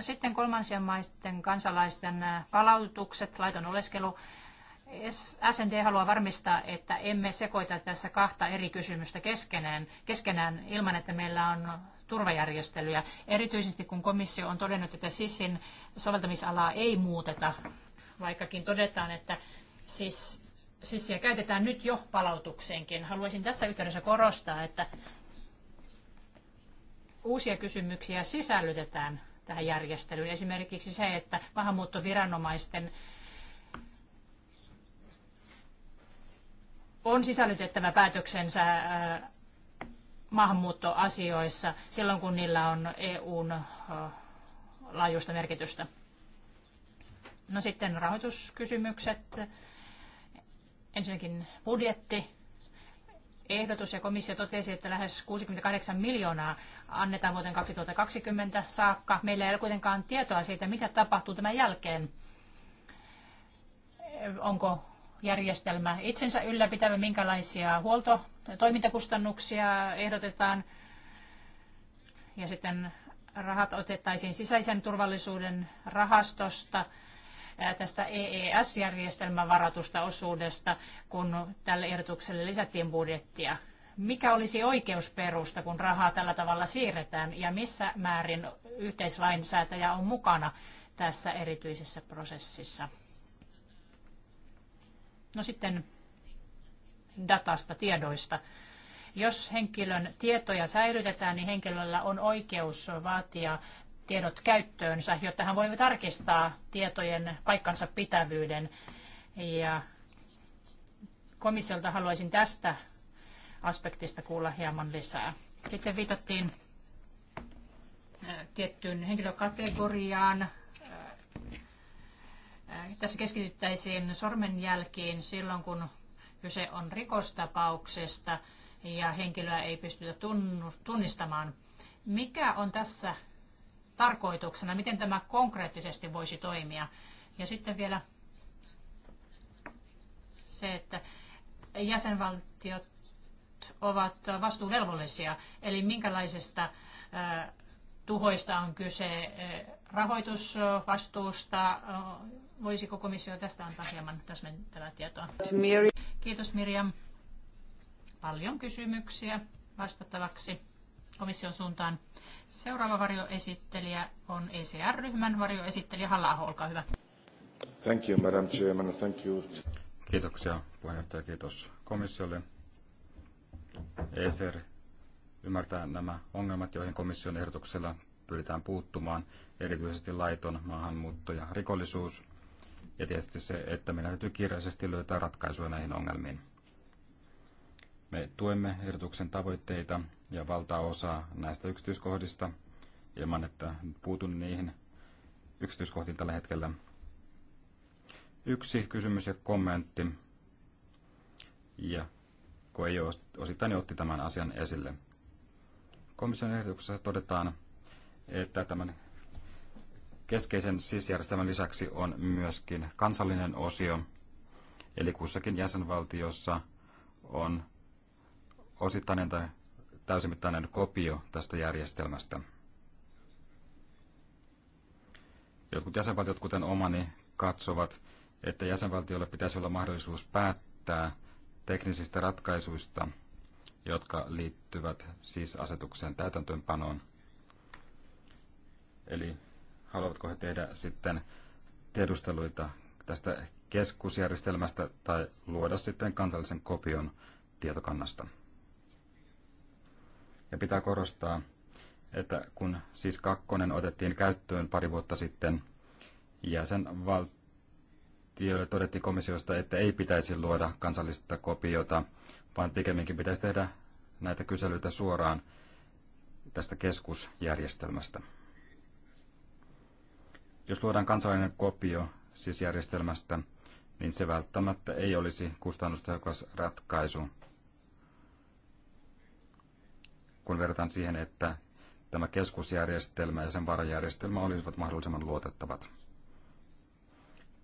Sitten kolmansien maisten kansalaisten palautukset, laiton oleskelu. SND haluaa varmistaa, että emme sekoita tässä kahta eri kysymystä keskenään, keskenään ilman, että meillä on turvajärjestelyjä, erityisesti kun komissio on todennut, että SISin soveltamisalaa ei muuteta, vaikkakin todetaan, että SIS, SISiä käytetään nyt jo palautukseenkin. Haluaisin tässä yhteydessä korostaa, että uusia kysymyksiä sisällytetään tähän järjestelyyn. Esimerkiksi se, että maahanmuuttoviranomaisten on sisällytettävä päätöksensä maahanmuuttoasioissa silloin, kun niillä on EUn laajuista merkitystä. No sitten rahoituskysymykset. Ensinnäkin budjetti. Ehdotus ja komissio totesi, että lähes 68 miljoonaa annetaan vuoteen 2020 saakka. Meillä ei ole kuitenkaan tietoa siitä, mitä tapahtuu tämän jälkeen. Onko järjestelmä itsensä ylläpitävä, minkälaisia huolto- toimintakustannuksia ehdotetaan. Ja sitten rahat otettaisiin sisäisen turvallisuuden rahastosta tästä EES-järjestelmän varatusta osuudesta, kun tälle ehdotukselle lisättiin budjettia. Mikä olisi oikeusperusta, kun rahaa tällä tavalla siirretään ja missä määrin yhteislainsäätäjä on mukana tässä erityisessä prosessissa? No sitten datasta, tiedoista. Jos henkilön tietoja säilytetään, niin henkilöllä on oikeus vaatia tiedot käyttöönsä, jotta hän voi tarkistaa tietojen paikkansa pitävyyden. Ja komissiolta haluaisin tästä aspektista kuulla hieman lisää. Sitten viitattiin tiettyyn henkilökategoriaan, Äh, tässä keskityttäisiin sormenjälkiin silloin, kun kyse on rikostapauksesta ja henkilöä ei pystytä tunnistamaan. Mikä on tässä tarkoituksena? Miten tämä konkreettisesti voisi toimia? Ja sitten vielä se, että jäsenvaltiot ovat vastuuvelvollisia, eli minkälaisista äh, tuhoista on kyse äh, rahoitusvastuusta, Voisiko komissio tästä antaa hieman täsmentävää tietoa? Kiitos Mirjam. Paljon kysymyksiä vastattavaksi komission suuntaan. Seuraava varjoesittelijä on ECR-ryhmän varjoesittelijä halla olkaa hyvä. Thank you, Madam Chairman. Thank you. Kiitoksia puheenjohtaja, kiitos komissiolle. ECR ymmärtää nämä ongelmat, joihin komission ehdotuksella pyritään puuttumaan, erityisesti laiton maahanmuutto ja rikollisuus, ja tietysti se, että meidän täytyy kirjallisesti löytää ratkaisuja näihin ongelmiin. Me tuemme ehdotuksen tavoitteita ja valtaosaa näistä yksityiskohdista ilman, että puutun niihin yksityiskohtiin tällä hetkellä. Yksi kysymys ja kommentti. Ja kun ei osittain otti tämän asian esille. Komission ehdotuksessa todetaan, että tämän Keskeisen SIS-järjestelmän lisäksi on myöskin kansallinen osio, eli kussakin jäsenvaltiossa on osittainen tai täysimittainen kopio tästä järjestelmästä. Jotkut jäsenvaltiot, kuten omani, katsovat, että jäsenvaltiolle pitäisi olla mahdollisuus päättää teknisistä ratkaisuista, jotka liittyvät siis asetuksen täytäntöönpanoon. Eli haluavatko he tehdä sitten tiedusteluita tästä keskusjärjestelmästä tai luoda sitten kansallisen kopion tietokannasta. Ja pitää korostaa, että kun siis kakkonen otettiin käyttöön pari vuotta sitten, jäsenvaltioille todettiin komissiosta, että ei pitäisi luoda kansallista kopiota, vaan pikemminkin pitäisi tehdä näitä kyselyitä suoraan tästä keskusjärjestelmästä jos luodaan kansallinen kopio siis järjestelmästä, niin se välttämättä ei olisi kustannustehokas ratkaisu, kun verrataan siihen, että tämä keskusjärjestelmä ja sen varajärjestelmä olisivat mahdollisimman luotettavat.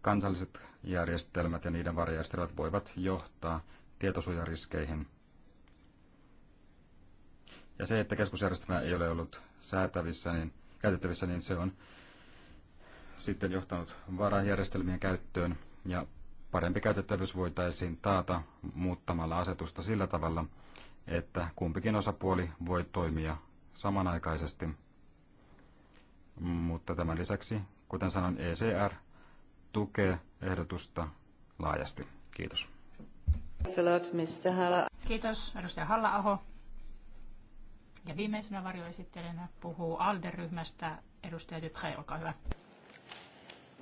Kansalliset järjestelmät ja niiden varajärjestelmät voivat johtaa tietosuojariskeihin. Ja se, että keskusjärjestelmä ei ole ollut säätävissä, niin, käytettävissä, niin se on sitten johtanut varajärjestelmien käyttöön ja parempi käytettävyys voitaisiin taata muuttamalla asetusta sillä tavalla, että kumpikin osapuoli voi toimia samanaikaisesti. Mutta tämän lisäksi, kuten sanon, ECR tukee ehdotusta laajasti. Kiitos. Kiitos, edustaja Halla-aho. Ja viimeisenä varjoesittelijänä puhuu ALDE-ryhmästä edustaja Dupré, olkaa hyvä.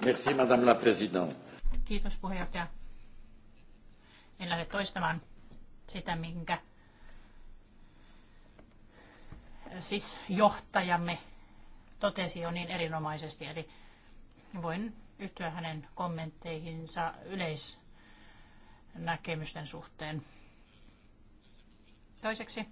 Merci, Madame la Présidente. Kiitos puheenjohtaja. En lähde toistamaan sitä, minkä siis johtajamme totesi jo niin erinomaisesti. Eli voin yhtyä hänen kommentteihinsa yleisnäkemysten suhteen. Toiseksi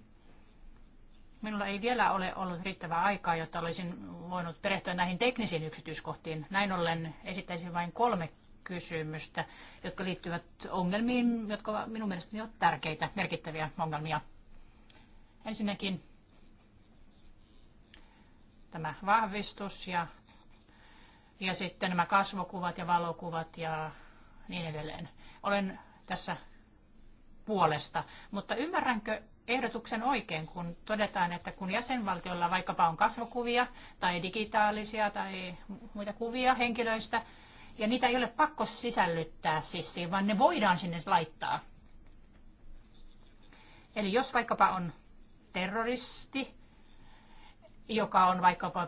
Minulla ei vielä ole ollut riittävää aikaa, jotta olisin voinut perehtyä näihin teknisiin yksityiskohtiin. Näin ollen esittäisin vain kolme kysymystä, jotka liittyvät ongelmiin, jotka ovat minun mielestäni ovat tärkeitä, merkittäviä ongelmia. Ensinnäkin tämä vahvistus ja, ja sitten nämä kasvokuvat ja valokuvat ja niin edelleen. Olen tässä puolesta, mutta ymmärränkö ehdotuksen oikein, kun todetaan, että kun jäsenvaltiolla vaikkapa on kasvokuvia tai digitaalisia tai muita kuvia henkilöistä, ja niitä ei ole pakko sisällyttää sissiin, vaan ne voidaan sinne laittaa. Eli jos vaikkapa on terroristi, joka on vaikkapa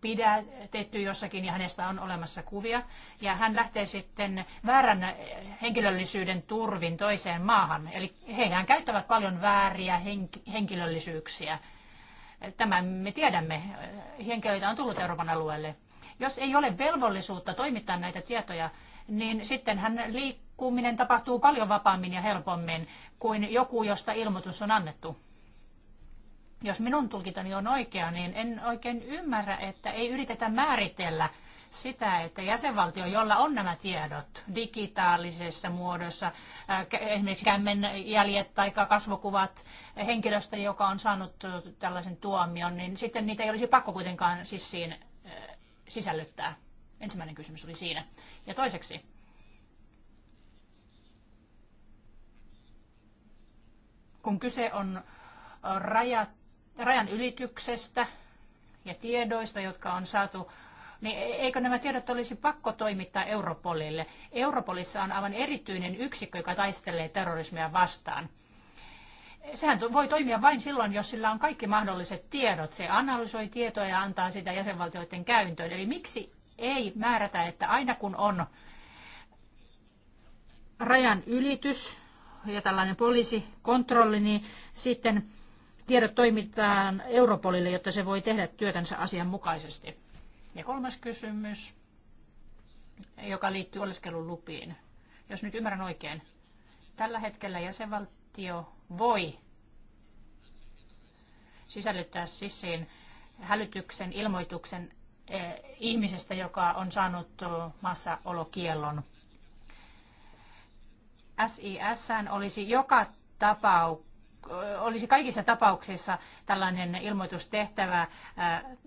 pidätetty jossakin ja hänestä on olemassa kuvia. Ja hän lähtee sitten väärän henkilöllisyyden turvin toiseen maahan. Eli hehän käyttävät paljon vääriä henkilöllisyyksiä. Tämän me tiedämme. Henkilöitä on tullut Euroopan alueelle. Jos ei ole velvollisuutta toimittaa näitä tietoja, niin sitten hän liikkuminen tapahtuu paljon vapaammin ja helpommin kuin joku, josta ilmoitus on annettu. Jos minun tulkintani on oikea, niin en oikein ymmärrä, että ei yritetä määritellä sitä, että jäsenvaltio, jolla on nämä tiedot digitaalisessa muodossa, esimerkiksi kämmenjäljet tai kasvokuvat henkilöstä, joka on saanut tällaisen tuomion, niin sitten niitä ei olisi pakko kuitenkaan sissiin sisällyttää. Ensimmäinen kysymys oli siinä. Ja toiseksi, kun kyse on rajat rajan ylityksestä ja tiedoista, jotka on saatu, niin e- eikö nämä tiedot olisi pakko toimittaa Europolille? Europolissa on aivan erityinen yksikkö, joka taistelee terrorismia vastaan. Sehän voi toimia vain silloin, jos sillä on kaikki mahdolliset tiedot. Se analysoi tietoja ja antaa sitä jäsenvaltioiden käyntöön. Eli miksi ei määrätä, että aina kun on rajan ylitys ja tällainen poliisikontrolli, niin sitten tiedot toimitetaan Europolille, jotta se voi tehdä työtänsä asianmukaisesti. Ja kolmas kysymys, joka liittyy oleskelulupiin. Jos nyt ymmärrän oikein, tällä hetkellä jäsenvaltio voi sisällyttää sisiin hälytyksen ilmoituksen eh, ihmisestä, joka on saanut maassaolokiellon. SIS olisi joka tapauksessa olisi kaikissa tapauksissa tällainen ilmoitus tehtävä äh,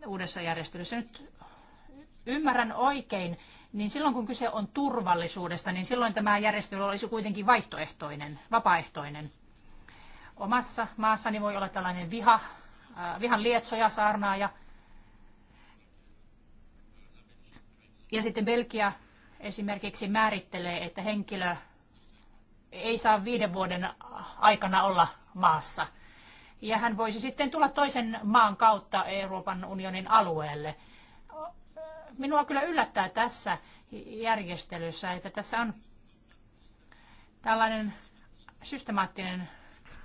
uudessa järjestelyssä. Nyt ymmärrän oikein, niin silloin kun kyse on turvallisuudesta, niin silloin tämä järjestely olisi kuitenkin vaihtoehtoinen, vapaaehtoinen. Omassa maassani voi olla tällainen viha, äh, vihan lietsoja, saarnaaja. Ja sitten Belgia esimerkiksi määrittelee, että henkilö ei saa viiden vuoden aikana olla maassa. Ja hän voisi sitten tulla toisen maan kautta Euroopan unionin alueelle. Minua kyllä yllättää tässä järjestelyssä, että tässä on tällainen systemaattinen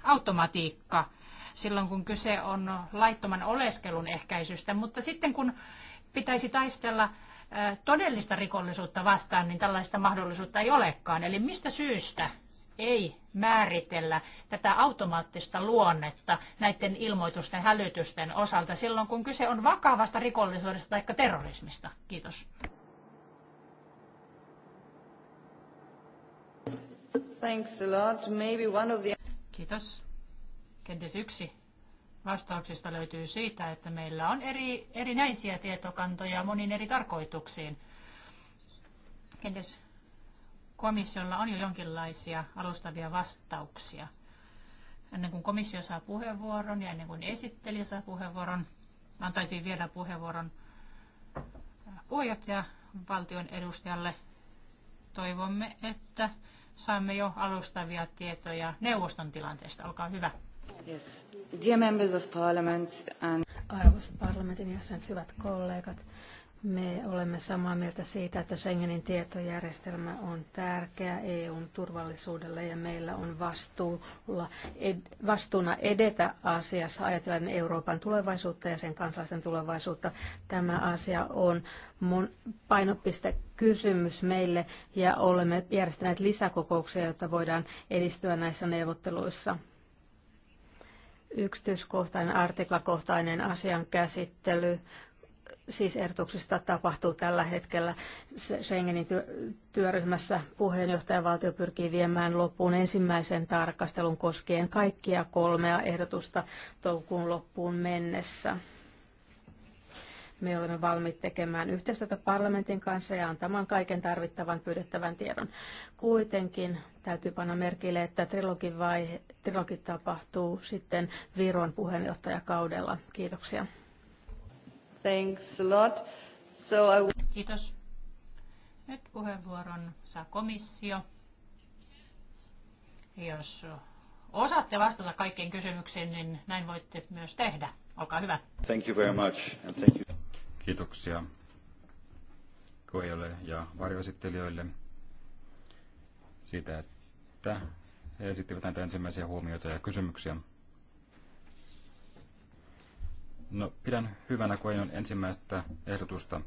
automatiikka silloin, kun kyse on laittoman oleskelun ehkäisystä, mutta sitten kun pitäisi taistella todellista rikollisuutta vastaan, niin tällaista mahdollisuutta ei olekaan. Eli mistä syystä ei määritellä tätä automaattista luonnetta näiden ilmoitusten hälytysten osalta silloin, kun kyse on vakavasta rikollisuudesta tai terrorismista? Kiitos. Thanks a lot. Maybe one of the... Kiitos. Kenties yksi vastauksista löytyy siitä, että meillä on eri, erinäisiä tietokantoja moniin eri tarkoituksiin. Kenties komissiolla on jo jonkinlaisia alustavia vastauksia. Ennen kuin komissio saa puheenvuoron ja ennen kuin esittelijä saa puheenvuoron, antaisin vielä puheenvuoron äh, puheenjohtaja valtion edustajalle. Toivomme, että saamme jo alustavia tietoja neuvoston tilanteesta. Olkaa hyvä. Yes. Dear members of parliament and... Arvoisat parlamentin jäsenet, hyvät kollegat. Me olemme samaa mieltä siitä, että Schengenin tietojärjestelmä on tärkeä EUn turvallisuudelle ja meillä on vastuulla, ed, vastuuna edetä asiassa ajatellen Euroopan tulevaisuutta ja sen kansalaisten tulevaisuutta. Tämä asia on mon, painopiste kysymys meille ja olemme järjestäneet lisäkokouksia, jotta voidaan edistyä näissä neuvotteluissa yksityiskohtainen artiklakohtainen asian käsittely siis ehdotuksista tapahtuu tällä hetkellä. Schengenin työryhmässä puheenjohtajavaltio pyrkii viemään loppuun ensimmäisen tarkastelun koskien kaikkia kolmea ehdotusta toukokuun loppuun mennessä. Me olemme valmiit tekemään yhteistyötä parlamentin kanssa ja antamaan kaiken tarvittavan pyydettävän tiedon. Kuitenkin täytyy panna merkille, että trilogi, vaihe, trilogi tapahtuu sitten Viron puheenjohtajakaudella. Kiitoksia. Thanks a lot. So I... Kiitos. Nyt puheenvuoron saa komissio. Jos osaatte vastata kaikkiin kysymyksiin, niin näin voitte myös tehdä. Olkaa hyvä. Thank you very much and thank you. Kiitoksia koijoille ja varjoesittelijöille siitä, että he esittivät näitä ensimmäisiä huomioita ja kysymyksiä. No, pidän hyvänä Koinon ensimmäistä ehdotusta,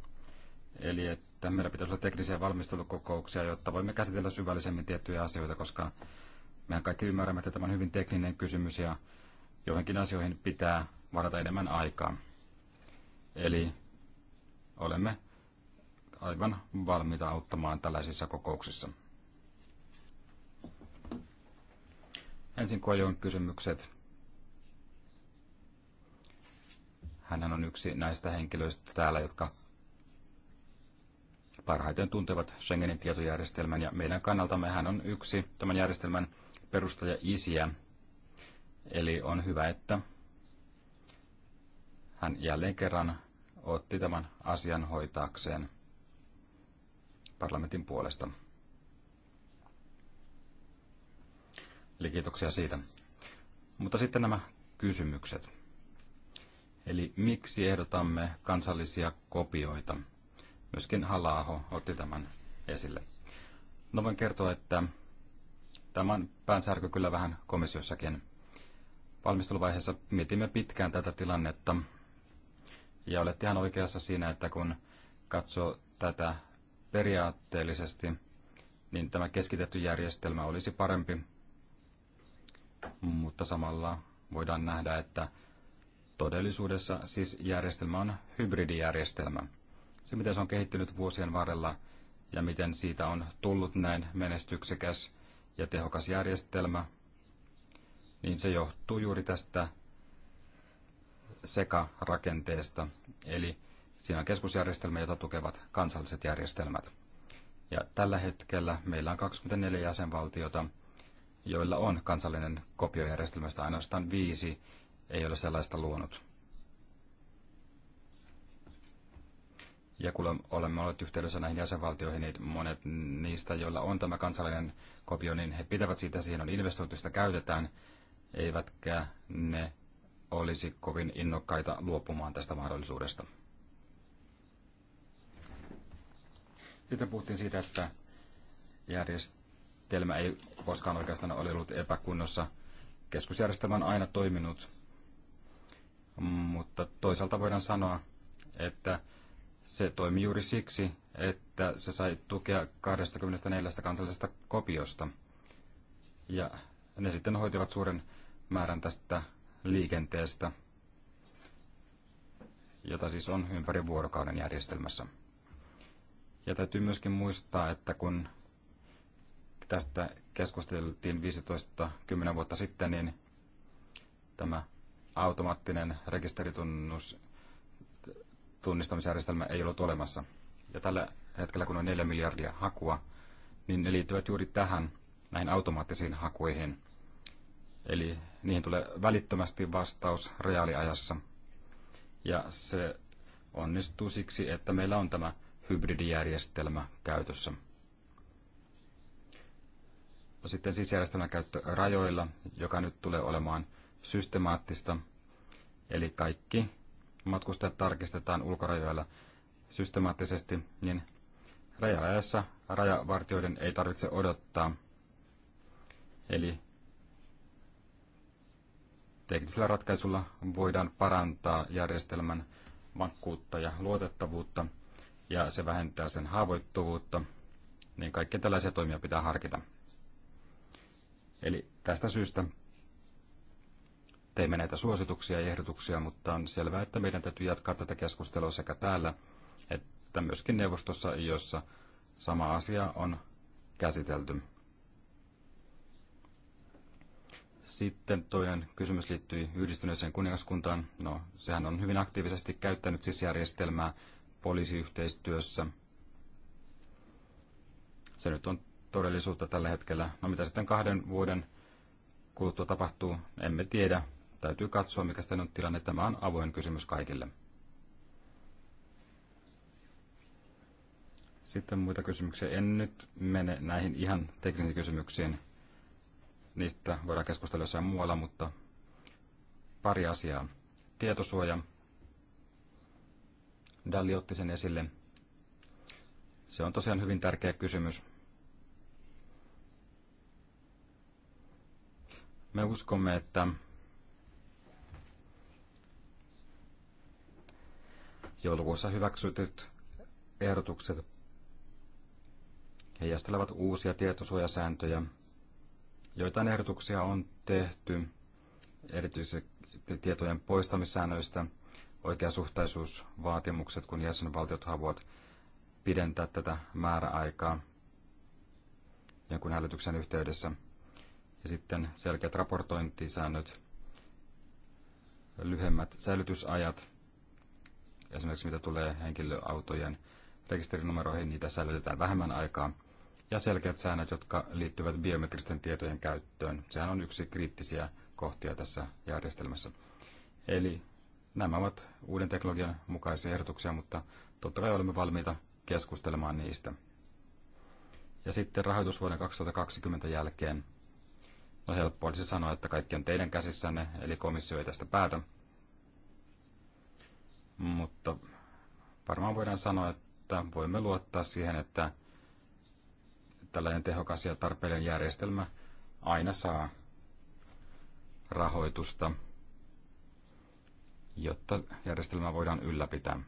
eli että meillä pitäisi olla teknisiä valmistelukokouksia, jotta voimme käsitellä syvällisemmin tiettyjä asioita, koska mehän kaikki ymmärrämme, että tämä on hyvin tekninen kysymys ja joihinkin asioihin pitää varata enemmän aikaa. Eli olemme aivan valmiita auttamaan tällaisissa kokouksissa. Ensin kojon kysymykset. Hänhän on yksi näistä henkilöistä täällä, jotka parhaiten tuntevat Schengenin tietojärjestelmän ja meidän kannaltamme hän on yksi tämän järjestelmän perustaja isiä. Eli on hyvä, että hän jälleen kerran otti tämän asian hoitaakseen parlamentin puolesta. Eli kiitoksia siitä. Mutta sitten nämä kysymykset. Eli miksi ehdotamme kansallisia kopioita? Myöskin Halaho otti tämän esille. No voin kertoa, että tämän päänsärky kyllä vähän komissiossakin. Valmisteluvaiheessa mietimme pitkään tätä tilannetta ja olette ihan oikeassa siinä, että kun katsoo tätä periaatteellisesti, niin tämä keskitetty järjestelmä olisi parempi, mutta samalla voidaan nähdä, että Todellisuudessa siis järjestelmä on hybridijärjestelmä. Se, miten se on kehittynyt vuosien varrella ja miten siitä on tullut näin menestyksekäs ja tehokas järjestelmä, niin se johtuu juuri tästä sekarakenteesta, eli siinä on keskusjärjestelmä, jota tukevat kansalliset järjestelmät. Ja tällä hetkellä meillä on 24 jäsenvaltiota, joilla on kansallinen kopiojärjestelmästä ainoastaan viisi, ei ole sellaista luonut. Ja kun olemme olleet yhteydessä näihin jäsenvaltioihin, niin monet niistä, joilla on tämä kansallinen kopio, niin he pitävät siitä, siihen on investoitu, sitä käytetään, eivätkä ne olisi kovin innokkaita luopumaan tästä mahdollisuudesta. Sitten puhuttiin siitä, että järjestelmä ei koskaan oikeastaan ole ollut epäkunnossa. Keskusjärjestelmä on aina toiminut mutta toisaalta voidaan sanoa, että se toimi juuri siksi, että se sai tukea 24 kansallisesta kopiosta. Ja ne sitten hoitivat suuren määrän tästä liikenteestä, jota siis on ympäri vuorokauden järjestelmässä. Ja täytyy myöskin muistaa, että kun tästä keskusteltiin 15-10 vuotta sitten, niin tämä automaattinen rekisteritunnus tunnistamisjärjestelmä ei ollut olemassa. Ja tällä hetkellä, kun on 4 miljardia hakua, niin ne liittyvät juuri tähän, näihin automaattisiin hakuihin. Eli niihin tulee välittömästi vastaus reaaliajassa. Ja se onnistuu siksi, että meillä on tämä hybridijärjestelmä käytössä. No sitten sitten siis järjestelmän käyttö rajoilla, joka nyt tulee olemaan – systemaattista, eli kaikki matkustajat tarkistetaan ulkorajoilla systemaattisesti, niin rajaajassa rajavartioiden ei tarvitse odottaa. Eli teknisellä ratkaisulla voidaan parantaa järjestelmän vankkuutta ja luotettavuutta, ja se vähentää sen haavoittuvuutta, niin kaikki tällaisia toimia pitää harkita. Eli tästä syystä teimme näitä suosituksia ja ehdotuksia, mutta on selvää, että meidän täytyy jatkaa tätä keskustelua sekä täällä että myöskin neuvostossa, jossa sama asia on käsitelty. Sitten toinen kysymys liittyy yhdistyneeseen kuningaskuntaan. No, sehän on hyvin aktiivisesti käyttänyt sisjärjestelmää poliisiyhteistyössä. Se nyt on todellisuutta tällä hetkellä. No mitä sitten kahden vuoden kuluttua tapahtuu, emme tiedä, täytyy katsoa, mikä sitten on tilanne. Tämä on avoin kysymys kaikille. Sitten muita kysymyksiä. En nyt mene näihin ihan teknisiin kysymyksiin. Niistä voidaan keskustella jossain muualla, mutta pari asiaa. Tietosuoja. Dalli otti sen esille. Se on tosiaan hyvin tärkeä kysymys. Me uskomme, että Joulukuussa hyväksytyt ehdotukset heijastelevat uusia tietosuojasääntöjä. Joitain ehdotuksia on tehty erityisesti tietojen poistamissäännöistä, oikeasuhtaisuusvaatimukset, kun jäsenvaltiot haluavat pidentää tätä määräaikaa jonkun hälytyksen yhteydessä. Ja sitten selkeät raportointisäännöt, lyhyemmät säilytysajat esimerkiksi mitä tulee henkilöautojen rekisterinumeroihin, niitä säilytetään vähemmän aikaa. Ja selkeät säännöt, jotka liittyvät biometristen tietojen käyttöön. Sehän on yksi kriittisiä kohtia tässä järjestelmässä. Eli nämä ovat uuden teknologian mukaisia ehdotuksia, mutta totta kai olemme valmiita keskustelemaan niistä. Ja sitten rahoitusvuoden 2020 jälkeen. No helppo olisi sanoa, että kaikki on teidän käsissänne, eli komissio ei tästä päätä, mutta varmaan voidaan sanoa, että voimme luottaa siihen, että tällainen tehokas ja tarpeellinen järjestelmä aina saa rahoitusta, jotta järjestelmä voidaan ylläpitää.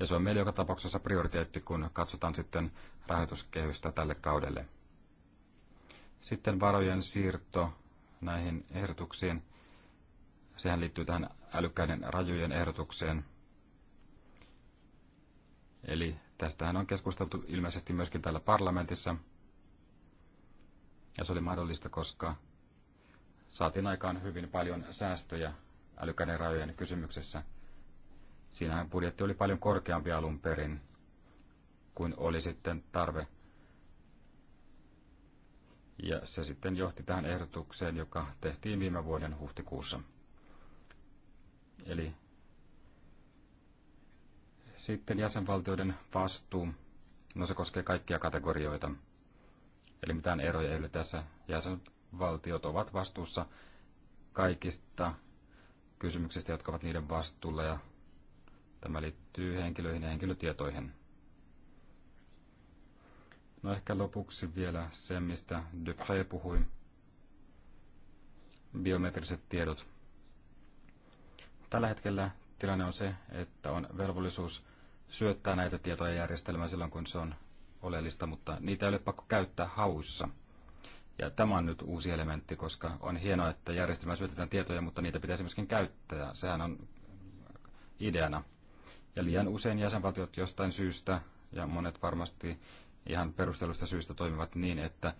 Ja se on meillä joka tapauksessa prioriteetti, kun katsotaan sitten rahoituskehystä tälle kaudelle. Sitten varojen siirto näihin ehdotuksiin. Sehän liittyy tähän älykkäiden rajujen ehdotukseen. Eli tästähän on keskusteltu ilmeisesti myöskin täällä parlamentissa. Ja se oli mahdollista, koska saatiin aikaan hyvin paljon säästöjä älykkäiden rajojen kysymyksessä. Siinähän budjetti oli paljon korkeampi alun perin kuin oli sitten tarve. Ja se sitten johti tähän ehdotukseen, joka tehtiin viime vuoden huhtikuussa. Eli sitten jäsenvaltioiden vastuu. No se koskee kaikkia kategorioita. Eli mitään eroja ei ole tässä. Jäsenvaltiot ovat vastuussa kaikista kysymyksistä, jotka ovat niiden vastuulla ja tämä liittyy henkilöihin ja henkilötietoihin. No ehkä lopuksi vielä se, mistä Dupré puhui. Biometriset tiedot. Tällä hetkellä tilanne on se, että on velvollisuus syöttää näitä tietoja järjestelmään silloin, kun se on oleellista, mutta niitä ei ole pakko käyttää hauissa. Ja tämä on nyt uusi elementti, koska on hienoa, että järjestelmään syötetään tietoja, mutta niitä pitäisi myöskin käyttää. Sehän on ideana. Ja liian usein jäsenvaltiot jostain syystä, ja monet varmasti ihan perustelusta syystä toimivat niin, että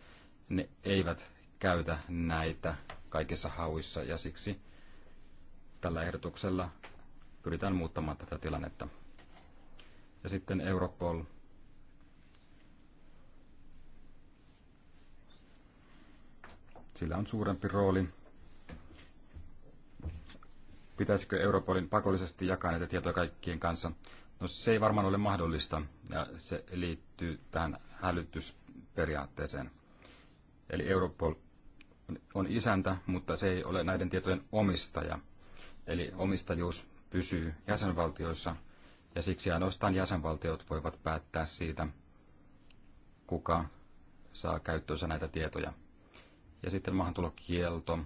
ne eivät käytä näitä kaikissa hauissa, ja siksi tällä ehdotuksella pyritään muuttamaan tätä tilannetta. Ja sitten Europol. Sillä on suurempi rooli. Pitäisikö Europolin pakollisesti jakaa näitä tietoja kaikkien kanssa? No se ei varmaan ole mahdollista ja se liittyy tähän hälytysperiaatteeseen. Eli Europol on isäntä, mutta se ei ole näiden tietojen omistaja – Eli omistajuus pysyy jäsenvaltioissa ja siksi ainoastaan jäsenvaltiot voivat päättää siitä, kuka saa käyttöönsä näitä tietoja. Ja sitten maahantulokielto.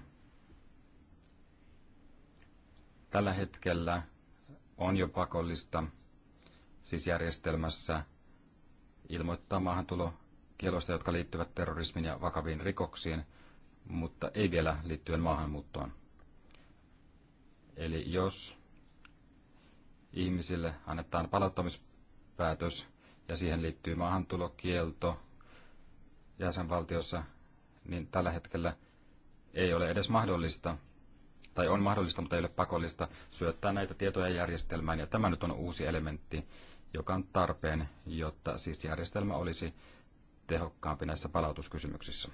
Tällä hetkellä on jo pakollista siis järjestelmässä ilmoittaa maahantulokielosta, jotka liittyvät terrorismin ja vakaviin rikoksiin, mutta ei vielä liittyen maahanmuuttoon. Eli jos ihmisille annetaan palauttamispäätös ja siihen liittyy maahantulokielto jäsenvaltiossa, niin tällä hetkellä ei ole edes mahdollista, tai on mahdollista, mutta ei ole pakollista, syöttää näitä tietoja järjestelmään. Ja tämä nyt on uusi elementti, joka on tarpeen, jotta siis järjestelmä olisi tehokkaampi näissä palautuskysymyksissä.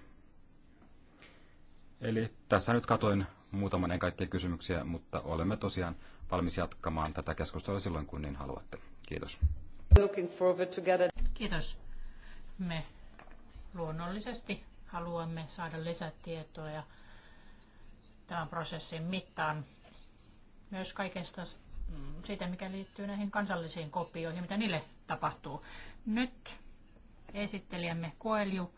Eli tässä nyt katoin muutaman en kaikkia kysymyksiä, mutta olemme tosiaan valmis jatkamaan tätä keskustelua silloin, kun niin haluatte. Kiitos. Kiitos. Me luonnollisesti haluamme saada lisätietoa ja tämän prosessin mittaan myös kaikesta siitä, mikä liittyy näihin kansallisiin kopioihin, mitä niille tapahtuu. Nyt esittelijämme Koelju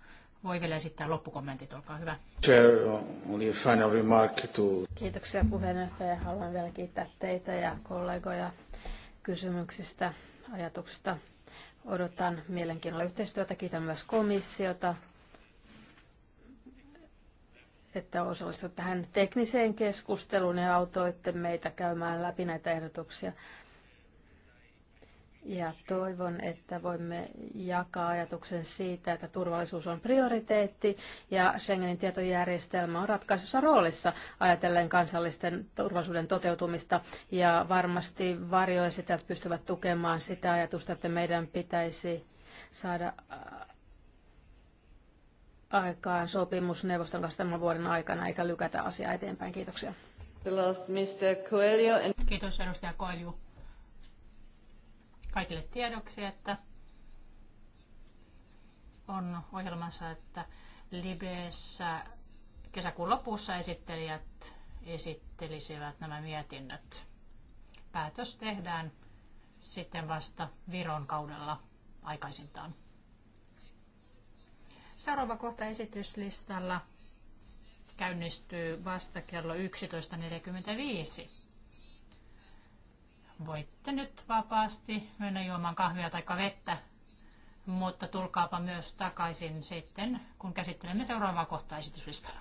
voi vielä esittää loppukommentit, olkaa hyvä. Chair, only a final remark to... Kiitoksia puheenjohtaja. Haluan vielä kiittää teitä ja kollegoja kysymyksistä, ajatuksista. Odotan mielenkiinnolla yhteistyötä. Kiitän myös komissiota, että osallistuitte tähän tekniseen keskusteluun ja autoitte meitä käymään läpi näitä ehdotuksia. Ja toivon, että voimme jakaa ajatuksen siitä, että turvallisuus on prioriteetti ja Schengenin tietojärjestelmä on ratkaisussa roolissa ajatellen kansallisten turvallisuuden toteutumista. Ja varmasti varjoesitelt pystyvät tukemaan sitä ajatusta, että meidän pitäisi saada äh, aikaan sopimus neuvoston kanssa tämän vuoden aikana eikä lykätä asiaa eteenpäin. Kiitoksia. Kiitos edustaja Koelju kaikille tiedoksi, että on ohjelmassa, että Libessä kesäkuun lopussa esittelijät esittelisivät nämä mietinnöt. Päätös tehdään sitten vasta Viron kaudella aikaisintaan. Seuraava kohta esityslistalla käynnistyy vasta kello 11.45. Voitte nyt vapaasti mennä juomaan kahvia tai vettä, mutta tulkaapa myös takaisin sitten, kun käsittelemme seuraavaa kohtaa esityslistalla.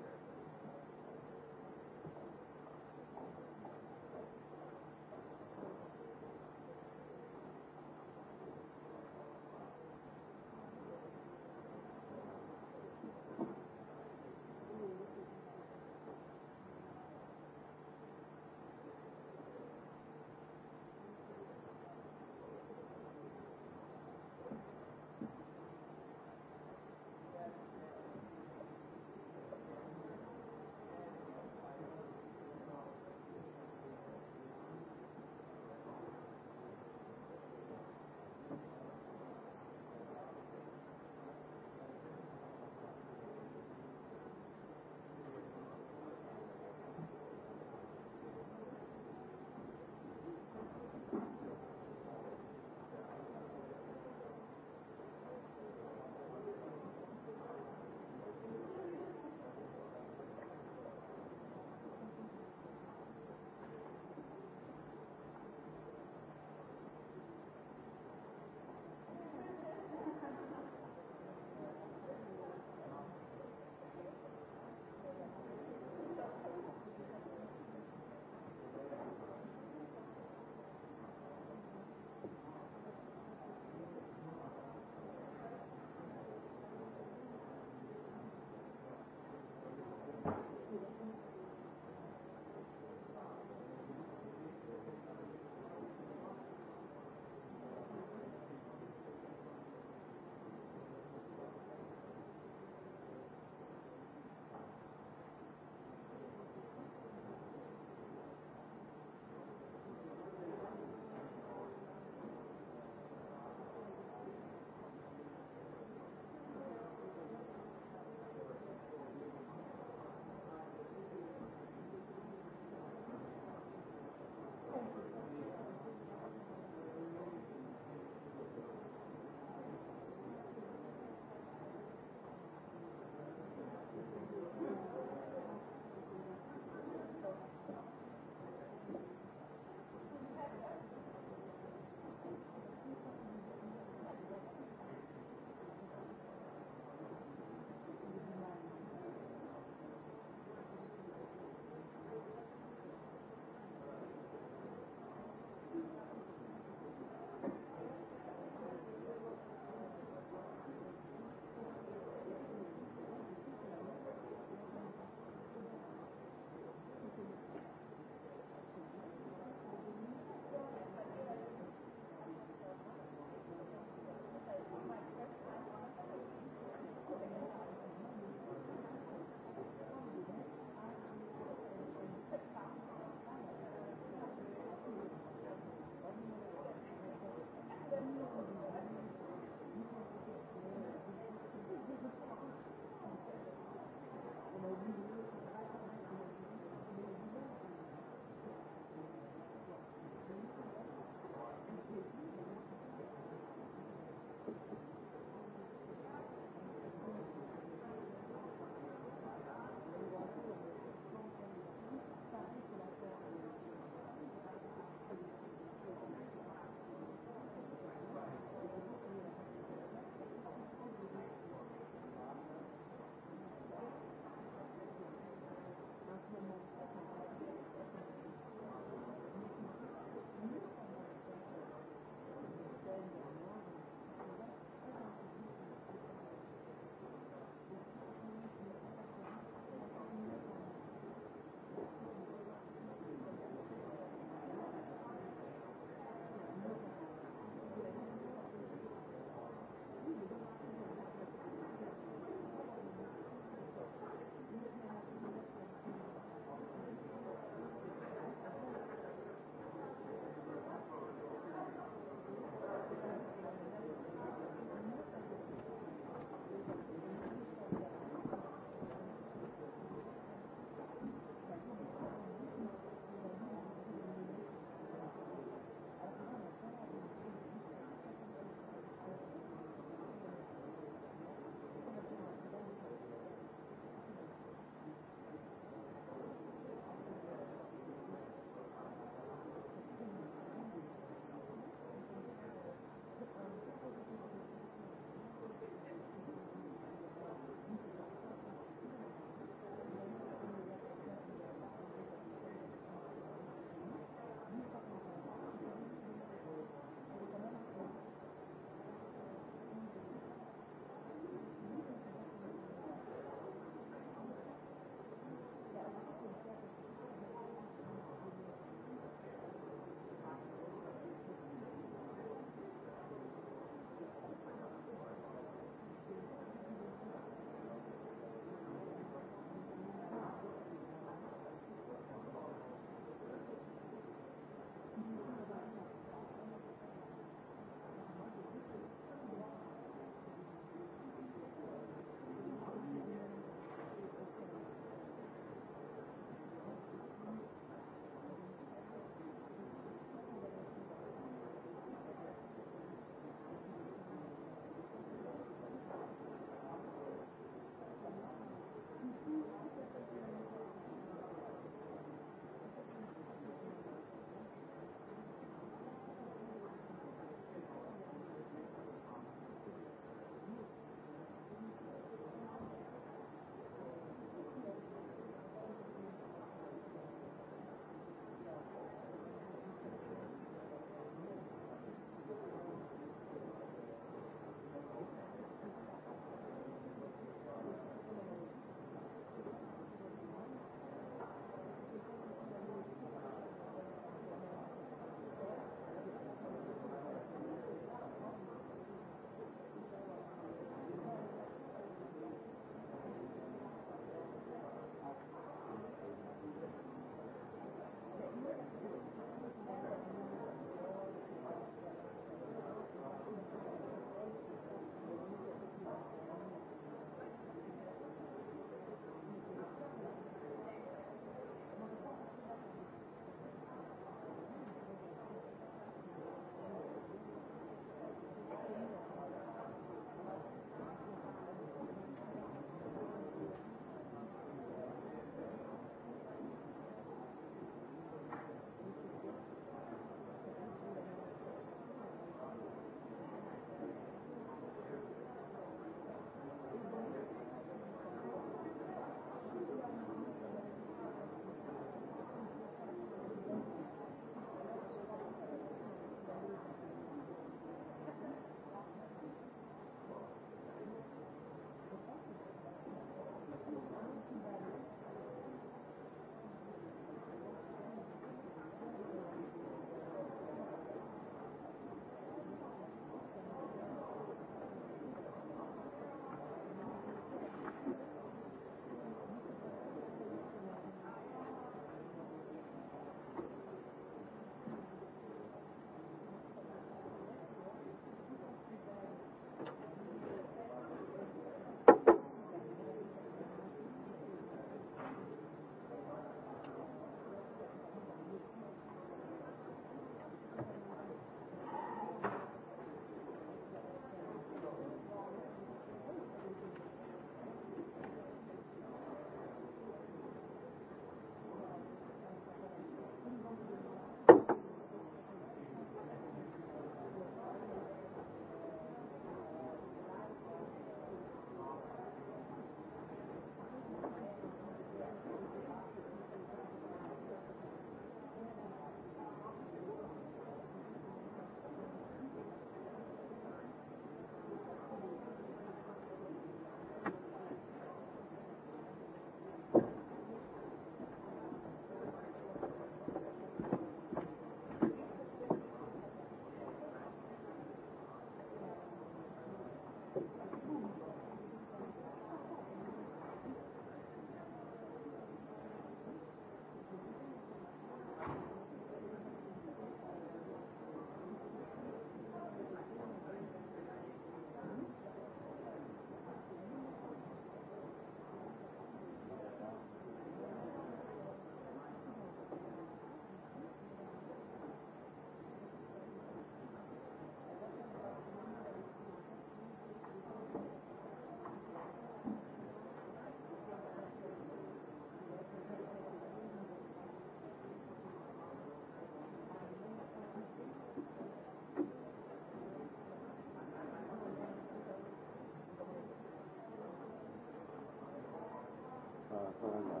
ancora là.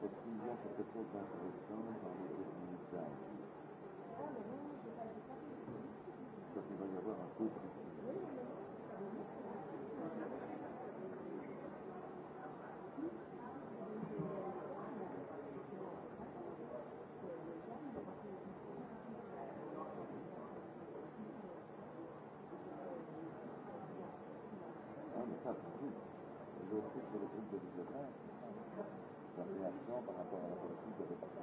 Per cui già che per colpa di persone sono organizzati. Perché voglio ancora tutti. la réaction par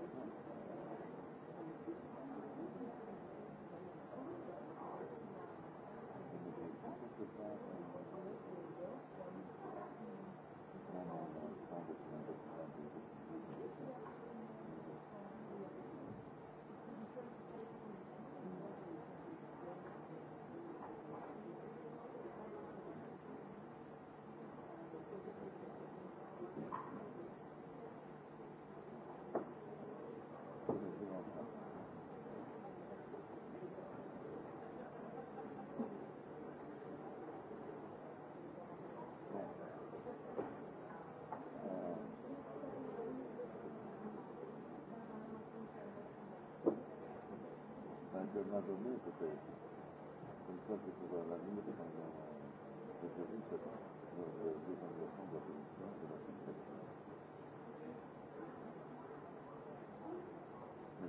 Mais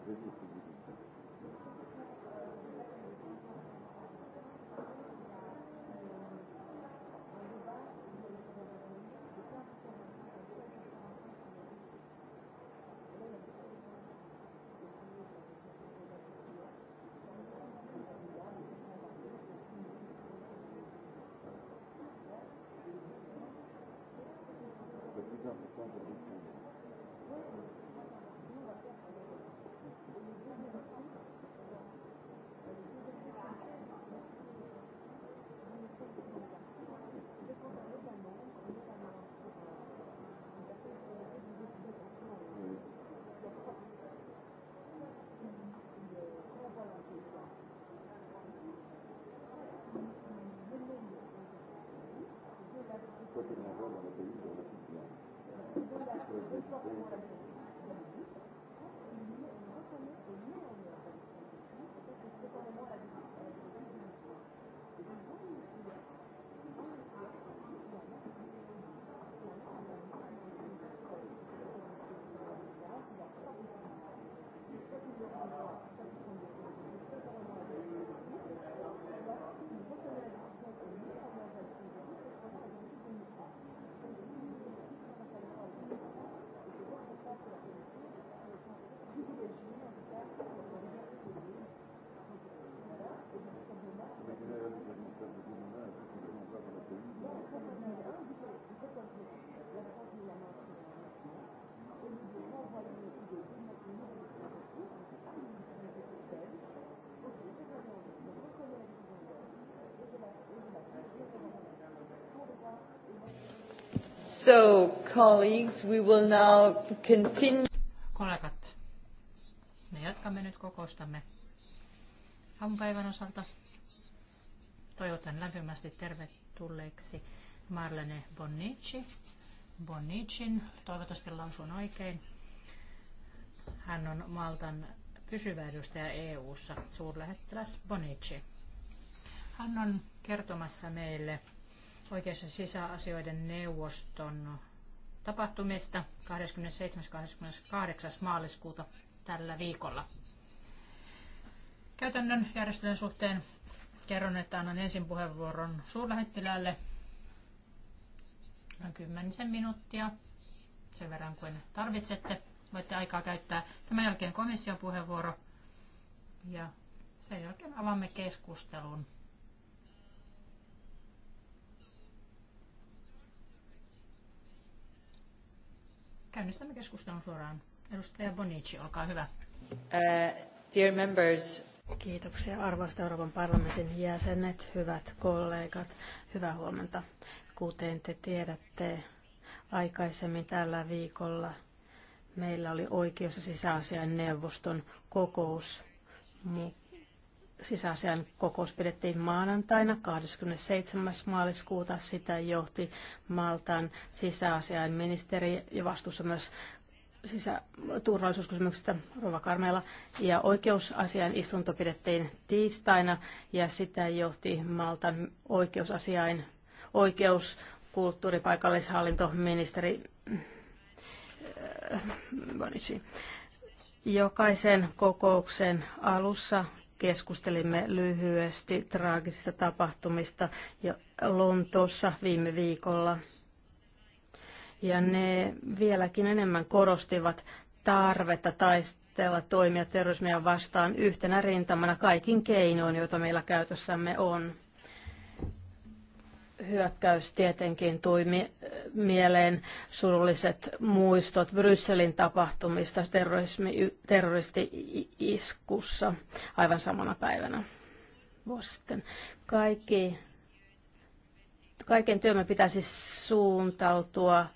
j'ai dit, c'est difficile. roba la pellicola si chiama. Thank you. colleagues, we will now continue. Kollegat, me jatkamme nyt kokoustamme aamupäivän osalta. Toivotan lämpimästi tervetulleeksi Marlene Bonnici. Bonnicin, toivottavasti lausun oikein. Hän on Maltan pysyvä edustaja EU-ssa, suurlähettiläs Bonici. Hän on kertomassa meille oikeus- ja sisäasioiden neuvoston tapahtumista 27.–28. maaliskuuta tällä viikolla. Käytännön järjestelyn suhteen kerron, että annan ensin puheenvuoron suurlähettiläälle noin kymmenisen minuuttia, sen verran kuin tarvitsette. Voitte aikaa käyttää. Tämän jälkeen komission puheenvuoro ja sen jälkeen avaamme keskustelun. Käynnistämme keskustelun suoraan. Edustaja Bonici, olkaa hyvä. Uh, dear members. Kiitoksia arvoista Euroopan parlamentin jäsenet, hyvät kollegat, hyvää huomenta. Kuten te tiedätte, aikaisemmin tällä viikolla meillä oli oikeus- ja sisäasiain neuvoston kokous sisäasian kokous pidettiin maanantaina 27. maaliskuuta. Sitä johti Maltan sisäasian ministeri ja vastuussa myös sisäturvallisuuskysymyksistä Rova Karmela. Ja oikeusasian istunto pidettiin tiistaina ja sitä johti Maltan oikeusasiain oikeus, kulttuuripaikallishallintoministeri ministeri äh, Jokaisen kokouksen alussa keskustelimme lyhyesti traagisista tapahtumista ja Lontoossa viime viikolla. Ja ne vieläkin enemmän korostivat tarvetta taistella toimia terrorismia vastaan yhtenä rintamana kaikin keinoin, joita meillä käytössämme on hyökkäys tietenkin tuli mieleen surulliset muistot Brysselin tapahtumista terroristi-iskussa aivan samana päivänä vuosi sitten. Kaikki, kaiken työmme pitäisi suuntautua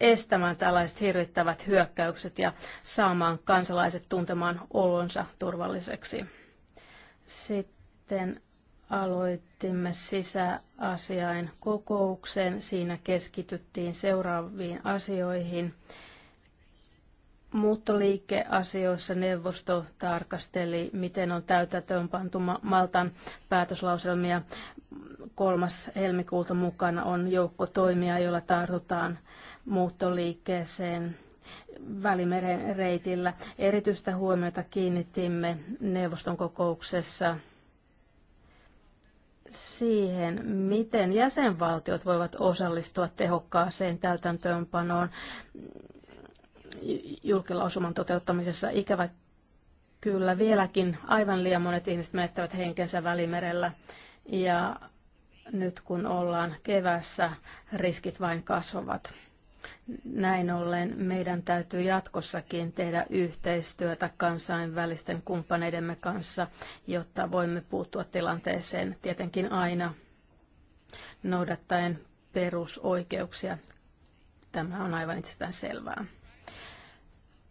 estämään tällaiset hirvittävät hyökkäykset ja saamaan kansalaiset tuntemaan olonsa turvalliseksi. Sitten aloitimme sisäasiain kokouksen. Siinä keskityttiin seuraaviin asioihin. Muuttoliikeasioissa neuvosto tarkasteli, miten on pantu Maltan päätöslauselmia. 3. helmikuuta mukana on joukko toimia, joilla tartutaan muuttoliikkeeseen Välimeren reitillä. Erityistä huomiota kiinnitimme neuvoston kokouksessa siihen, miten jäsenvaltiot voivat osallistua tehokkaaseen täytäntöönpanoon julkilausuman toteuttamisessa. Ikävä kyllä vieläkin aivan liian monet ihmiset menettävät henkensä välimerellä ja nyt kun ollaan kevässä, riskit vain kasvavat. Näin ollen meidän täytyy jatkossakin tehdä yhteistyötä kansainvälisten kumppaneidemme kanssa, jotta voimme puuttua tilanteeseen tietenkin aina noudattaen perusoikeuksia. Tämä on aivan itsestään selvää.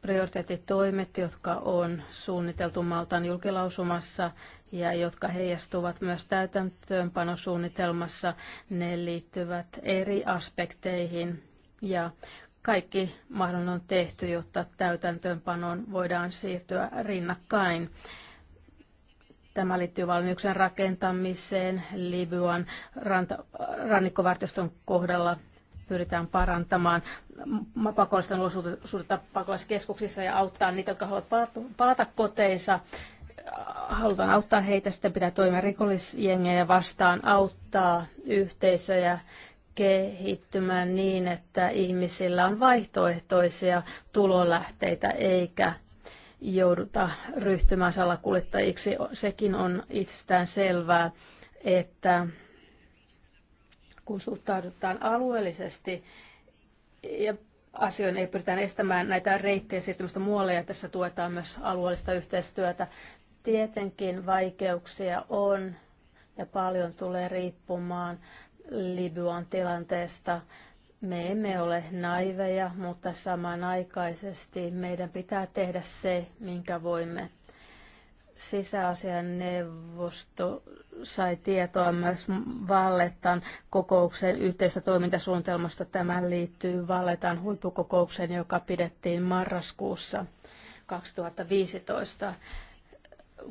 Prioriteettitoimet, jotka on suunniteltu Maltan julkilausumassa ja jotka heijastuvat myös täytäntöönpanosuunnitelmassa, ne liittyvät eri aspekteihin ja kaikki mahdollinen on tehty, jotta täytäntöönpanoon voidaan siirtyä rinnakkain. Tämä liittyy valmiuksen rakentamiseen Libyan ranta, rannikkovartioston kohdalla pyritään parantamaan pakollisten olosuhteita pakolaiskeskuksissa ja auttaa niitä, jotka haluavat palata koteinsa. Halutaan auttaa heitä, sitten pitää toimia rikollisjengejä vastaan, auttaa yhteisöjä kehittymään niin, että ihmisillä on vaihtoehtoisia tulolähteitä eikä jouduta ryhtymään salakuljettajiksi. Sekin on itsestään selvää, että kun suhtaudutaan alueellisesti ja asioihin ei pyritään estämään näitä reittejä siirtymistä muualle ja tässä tuetaan myös alueellista yhteistyötä. Tietenkin vaikeuksia on ja paljon tulee riippumaan Libyan tilanteesta. Me emme ole naiveja, mutta samanaikaisesti meidän pitää tehdä se, minkä voimme. Sisäasian neuvosto sai tietoa myös Vallettan kokouksen yhteistä toimintasuunnitelmasta. Tämä liittyy Vallettan huippukokoukseen, joka pidettiin marraskuussa 2015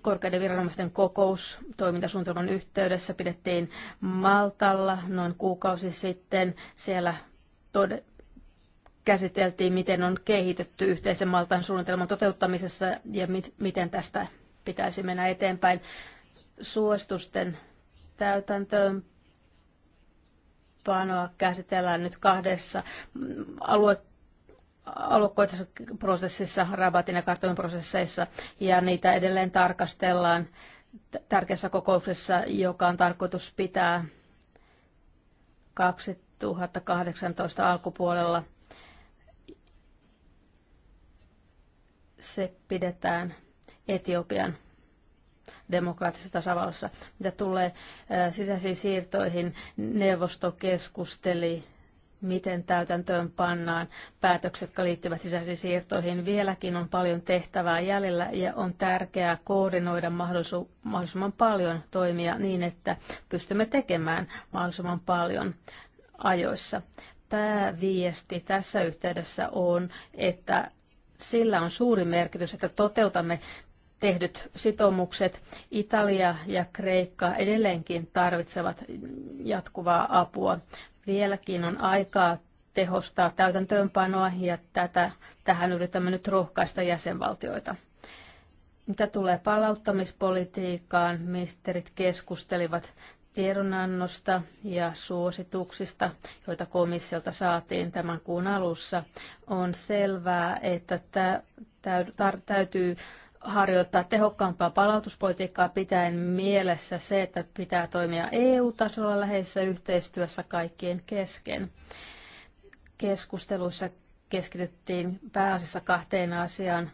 korkeiden viranomaisten kokous toimintasuunnitelman yhteydessä pidettiin Maltalla noin kuukausi sitten. Siellä tod- käsiteltiin, miten on kehitetty yhteisen Maltan suunnitelman toteuttamisessa ja mit- miten tästä pitäisi mennä eteenpäin. Suositusten täytäntöön panoa käsitellään nyt kahdessa alue alukkoitaisessa prosessissa, rabatin ja kartoin prosesseissa, ja niitä edelleen tarkastellaan tärkeässä kokouksessa, joka on tarkoitus pitää 2018 alkupuolella. Se pidetään Etiopian demokraattisessa tasavallassa. Mitä tulee sisäisiin siirtoihin, neuvosto keskusteli miten täytäntöön pannaan päätökset, jotka liittyvät sisäisiin siirtoihin. Vieläkin on paljon tehtävää jäljellä ja on tärkeää koordinoida mahdollisimman paljon toimia niin, että pystymme tekemään mahdollisimman paljon ajoissa. Pääviesti tässä yhteydessä on, että sillä on suuri merkitys, että toteutamme tehdyt sitoumukset. Italia ja Kreikka edelleenkin tarvitsevat jatkuvaa apua. Vieläkin on aikaa tehostaa täytäntöönpanoa ja tätä, tähän yritämme nyt rohkaista jäsenvaltioita. Mitä tulee palauttamispolitiikkaan, ministerit keskustelivat tiedonannosta ja suosituksista, joita komissiolta saatiin tämän kuun alussa. On selvää, että täytyy harjoittaa tehokkaampaa palautuspolitiikkaa pitäen mielessä se, että pitää toimia EU-tasolla läheisessä yhteistyössä kaikkien kesken. Keskusteluissa keskityttiin pääasiassa kahteen asiaan,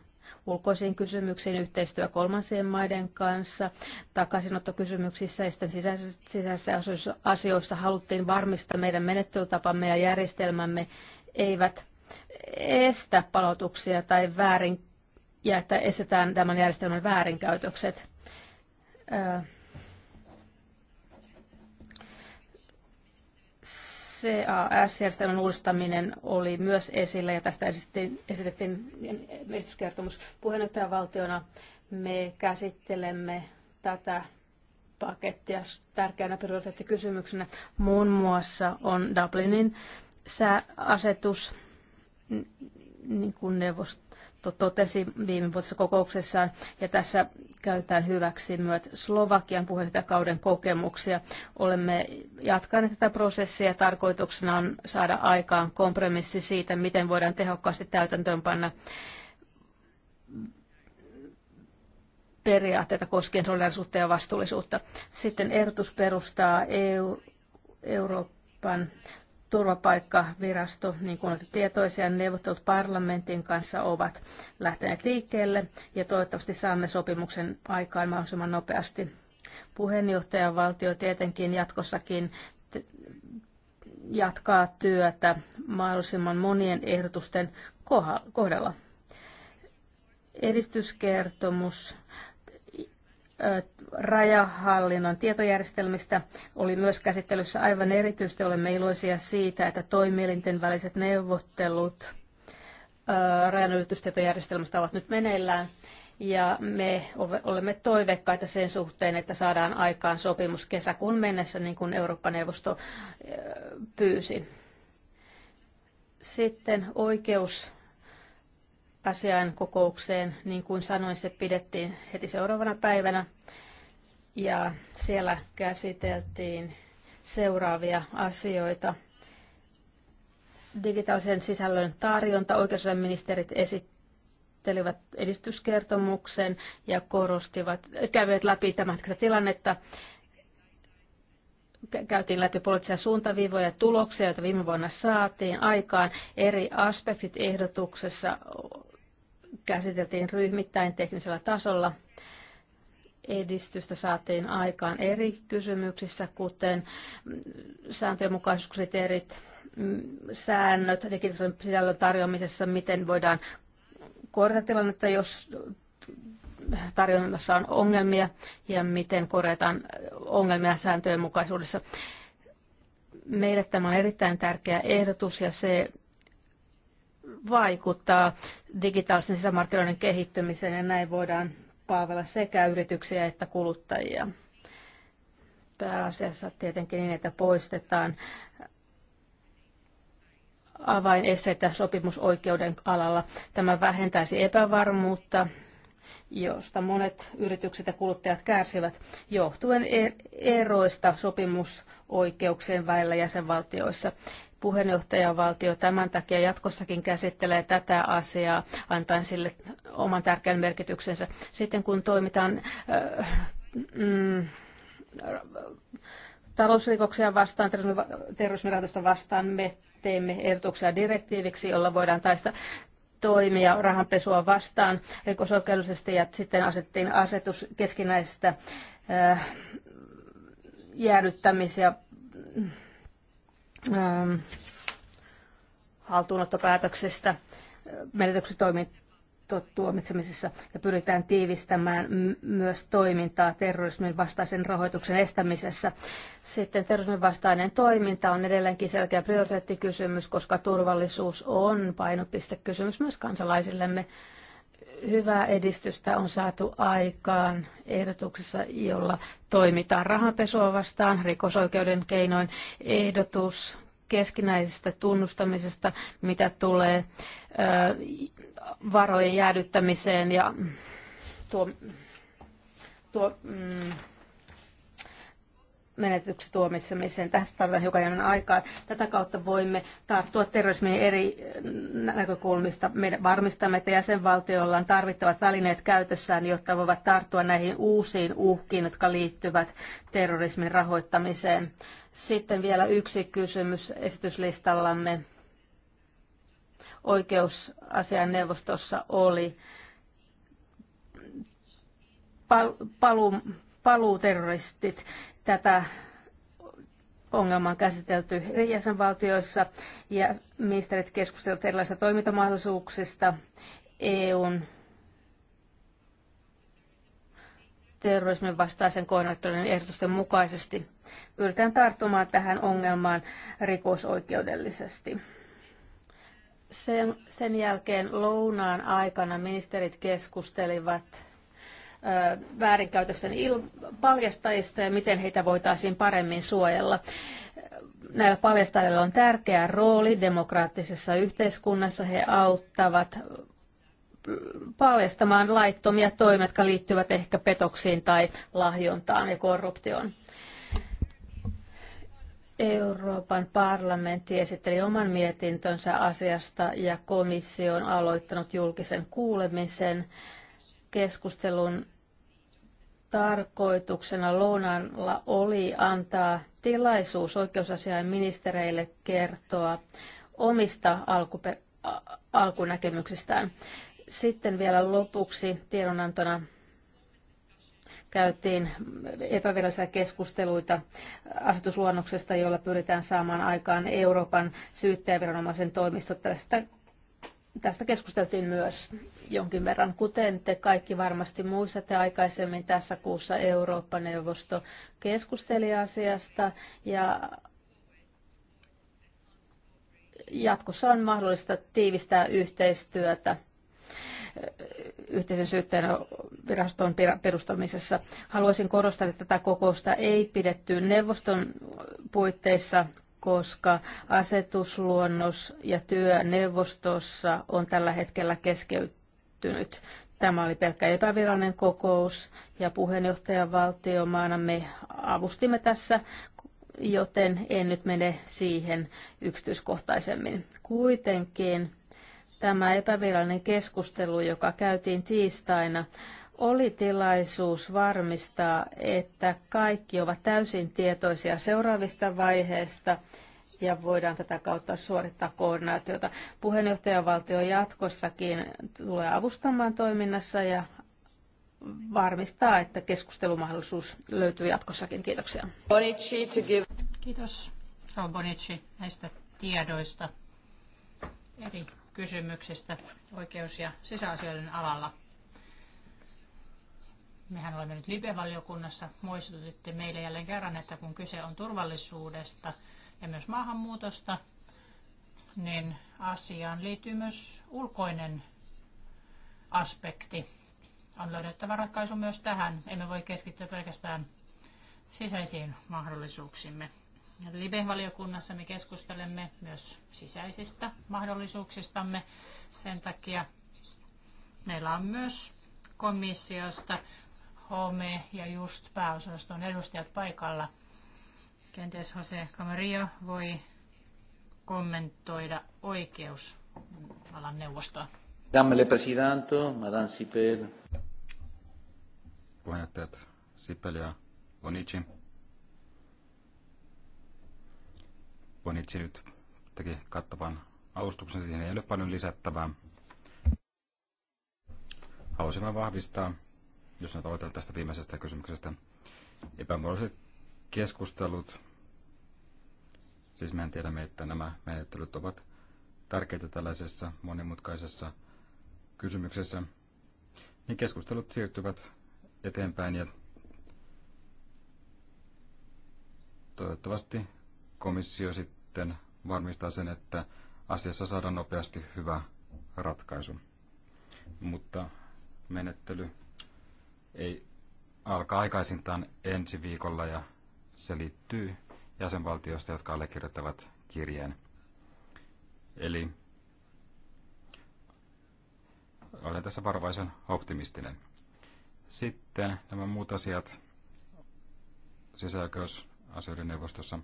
ulkoisiin kysymyksiin, yhteistyö kolmansien maiden kanssa, takaisinottokysymyksissä ja sitten sisäisissä, sisäisissä asioissa haluttiin varmistaa meidän menettelytapamme ja järjestelmämme eivät estä palautuksia tai väärin ja että estetään tämän järjestelmän väärinkäytökset. CAS-järjestelmän uudistaminen oli myös esillä ja tästä esitettiin, esitettiin esityskertomus puheenjohtajavaltiona. Me käsittelemme tätä pakettia tärkeänä prioriteettikysymyksenä. Muun muassa on Dublinin asetus niin kuin neuvosto neuvosto totesi viime vuodessa kokouksessaan, ja tässä käytetään hyväksi myös Slovakian puheenjohtajakauden kokemuksia. Olemme jatkaneet tätä prosessia. Tarkoituksena on saada aikaan kompromissi siitä, miten voidaan tehokkaasti täytäntöönpanna periaatteita koskien solidaarisuutta ja vastuullisuutta. Sitten ehdotus perustaa EU, Euroopan turvapaikkavirasto, niin kuin olette tietoisia, neuvottelut parlamentin kanssa ovat lähteneet liikkeelle ja toivottavasti saamme sopimuksen aikaan mahdollisimman nopeasti. Puheenjohtajan valtio tietenkin jatkossakin jatkaa työtä mahdollisimman monien ehdotusten kohdalla. Edistyskertomus rajahallinnon tietojärjestelmistä oli myös käsittelyssä. Aivan erityisesti olemme iloisia siitä, että toimielinten väliset neuvottelut rajanylitystietojärjestelmästä ovat nyt meneillään. Ja me olemme toiveikkaita sen suhteen, että saadaan aikaan sopimus kesäkuun mennessä, niin kuin Eurooppa-neuvosto pyysi. Sitten oikeus asian kokoukseen. Niin kuin sanoin, se pidettiin heti seuraavana päivänä ja siellä käsiteltiin seuraavia asioita. Digitaalisen sisällön tarjonta. Oikeusministerit esittelivät edistyskertomuksen ja korostivat, kävivät läpi tämän tilannetta. Käytiin läpi poliittisia suuntaviivoja ja tuloksia, joita viime vuonna saatiin aikaan. Eri aspektit ehdotuksessa käsiteltiin ryhmittäin teknisellä tasolla. Edistystä saatiin aikaan eri kysymyksissä, kuten sääntöjenmukaisuuskriteerit, säännöt digitaalisen sisällön tarjoamisessa, miten voidaan korjata tilannetta, jos tarjonnassa on ongelmia ja miten korjataan ongelmia sääntöjen mukaisuudessa. Meille tämä on erittäin tärkeä ehdotus ja se vaikuttaa digitaalisen sisämarkkinoiden kehittymiseen ja näin voidaan palvella sekä yrityksiä että kuluttajia. Pääasiassa tietenkin niin, että poistetaan avainesteitä sopimusoikeuden alalla. Tämä vähentäisi epävarmuutta, josta monet yritykset ja kuluttajat kärsivät johtuen e- eroista sopimusoikeuksien välillä jäsenvaltioissa. Puheenjohtajavaltio tämän takia jatkossakin käsittelee tätä asiaa, antaen sille oman tärkeän merkityksensä. Sitten kun toimitaan äh, mm, talousrikoksia vastaan, terrorismirahoitusta vastaan, me teemme ehdotuksia direktiiviksi, jolla voidaan taista toimia rahanpesua vastaan rikosoikeudellisesti ja sitten asettiin asetus keskinäisestä äh, jäädyttämis- ähm, haltuunottopäätöksestä menetyksi tuomitsemisessa ja pyritään tiivistämään myös toimintaa terrorismin vastaisen rahoituksen estämisessä. Sitten terrorismin vastainen toiminta on edelleenkin selkeä prioriteettikysymys, koska turvallisuus on painopistekysymys myös kansalaisillemme hyvää edistystä on saatu aikaan ehdotuksessa, jolla toimitaan rahanpesua vastaan rikosoikeuden keinoin. Ehdotus keskinäisestä tunnustamisesta, mitä tulee varojen jäädyttämiseen ja tuo, tuo, mm, menetyksi tuomitsemiseen. Tässä tarvitaan hiukan enemmän aikaa. Tätä kautta voimme tarttua terrorismin eri näkökulmista. Me varmistamme, että jäsenvaltioilla on tarvittavat välineet käytössään, jotta voivat tarttua näihin uusiin uhkiin, jotka liittyvät terrorismin rahoittamiseen. Sitten vielä yksi kysymys esityslistallamme. Oikeusasian neuvostossa oli pal- paluuterroristit Tätä ongelmaa on käsitelty jäsenvaltioissa ja ministerit keskustelivat erilaisista toimintamahdollisuuksista EUn terrorismin vastaisen koordinaattorin ehdotusten mukaisesti. Pyritään tarttumaan tähän ongelmaan rikosoikeudellisesti. Sen, sen jälkeen lounaan aikana ministerit keskustelivat väärinkäytösten paljastajista ja miten heitä voitaisiin paremmin suojella. Näillä paljastajilla on tärkeä rooli demokraattisessa yhteiskunnassa. He auttavat paljastamaan laittomia toimia, jotka liittyvät ehkä petoksiin tai lahjontaan ja korruptioon. Euroopan parlamentti esitteli oman mietintönsä asiasta ja komissio on aloittanut julkisen kuulemisen Keskustelun tarkoituksena lounaalla oli antaa tilaisuus oikeusasiain ministereille kertoa omista alkuper- alkunäkemyksistään. Sitten vielä lopuksi tiedonantona käytiin epävirallisia keskusteluita asetusluonnoksesta, jolla pyritään saamaan aikaan Euroopan syyttäjäviranomaisen toimisto. Tästä Tästä keskusteltiin myös jonkin verran. Kuten te kaikki varmasti muistatte, aikaisemmin tässä kuussa Eurooppa-neuvosto keskusteli asiasta ja jatkossa on mahdollista tiivistää yhteistyötä yhteisen syytteen viraston perustamisessa. Haluaisin korostaa, että tätä kokousta ei pidetty neuvoston puitteissa koska asetusluonnos ja työ neuvostossa on tällä hetkellä keskeytynyt. Tämä oli pelkkä epävirallinen kokous ja puheenjohtajan valtiomaana me avustimme tässä, joten en nyt mene siihen yksityiskohtaisemmin. Kuitenkin tämä epävirallinen keskustelu, joka käytiin tiistaina, oli tilaisuus varmistaa, että kaikki ovat täysin tietoisia seuraavista vaiheista ja voidaan tätä kautta suorittaa koordinaatiota. Puheenjohtajavaltio jatkossakin tulee avustamaan toiminnassa ja varmistaa, että keskustelumahdollisuus löytyy jatkossakin. Kiitoksia. Kiitos Rauha Bonici näistä tiedoista eri kysymyksistä oikeus- ja sisäasioiden alalla mehän olemme nyt Libe-valiokunnassa, muistutitte meille jälleen kerran, että kun kyse on turvallisuudesta ja myös maahanmuutosta, niin asiaan liittyy myös ulkoinen aspekti. On löydettävä ratkaisu myös tähän. Emme voi keskittyä pelkästään sisäisiin mahdollisuuksimme. libe valiokunnassa me keskustelemme myös sisäisistä mahdollisuuksistamme. Sen takia meillä on myös komissiosta Home ja Just pääosaston edustajat paikalla. Kenties Jose Camarillo voi kommentoida oikeusalan neuvostoa. Madame le Presidente, Madame Sipel. Puheenjohtajat Sipel ja Bonici. Bonici nyt teki kattavan alustuksen, siihen ei ole paljon lisättävää. Haluaisin vahvistaa jos nyt aloitetaan tästä viimeisestä kysymyksestä, epämuodolliset keskustelut, siis mehän tiedämme, että nämä menettelyt ovat tärkeitä tällaisessa monimutkaisessa kysymyksessä, niin keskustelut siirtyvät eteenpäin ja toivottavasti komissio sitten varmistaa sen, että asiassa saadaan nopeasti hyvä ratkaisu. Mutta menettely ei alkaa aikaisintaan ensi viikolla ja se liittyy jäsenvaltioista, jotka allekirjoittavat kirjeen. Eli olen tässä varovaisen optimistinen. Sitten nämä muut asiat sisäoikeusasioiden neuvostossa.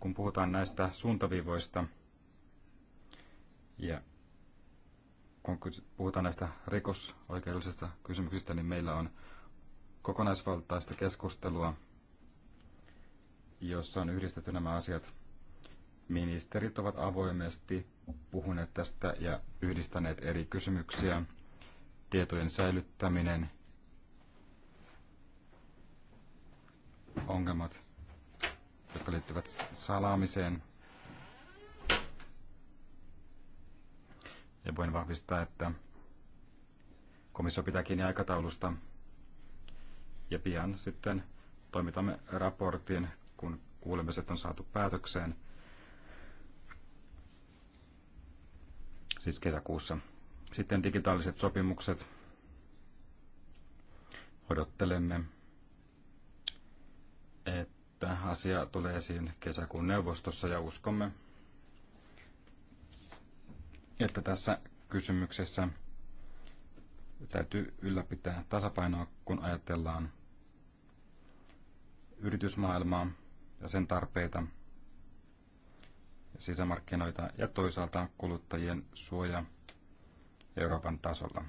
Kun puhutaan näistä suuntaviivoista ja kun puhutaan näistä rikosoikeudellisista kysymyksistä, niin meillä on kokonaisvaltaista keskustelua, jossa on yhdistetty nämä asiat. Ministerit ovat avoimesti puhuneet tästä ja yhdistäneet eri kysymyksiä. Tietojen säilyttäminen, ongelmat, jotka liittyvät salaamiseen, Ja voin vahvistaa, että komissio pitää kiinni aikataulusta. Ja pian sitten toimitamme raportin, kun kuulemiset on saatu päätökseen. Siis kesäkuussa. Sitten digitaaliset sopimukset. Odottelemme, että asia tulee esiin kesäkuun neuvostossa ja uskomme, että tässä kysymyksessä täytyy ylläpitää tasapainoa, kun ajatellaan yritysmaailmaa ja sen tarpeita, sisämarkkinoita ja toisaalta kuluttajien suoja Euroopan tasolla.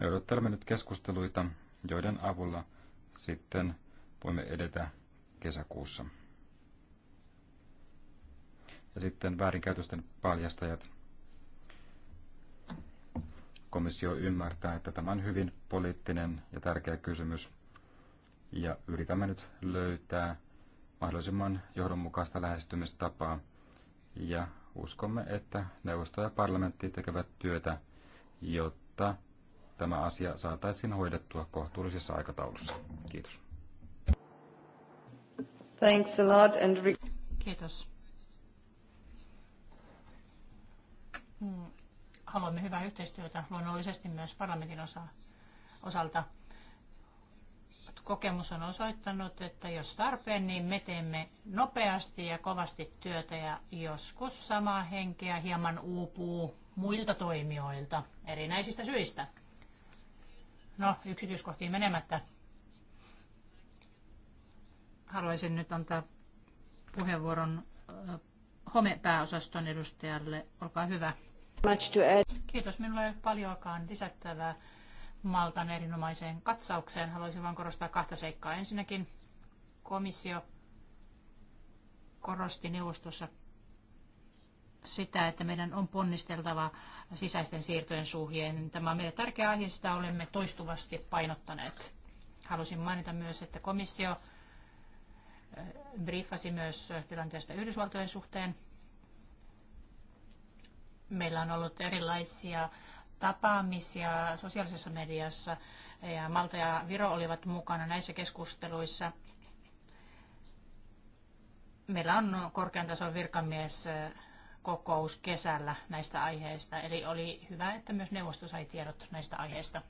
Me odottelemme nyt keskusteluita, joiden avulla sitten voimme edetä kesäkuussa. Ja sitten väärinkäytösten paljastajat. Komissio ymmärtää, että tämä on hyvin poliittinen ja tärkeä kysymys. Ja yritämme nyt löytää mahdollisimman johdonmukaista lähestymistapaa. Ja uskomme, että neuvosto ja parlamentti tekevät työtä, jotta tämä asia saataisiin hoidettua kohtuullisessa aikataulussa. Kiitos. Thanks a lot and... Kiitos. Haluamme hyvää yhteistyötä luonnollisesti myös parlamentin osa, osalta. Kokemus on osoittanut, että jos tarpeen, niin me teemme nopeasti ja kovasti työtä ja joskus samaa henkeä hieman uupuu muilta toimijoilta erinäisistä syistä. No, yksityiskohtiin menemättä. Haluaisin nyt antaa puheenvuoron homepääosaston edustajalle. Olkaa hyvä. Kiitos. Minulla ei ole paljoakaan lisättävää Maltan erinomaiseen katsaukseen. Haluaisin vain korostaa kahta seikkaa. Ensinnäkin komissio korosti neuvostossa sitä, että meidän on ponnisteltava sisäisten siirtojen suhjeen. Tämä on meille tärkeä aihe, sitä olemme toistuvasti painottaneet. Halusin mainita myös, että komissio eh, briefasi myös eh, tilanteesta Yhdysvaltojen suhteen. Meillä on ollut erilaisia tapaamisia sosiaalisessa mediassa ja Malta ja Viro olivat mukana näissä keskusteluissa. Meillä on korkean tason virkamies kokous kesällä näistä aiheista, eli oli hyvä, että myös neuvosto sai tiedot näistä aiheista.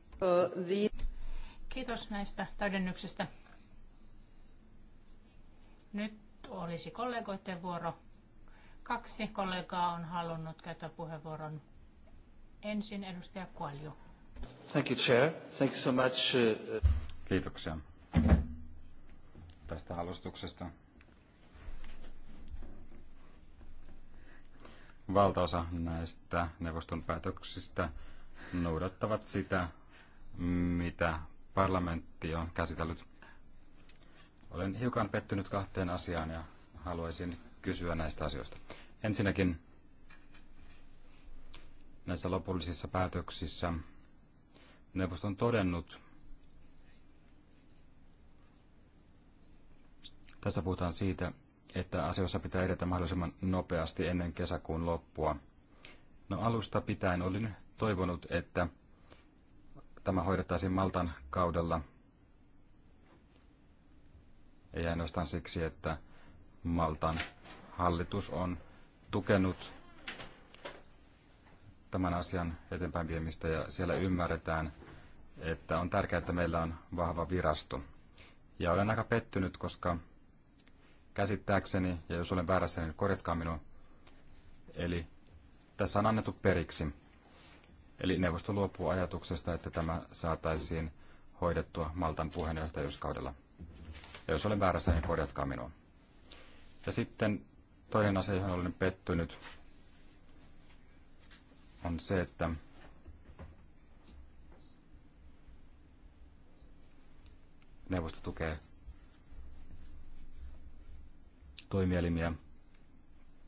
Kiitos näistä täydennyksistä. Nyt olisi kollegoiden vuoro. Kaksi kollegaa on halunnut käyttää puheenvuoron. Ensin edustaja Kualju. Thank you, Chair. Thank you so much. Uh, uh, Kiitoksia tästä alustuksesta. Valtaosa näistä neuvoston päätöksistä noudattavat sitä, mitä parlamentti on käsitellyt. Olen hiukan pettynyt kahteen asiaan ja haluaisin kysyä näistä asioista. Ensinnäkin näissä lopullisissa päätöksissä neuvosto on todennut, tässä puhutaan siitä, että asioissa pitää edetä mahdollisimman nopeasti ennen kesäkuun loppua. No alusta pitäen olin toivonut, että tämä hoidettaisiin Maltan kaudella. Ei ainoastaan siksi, että Maltan hallitus on tukenut tämän asian eteenpäin viemistä ja siellä ymmärretään, että on tärkeää, että meillä on vahva virasto. Ja olen aika pettynyt, koska käsittääkseni, ja jos olen väärässä, niin korjatkaa minua, eli tässä on annettu periksi. Eli neuvosto luopuu ajatuksesta, että tämä saataisiin hoidettua Maltan puheenjohtajuuskaudella. Ja jos olen väärässä, niin korjatkaa minua. Ja sitten toinen asia, johon olen pettynyt, on se, että neuvosto tukee toimielimiä,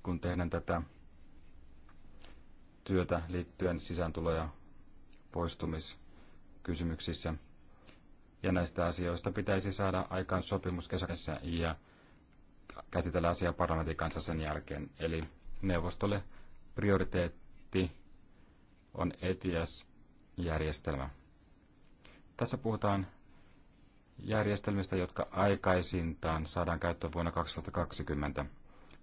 kun tehdään tätä työtä liittyen sisääntulo- ja poistumiskysymyksissä. Ja näistä asioista pitäisi saada aikaan sopimus ja käsitellä asiaa parlamentin kanssa sen jälkeen. Eli neuvostolle prioriteetti on ETS-järjestelmä. Tässä puhutaan järjestelmistä, jotka aikaisintaan saadaan käyttöön vuonna 2020.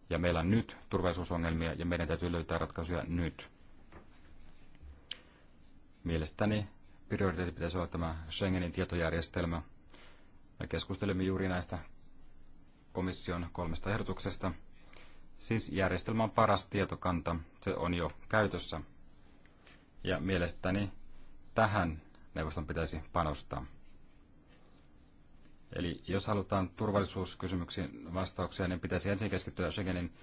Ja meillä on nyt turvallisuusongelmia ja meidän täytyy löytää ratkaisuja nyt. Mielestäni prioriteetti pitäisi olla tämä Schengenin tietojärjestelmä. Me keskustelimme juuri näistä komission kolmesta ehdotuksesta. Siis järjestelmä on paras tietokanta, se on jo käytössä. Ja mielestäni tähän neuvoston pitäisi panostaa. Eli jos halutaan turvallisuuskysymyksiin vastauksia, niin pitäisi ensin keskittyä Schengenin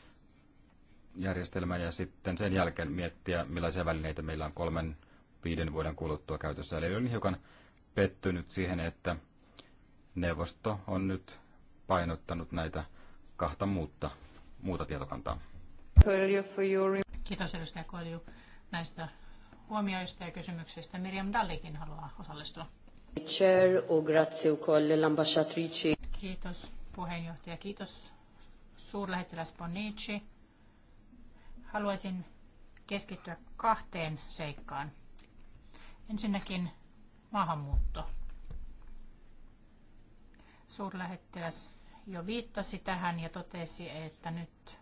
järjestelmään ja sitten sen jälkeen miettiä, millaisia välineitä meillä on kolmen, viiden vuoden kuluttua käytössä. Eli olen hiukan pettynyt siihen, että neuvosto on nyt painottanut näitä kahta muutta, muuta tietokantaa. Kiitos edustaja Koilju näistä huomioista ja kysymyksistä. Miriam Dallikin haluaa osallistua. Chair, o Kiitos puheenjohtaja, kiitos suurlähettiläs Bonici. Haluaisin keskittyä kahteen seikkaan. Ensinnäkin maahanmuutto. Suurlähettiläs jo viittasi tähän ja totesi, että nyt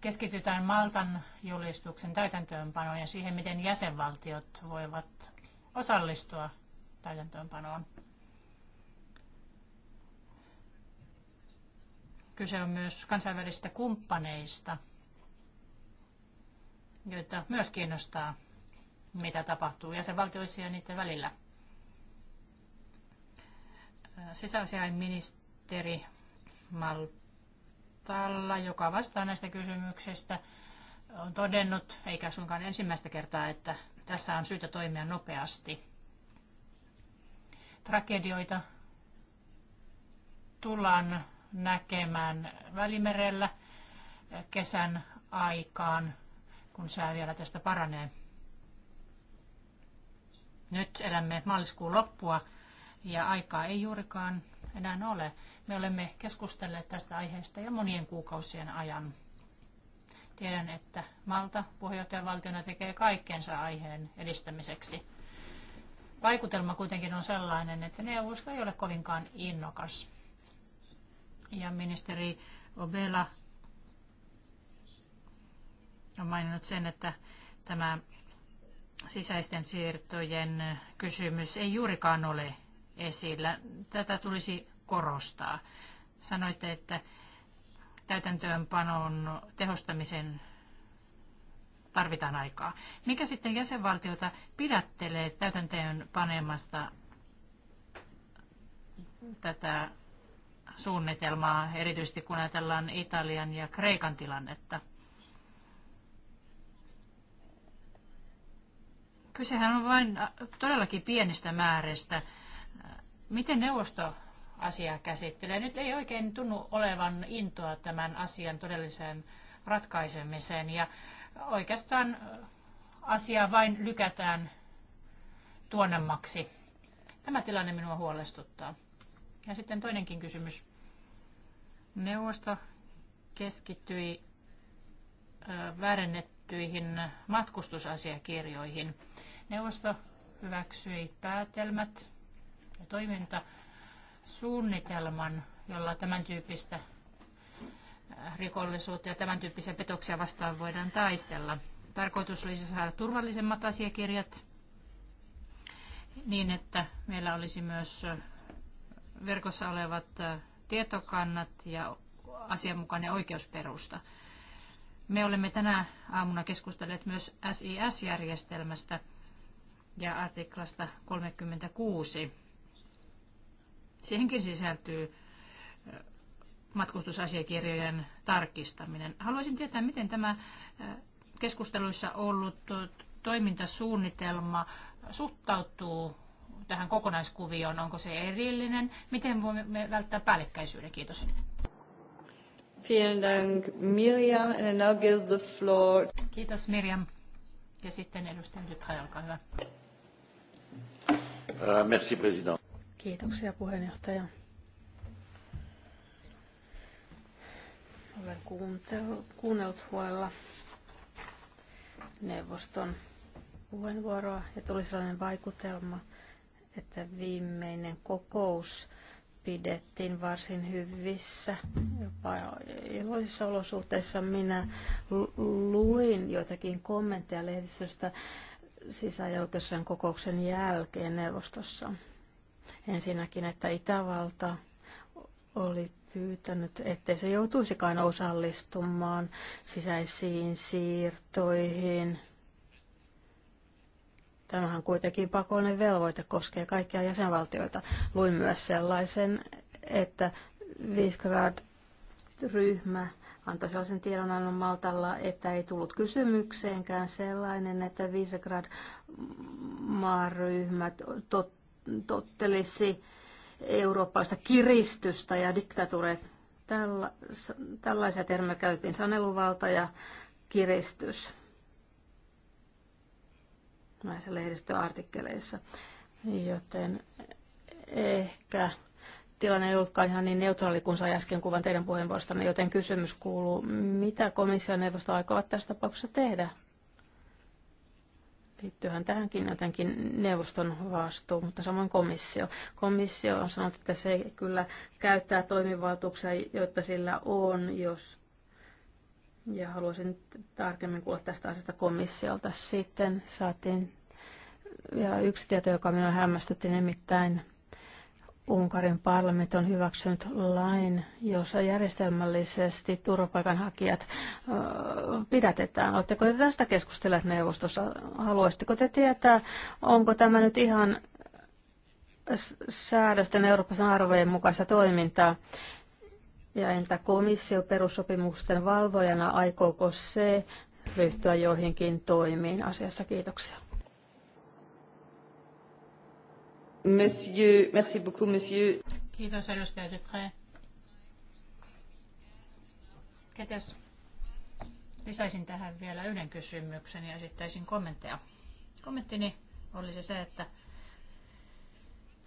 keskitytään Maltan julistuksen täytäntöönpanoon ja siihen, miten jäsenvaltiot voivat osallistua täytäntöönpanoon. Kyse on myös kansainvälisistä kumppaneista, joita myös kiinnostaa, mitä tapahtuu jäsenvaltioissa ja niiden välillä sisäasiainministeri Maltalla, joka vastaa näistä kysymyksistä, on todennut, eikä suinkaan ensimmäistä kertaa, että tässä on syytä toimia nopeasti. Tragedioita tullaan näkemään Välimerellä kesän aikaan, kun sää vielä tästä paranee. Nyt elämme maaliskuun loppua ja aikaa ei juurikaan enää ole. Me olemme keskustelleet tästä aiheesta jo monien kuukausien ajan. Tiedän, että Malta puheenjohtajavaltiona tekee kaikkensa aiheen edistämiseksi. Vaikutelma kuitenkin on sellainen, että neuvosto ei ole kovinkaan innokas. Ja ministeri Obela on maininnut sen, että tämä sisäisten siirtojen kysymys ei juurikaan ole esillä. Tätä tulisi korostaa. Sanoitte, että täytäntöönpanon tehostamisen tarvitaan aikaa. Mikä sitten jäsenvaltiota pidättelee täytäntöön panemasta tätä suunnitelmaa, erityisesti kun ajatellaan Italian ja Kreikan tilannetta? Kysehän on vain äh, todellakin pienistä määristä Miten neuvosto asiaa käsittelee? Nyt ei oikein tunnu olevan intoa tämän asian todelliseen ratkaisemiseen ja oikeastaan asiaa vain lykätään tuonemmaksi. Tämä tilanne minua huolestuttaa. Ja sitten toinenkin kysymys. Neuvosto keskittyi väärennettyihin matkustusasiakirjoihin. Neuvosto hyväksyi päätelmät ja toimintasuunnitelman, jolla tämän tyyppistä äh, rikollisuutta ja tämän tyyppisiä petoksia vastaan voidaan taistella. Tarkoitus olisi saada turvallisemmat asiakirjat niin, että meillä olisi myös äh, verkossa olevat äh, tietokannat ja asianmukainen oikeusperusta. Me olemme tänä aamuna keskustelleet myös SIS-järjestelmästä ja artiklasta 36. Siihenkin sisältyy matkustusasiakirjojen tarkistaminen. Haluaisin tietää, miten tämä keskusteluissa ollut toimintasuunnitelma suhtautuu tähän kokonaiskuvioon? Onko se erillinen? Miten voimme välttää päällekkäisyyden? Kiitos. Miriam. And give the floor. Kiitos, Miriam. Ja sitten edustaja Dupré, olkaa hyvä. Uh, merci, president. Kiitoksia puheenjohtaja. Olen kuunnellut huolella neuvoston puheenvuoroa ja tuli sellainen vaikutelma, että viimeinen kokous pidettiin varsin hyvissä, jopa iloisissa olosuhteissa. Minä luin joitakin kommentteja lehdistöstä sisäjoukkojen kokouksen jälkeen neuvostossa. Ensinnäkin, että Itävalta oli pyytänyt, ettei se joutuisikaan osallistumaan sisäisiin siirtoihin. Tämähän kuitenkin pakollinen velvoite koskee kaikkia jäsenvaltioita. Luin myös sellaisen, että Visegrad-ryhmä antoi sellaisen tiedonannon Maltalla, että ei tullut kysymykseenkään sellainen, että Visegrad-maaryhmät totta tottelisi eurooppalaista kiristystä ja diktatuureja. Tällä, tällaisia termejä käytiin, saneluvalta ja kiristys näissä lehdistöartikkeleissa. Joten ehkä tilanne ei ollutkaan ihan niin neutraali kuin sai äsken kuvan teidän puheenvuorostanne, joten kysymys kuuluu, mitä komission neuvosto aikovat tässä tapauksessa tehdä? Liittyyhän tähänkin jotenkin neuvoston vastuu, mutta samoin komissio. Komissio on sanonut, että se ei kyllä käyttää toimivaltuuksia, joita sillä on, jos ja haluaisin tarkemmin kuulla tästä asiasta komissiolta. Sitten saatiin vielä yksi tieto, joka minua hämmästytti, nimittäin Unkarin parlamentti on hyväksynyt lain, jossa järjestelmällisesti turvapaikanhakijat pidätetään. Oletteko te tästä keskustelleet neuvostossa? Haluaisitteko te tietää, onko tämä nyt ihan säädösten Euroopan arvojen mukaista toimintaa? Ja entä komissio perussopimusten valvojana, aikooko se ryhtyä joihinkin toimiin asiassa? Kiitoksia. Monsieur, merci beaucoup, monsieur. Kiitos, edustaja Dupré. Lisäisin tähän vielä yhden kysymyksen ja esittäisin kommentteja. Kommenttini olisi se, että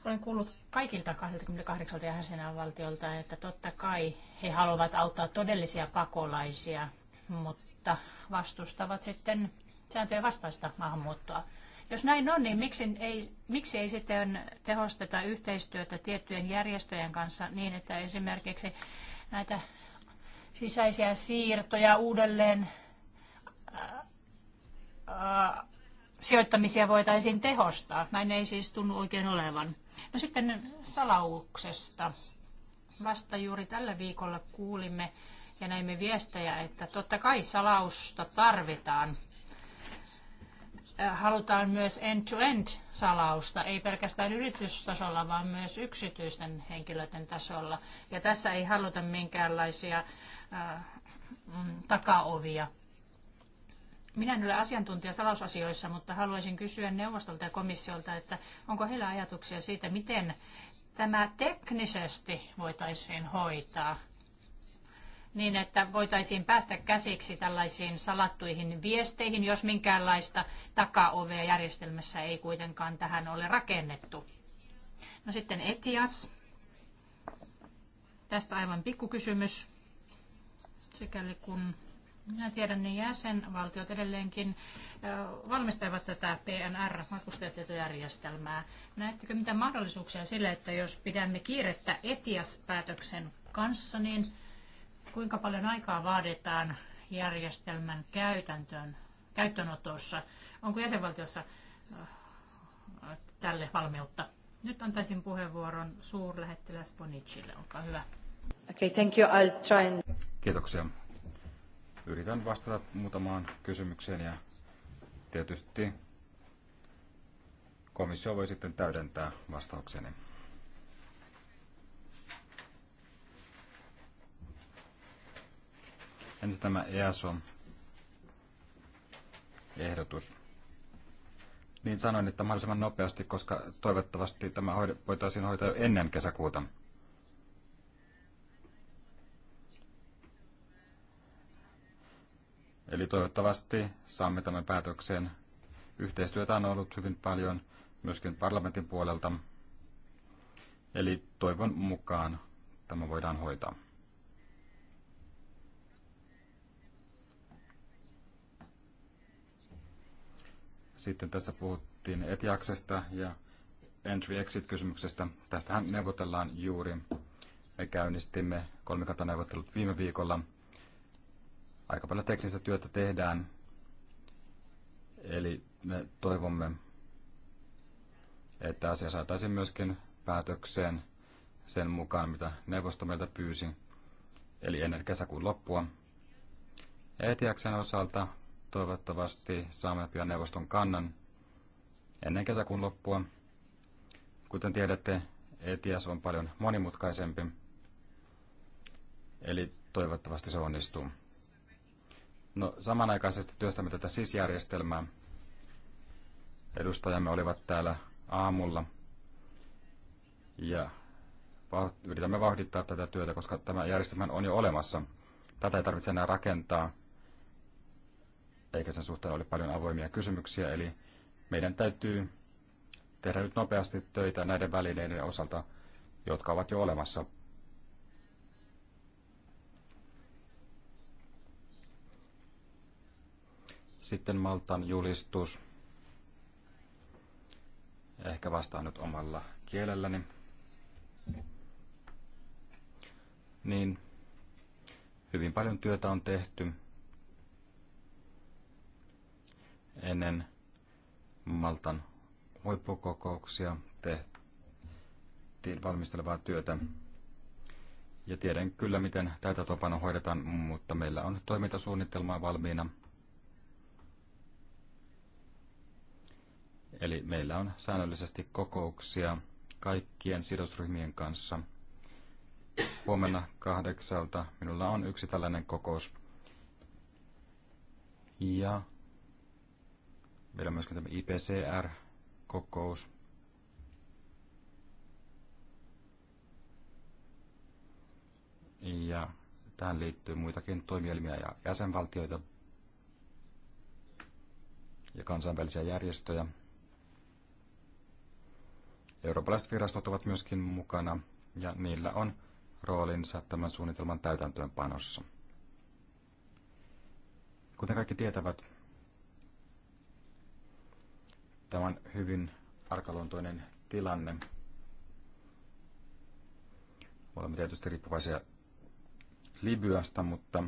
olen kuullut kaikilta 28 jäsenvaltiolta, että totta kai he haluavat auttaa todellisia pakolaisia, mutta vastustavat sitten sääntöjen vastaista maahanmuuttoa. Jos näin on, niin miksi ei, miksi ei sitten tehosteta yhteistyötä tiettyjen järjestöjen kanssa niin, että esimerkiksi näitä sisäisiä siirtoja uudelleen sijoittamisia voitaisiin tehostaa. Näin ei siis tunnu oikein olevan. No sitten salauksesta. Vasta juuri tällä viikolla kuulimme ja näimme viestejä, että totta kai salausta tarvitaan halutaan myös end-to-end -end salausta, ei pelkästään yritystasolla, vaan myös yksityisten henkilöiden tasolla. Ja tässä ei haluta minkäänlaisia äh, takaovia. Minä en ole asiantuntija salausasioissa, mutta haluaisin kysyä neuvostolta ja komissiolta, että onko heillä ajatuksia siitä, miten tämä teknisesti voitaisiin hoitaa niin, että voitaisiin päästä käsiksi tällaisiin salattuihin viesteihin, jos minkäänlaista takaovea järjestelmässä ei kuitenkaan tähän ole rakennettu. No sitten Etias. Tästä aivan pikkukysymys. Sikäli kun minä tiedän, niin jäsenvaltiot edelleenkin valmistavat tätä PNR, matkustajatietojärjestelmää. Näettekö mitä mahdollisuuksia sille, että jos pidämme kiirettä ETIAS-päätöksen kanssa, niin kuinka paljon aikaa vaaditaan järjestelmän käytäntöön, käyttöönotossa? Onko jäsenvaltiossa äh, tälle valmiutta? Nyt antaisin puheenvuoron suurlähettiläs Bonicille. Olkaa hyvä. Okay, thank you. I'll try and... Kiitoksia. Yritän vastata muutamaan kysymykseen ja tietysti komissio voi sitten täydentää vastaukseni. Ensin tämä EASO-ehdotus. Niin sanoin, että mahdollisimman nopeasti, koska toivottavasti tämä voitaisiin hoitaa jo ennen kesäkuuta. Eli toivottavasti saamme tämän päätökseen. Yhteistyötä on ollut hyvin paljon myöskin parlamentin puolelta. Eli toivon mukaan tämä voidaan hoitaa. Sitten tässä puhuttiin etiaksesta ja entry-exit-kysymyksestä. Tästähän neuvotellaan juuri. Me käynnistimme kolmikantaneuvottelut viime viikolla. Aika paljon teknistä työtä tehdään. Eli me toivomme, että asia saataisiin myöskin päätökseen sen mukaan, mitä neuvosto meiltä pyysi, eli ennen kesäkuun loppua. Etiaksen osalta Toivottavasti saamme pian neuvoston kannan ennen kesäkuun loppua. Kuten tiedätte, ETS on paljon monimutkaisempi, eli toivottavasti se onnistuu. No, samanaikaisesti työstämme tätä sisjärjestelmää. Edustajamme olivat täällä aamulla ja yritämme vauhdittaa tätä työtä, koska tämä järjestelmä on jo olemassa. Tätä ei tarvitse enää rakentaa, eikä sen suhteen ole paljon avoimia kysymyksiä. Eli meidän täytyy tehdä nyt nopeasti töitä näiden välineiden osalta, jotka ovat jo olemassa. Sitten Maltan julistus. Ehkä vastaan nyt omalla kielelläni. Niin, hyvin paljon työtä on tehty ennen Maltan huippukokouksia tehtiin valmistelevaa työtä. Ja tiedän kyllä, miten tätä topana hoidetaan, mutta meillä on toimintasuunnitelma valmiina. Eli meillä on säännöllisesti kokouksia kaikkien sidosryhmien kanssa. Huomenna kahdeksalta minulla on yksi tällainen kokous. Ja vielä myöskin tämä IPCR-kokous. Ja tähän liittyy muitakin toimielimiä ja jäsenvaltioita ja kansainvälisiä järjestöjä. Eurooppalaiset virastot ovat myöskin mukana ja niillä on roolinsa tämän suunnitelman täytäntöönpanossa. Kuten kaikki tietävät, Tämä on hyvin arkaluontoinen tilanne. Olemme tietysti riippuvaisia Libyasta, mutta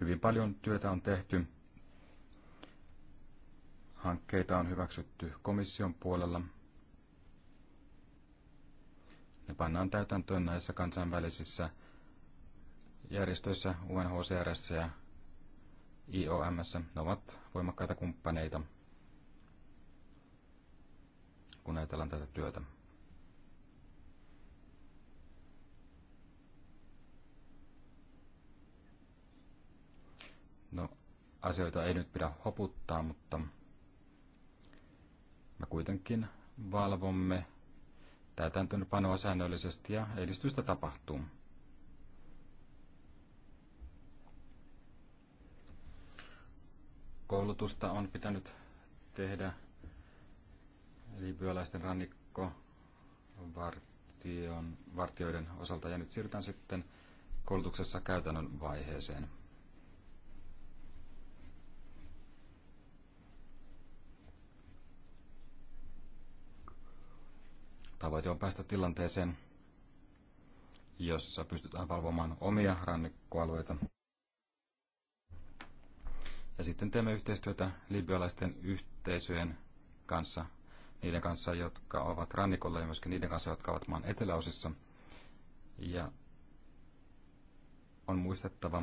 hyvin paljon työtä on tehty. Hankkeita on hyväksytty komission puolella. Ne pannaan täytäntöön näissä kansainvälisissä järjestöissä, UNHCRssä ja IOMssä. Ne ovat voimakkaita kumppaneita – kun ajatellaan tätä työtä. No, asioita ei nyt pidä hoputtaa, mutta me kuitenkin valvomme täytäntöönpanoa säännöllisesti ja edistystä tapahtuu. Koulutusta on pitänyt tehdä libyalaisten rannikkovartioiden vartioiden osalta. Ja nyt siirrytään sitten koulutuksessa käytännön vaiheeseen. Tavoite on päästä tilanteeseen, jossa pystytään valvomaan omia rannikkoalueita. Ja sitten teemme yhteistyötä libyalaisten yhteisöjen kanssa niiden kanssa, jotka ovat rannikolla ja myöskin niiden kanssa, jotka ovat maan eteläosissa. Ja on muistettava,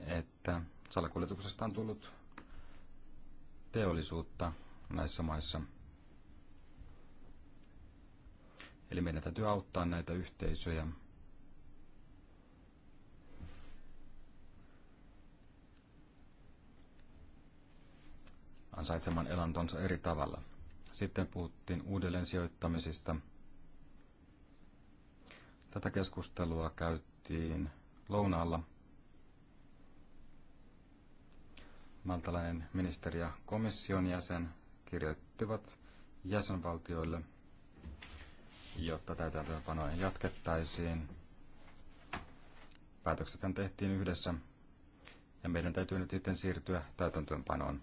että salakuljetuksesta on tullut teollisuutta näissä maissa. Eli meidän täytyy auttaa näitä yhteisöjä ansaitsemaan elantonsa eri tavalla. Sitten puhuttiin uudelleen sijoittamisista. Tätä keskustelua käytiin lounaalla. Maltalainen ministeri ja komission jäsen kirjoittivat jäsenvaltioille, jotta täytäntöönpanoja jatkettaisiin. Päätökset tehtiin yhdessä ja meidän täytyy nyt sitten siirtyä täytäntöönpanoon.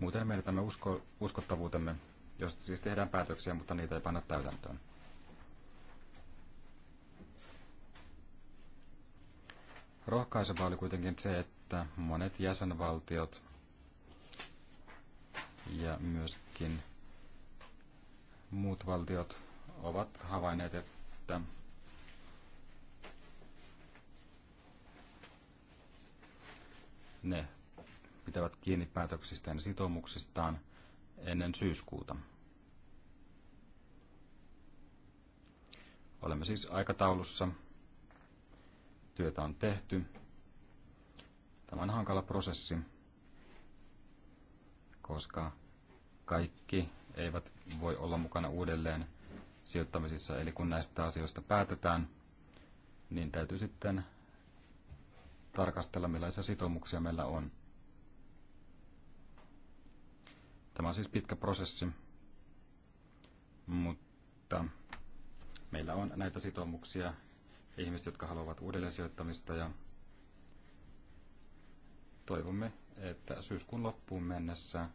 Muuten menetämme usko, uskottavuutemme, jos siis tehdään päätöksiä, mutta niitä ei panna täytäntöön. Rohkaisevaa oli kuitenkin se, että monet jäsenvaltiot ja myöskin muut valtiot ovat havainneet, että ne pitävät kiinni päätöksistään ja sitoumuksistaan ennen syyskuuta. Olemme siis aikataulussa. Työtä on tehty. Tämä on hankala prosessi, koska kaikki eivät voi olla mukana uudelleen sijoittamisissa. Eli kun näistä asioista päätetään, niin täytyy sitten tarkastella, millaisia sitoumuksia meillä on. Tämä on siis pitkä prosessi, mutta meillä on näitä sitoumuksia ihmiset, jotka haluavat uudelleen sijoittamista ja toivomme, että syyskuun loppuun mennessä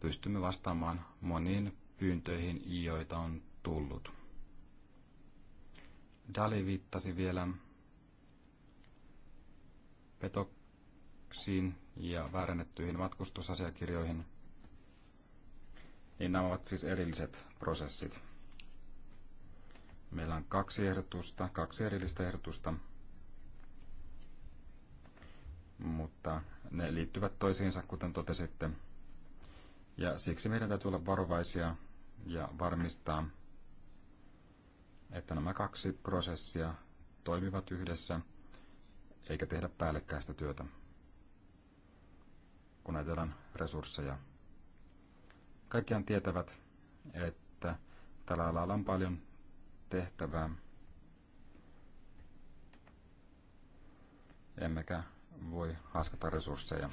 pystymme vastaamaan moniin pyyntöihin, joita on tullut. Dali viittasi vielä petoksiin ja väärennettyihin matkustusasiakirjoihin, niin nämä ovat siis erilliset prosessit. Meillä on kaksi ehdotusta, kaksi erillistä ehdotusta, mutta ne liittyvät toisiinsa, kuten totesitte. Ja siksi meidän täytyy olla varovaisia ja varmistaa, että nämä kaksi prosessia toimivat yhdessä eikä tehdä päällekkäistä työtä, kun ajatellaan resursseja. Kaikkiaan tietävät, että tällä alalla on paljon tehtävää, emmekä voi haskata resursseja.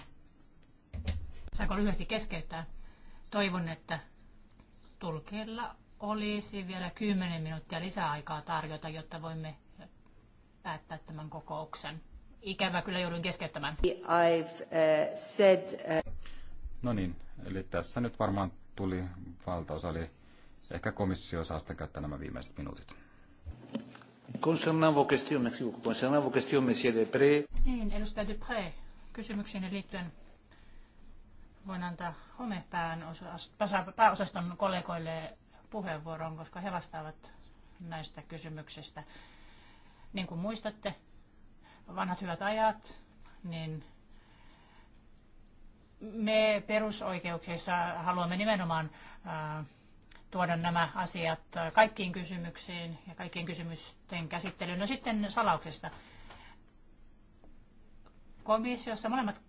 Saanko lyhyesti keskeyttää? Toivon, että tulkeilla olisi vielä 10 minuuttia lisäaikaa tarjota, jotta voimme päättää tämän kokouksen. Ikävä kyllä joudun keskeyttämään. I've, uh, said, uh... No niin, eli tässä nyt varmaan tuli valtaosa, eli ehkä komissio saa sitten käyttää nämä viimeiset minuutit. Niin, edustaja Dupré, kysymyksiin liittyen voin antaa homepään pääosaston kollegoille puheenvuoroon, koska he vastaavat näistä kysymyksistä. Niin kuin muistatte, vanhat hyvät ajat, niin me perusoikeuksissa haluamme nimenomaan tuoda nämä asiat kaikkiin kysymyksiin ja kaikkien kysymysten käsittelyyn. No sitten salauksesta. Komissiossa molemmat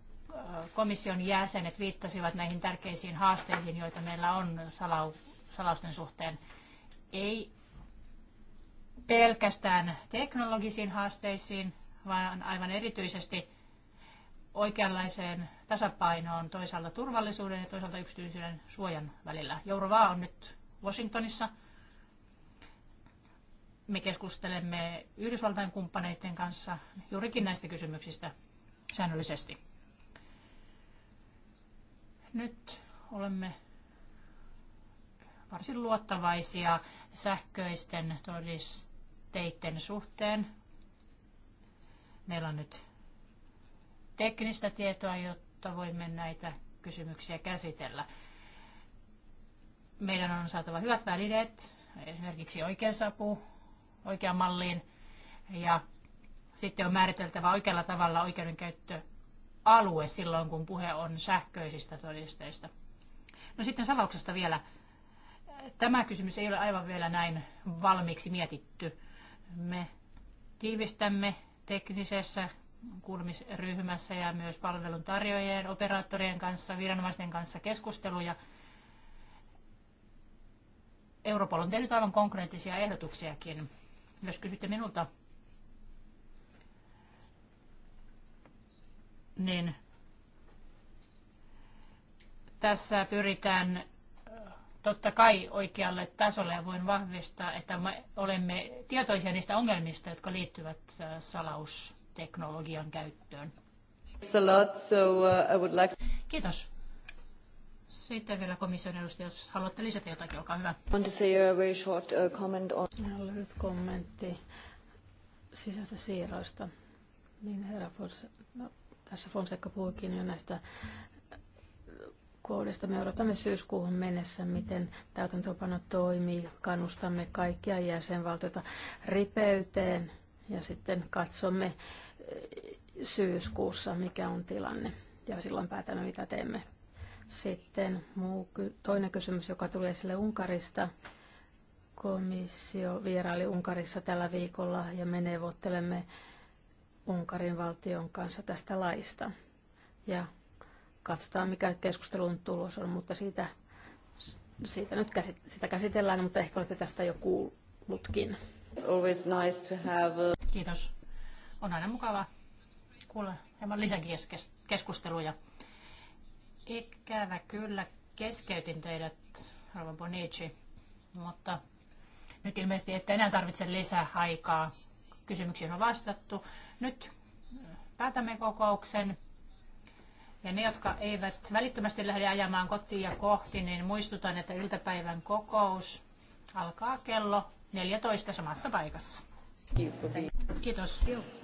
komission jäsenet viittasivat näihin tärkeisiin haasteisiin, joita meillä on salau- salausten suhteen. Ei pelkästään teknologisiin haasteisiin, vaan aivan erityisesti oikeanlaiseen tasapainoon toisaalta turvallisuuden ja toisaalta yksityisyyden suojan välillä. Jourova on nyt Washingtonissa. Me keskustelemme Yhdysvaltain kumppaneiden kanssa juurikin näistä kysymyksistä säännöllisesti. Nyt olemme varsin luottavaisia sähköisten todisteiden suhteen. Meillä on nyt teknistä tietoa, jotta voimme näitä kysymyksiä käsitellä. Meidän on saatava hyvät välineet, esimerkiksi sapu, oikeaan malliin ja sitten on määriteltävä oikealla tavalla oikeudenkäyttöalue silloin, kun puhe on sähköisistä todisteista. No sitten salauksesta vielä tämä kysymys ei ole aivan vielä näin valmiiksi mietitty. Me tiivistämme teknisessä kuulumisryhmässä ja myös palveluntarjoajien, operaattorien kanssa, viranomaisten kanssa keskusteluja. Europol on tehnyt aivan konkreettisia ehdotuksiakin. Jos kysytte minulta, niin tässä pyritään totta kai oikealle tasolle ja voin vahvistaa, että me olemme tietoisia niistä ongelmista, jotka liittyvät äh, salausteknologian käyttöön. Uh, Kiitos. Sitten vielä komission edustaja, jos haluatte lisätä jotakin, olkaa hyvä. Want to say a very short uh, comment on... Lyhyt kommentti sisäistä siirroista. Niin herra no, tässä Fonseca puhuikin jo näistä kohdasta me odotamme syyskuuhun mennessä, miten täytäntöpano toimii. Kannustamme kaikkia jäsenvaltioita ripeyteen ja sitten katsomme eh, syyskuussa, mikä on tilanne. Ja silloin päätämme, mitä teemme. Sitten muu, toinen kysymys, joka tuli esille Unkarista. Komissio vieraili Unkarissa tällä viikolla ja me neuvottelemme Unkarin valtion kanssa tästä laista. Ja katsotaan mikä keskustelun tulos on, mutta siitä, siitä nyt käsit, sitä käsitellään, mutta ehkä olette tästä jo kuullutkin. It's nice to have a... Kiitos. On aina mukava kuulla hieman lisäkeskusteluja. Ikävä kyllä keskeytin teidät, Rova Bonici, mutta nyt ilmeisesti ette enää tarvitse lisää aikaa. Kysymyksiin on vastattu. Nyt päätämme kokouksen. Ja ne, jotka eivät välittömästi lähde ajamaan kotiin ja kohti, niin muistutan, että iltapäivän kokous alkaa kello 14 samassa paikassa. Kiitos. Kiitos.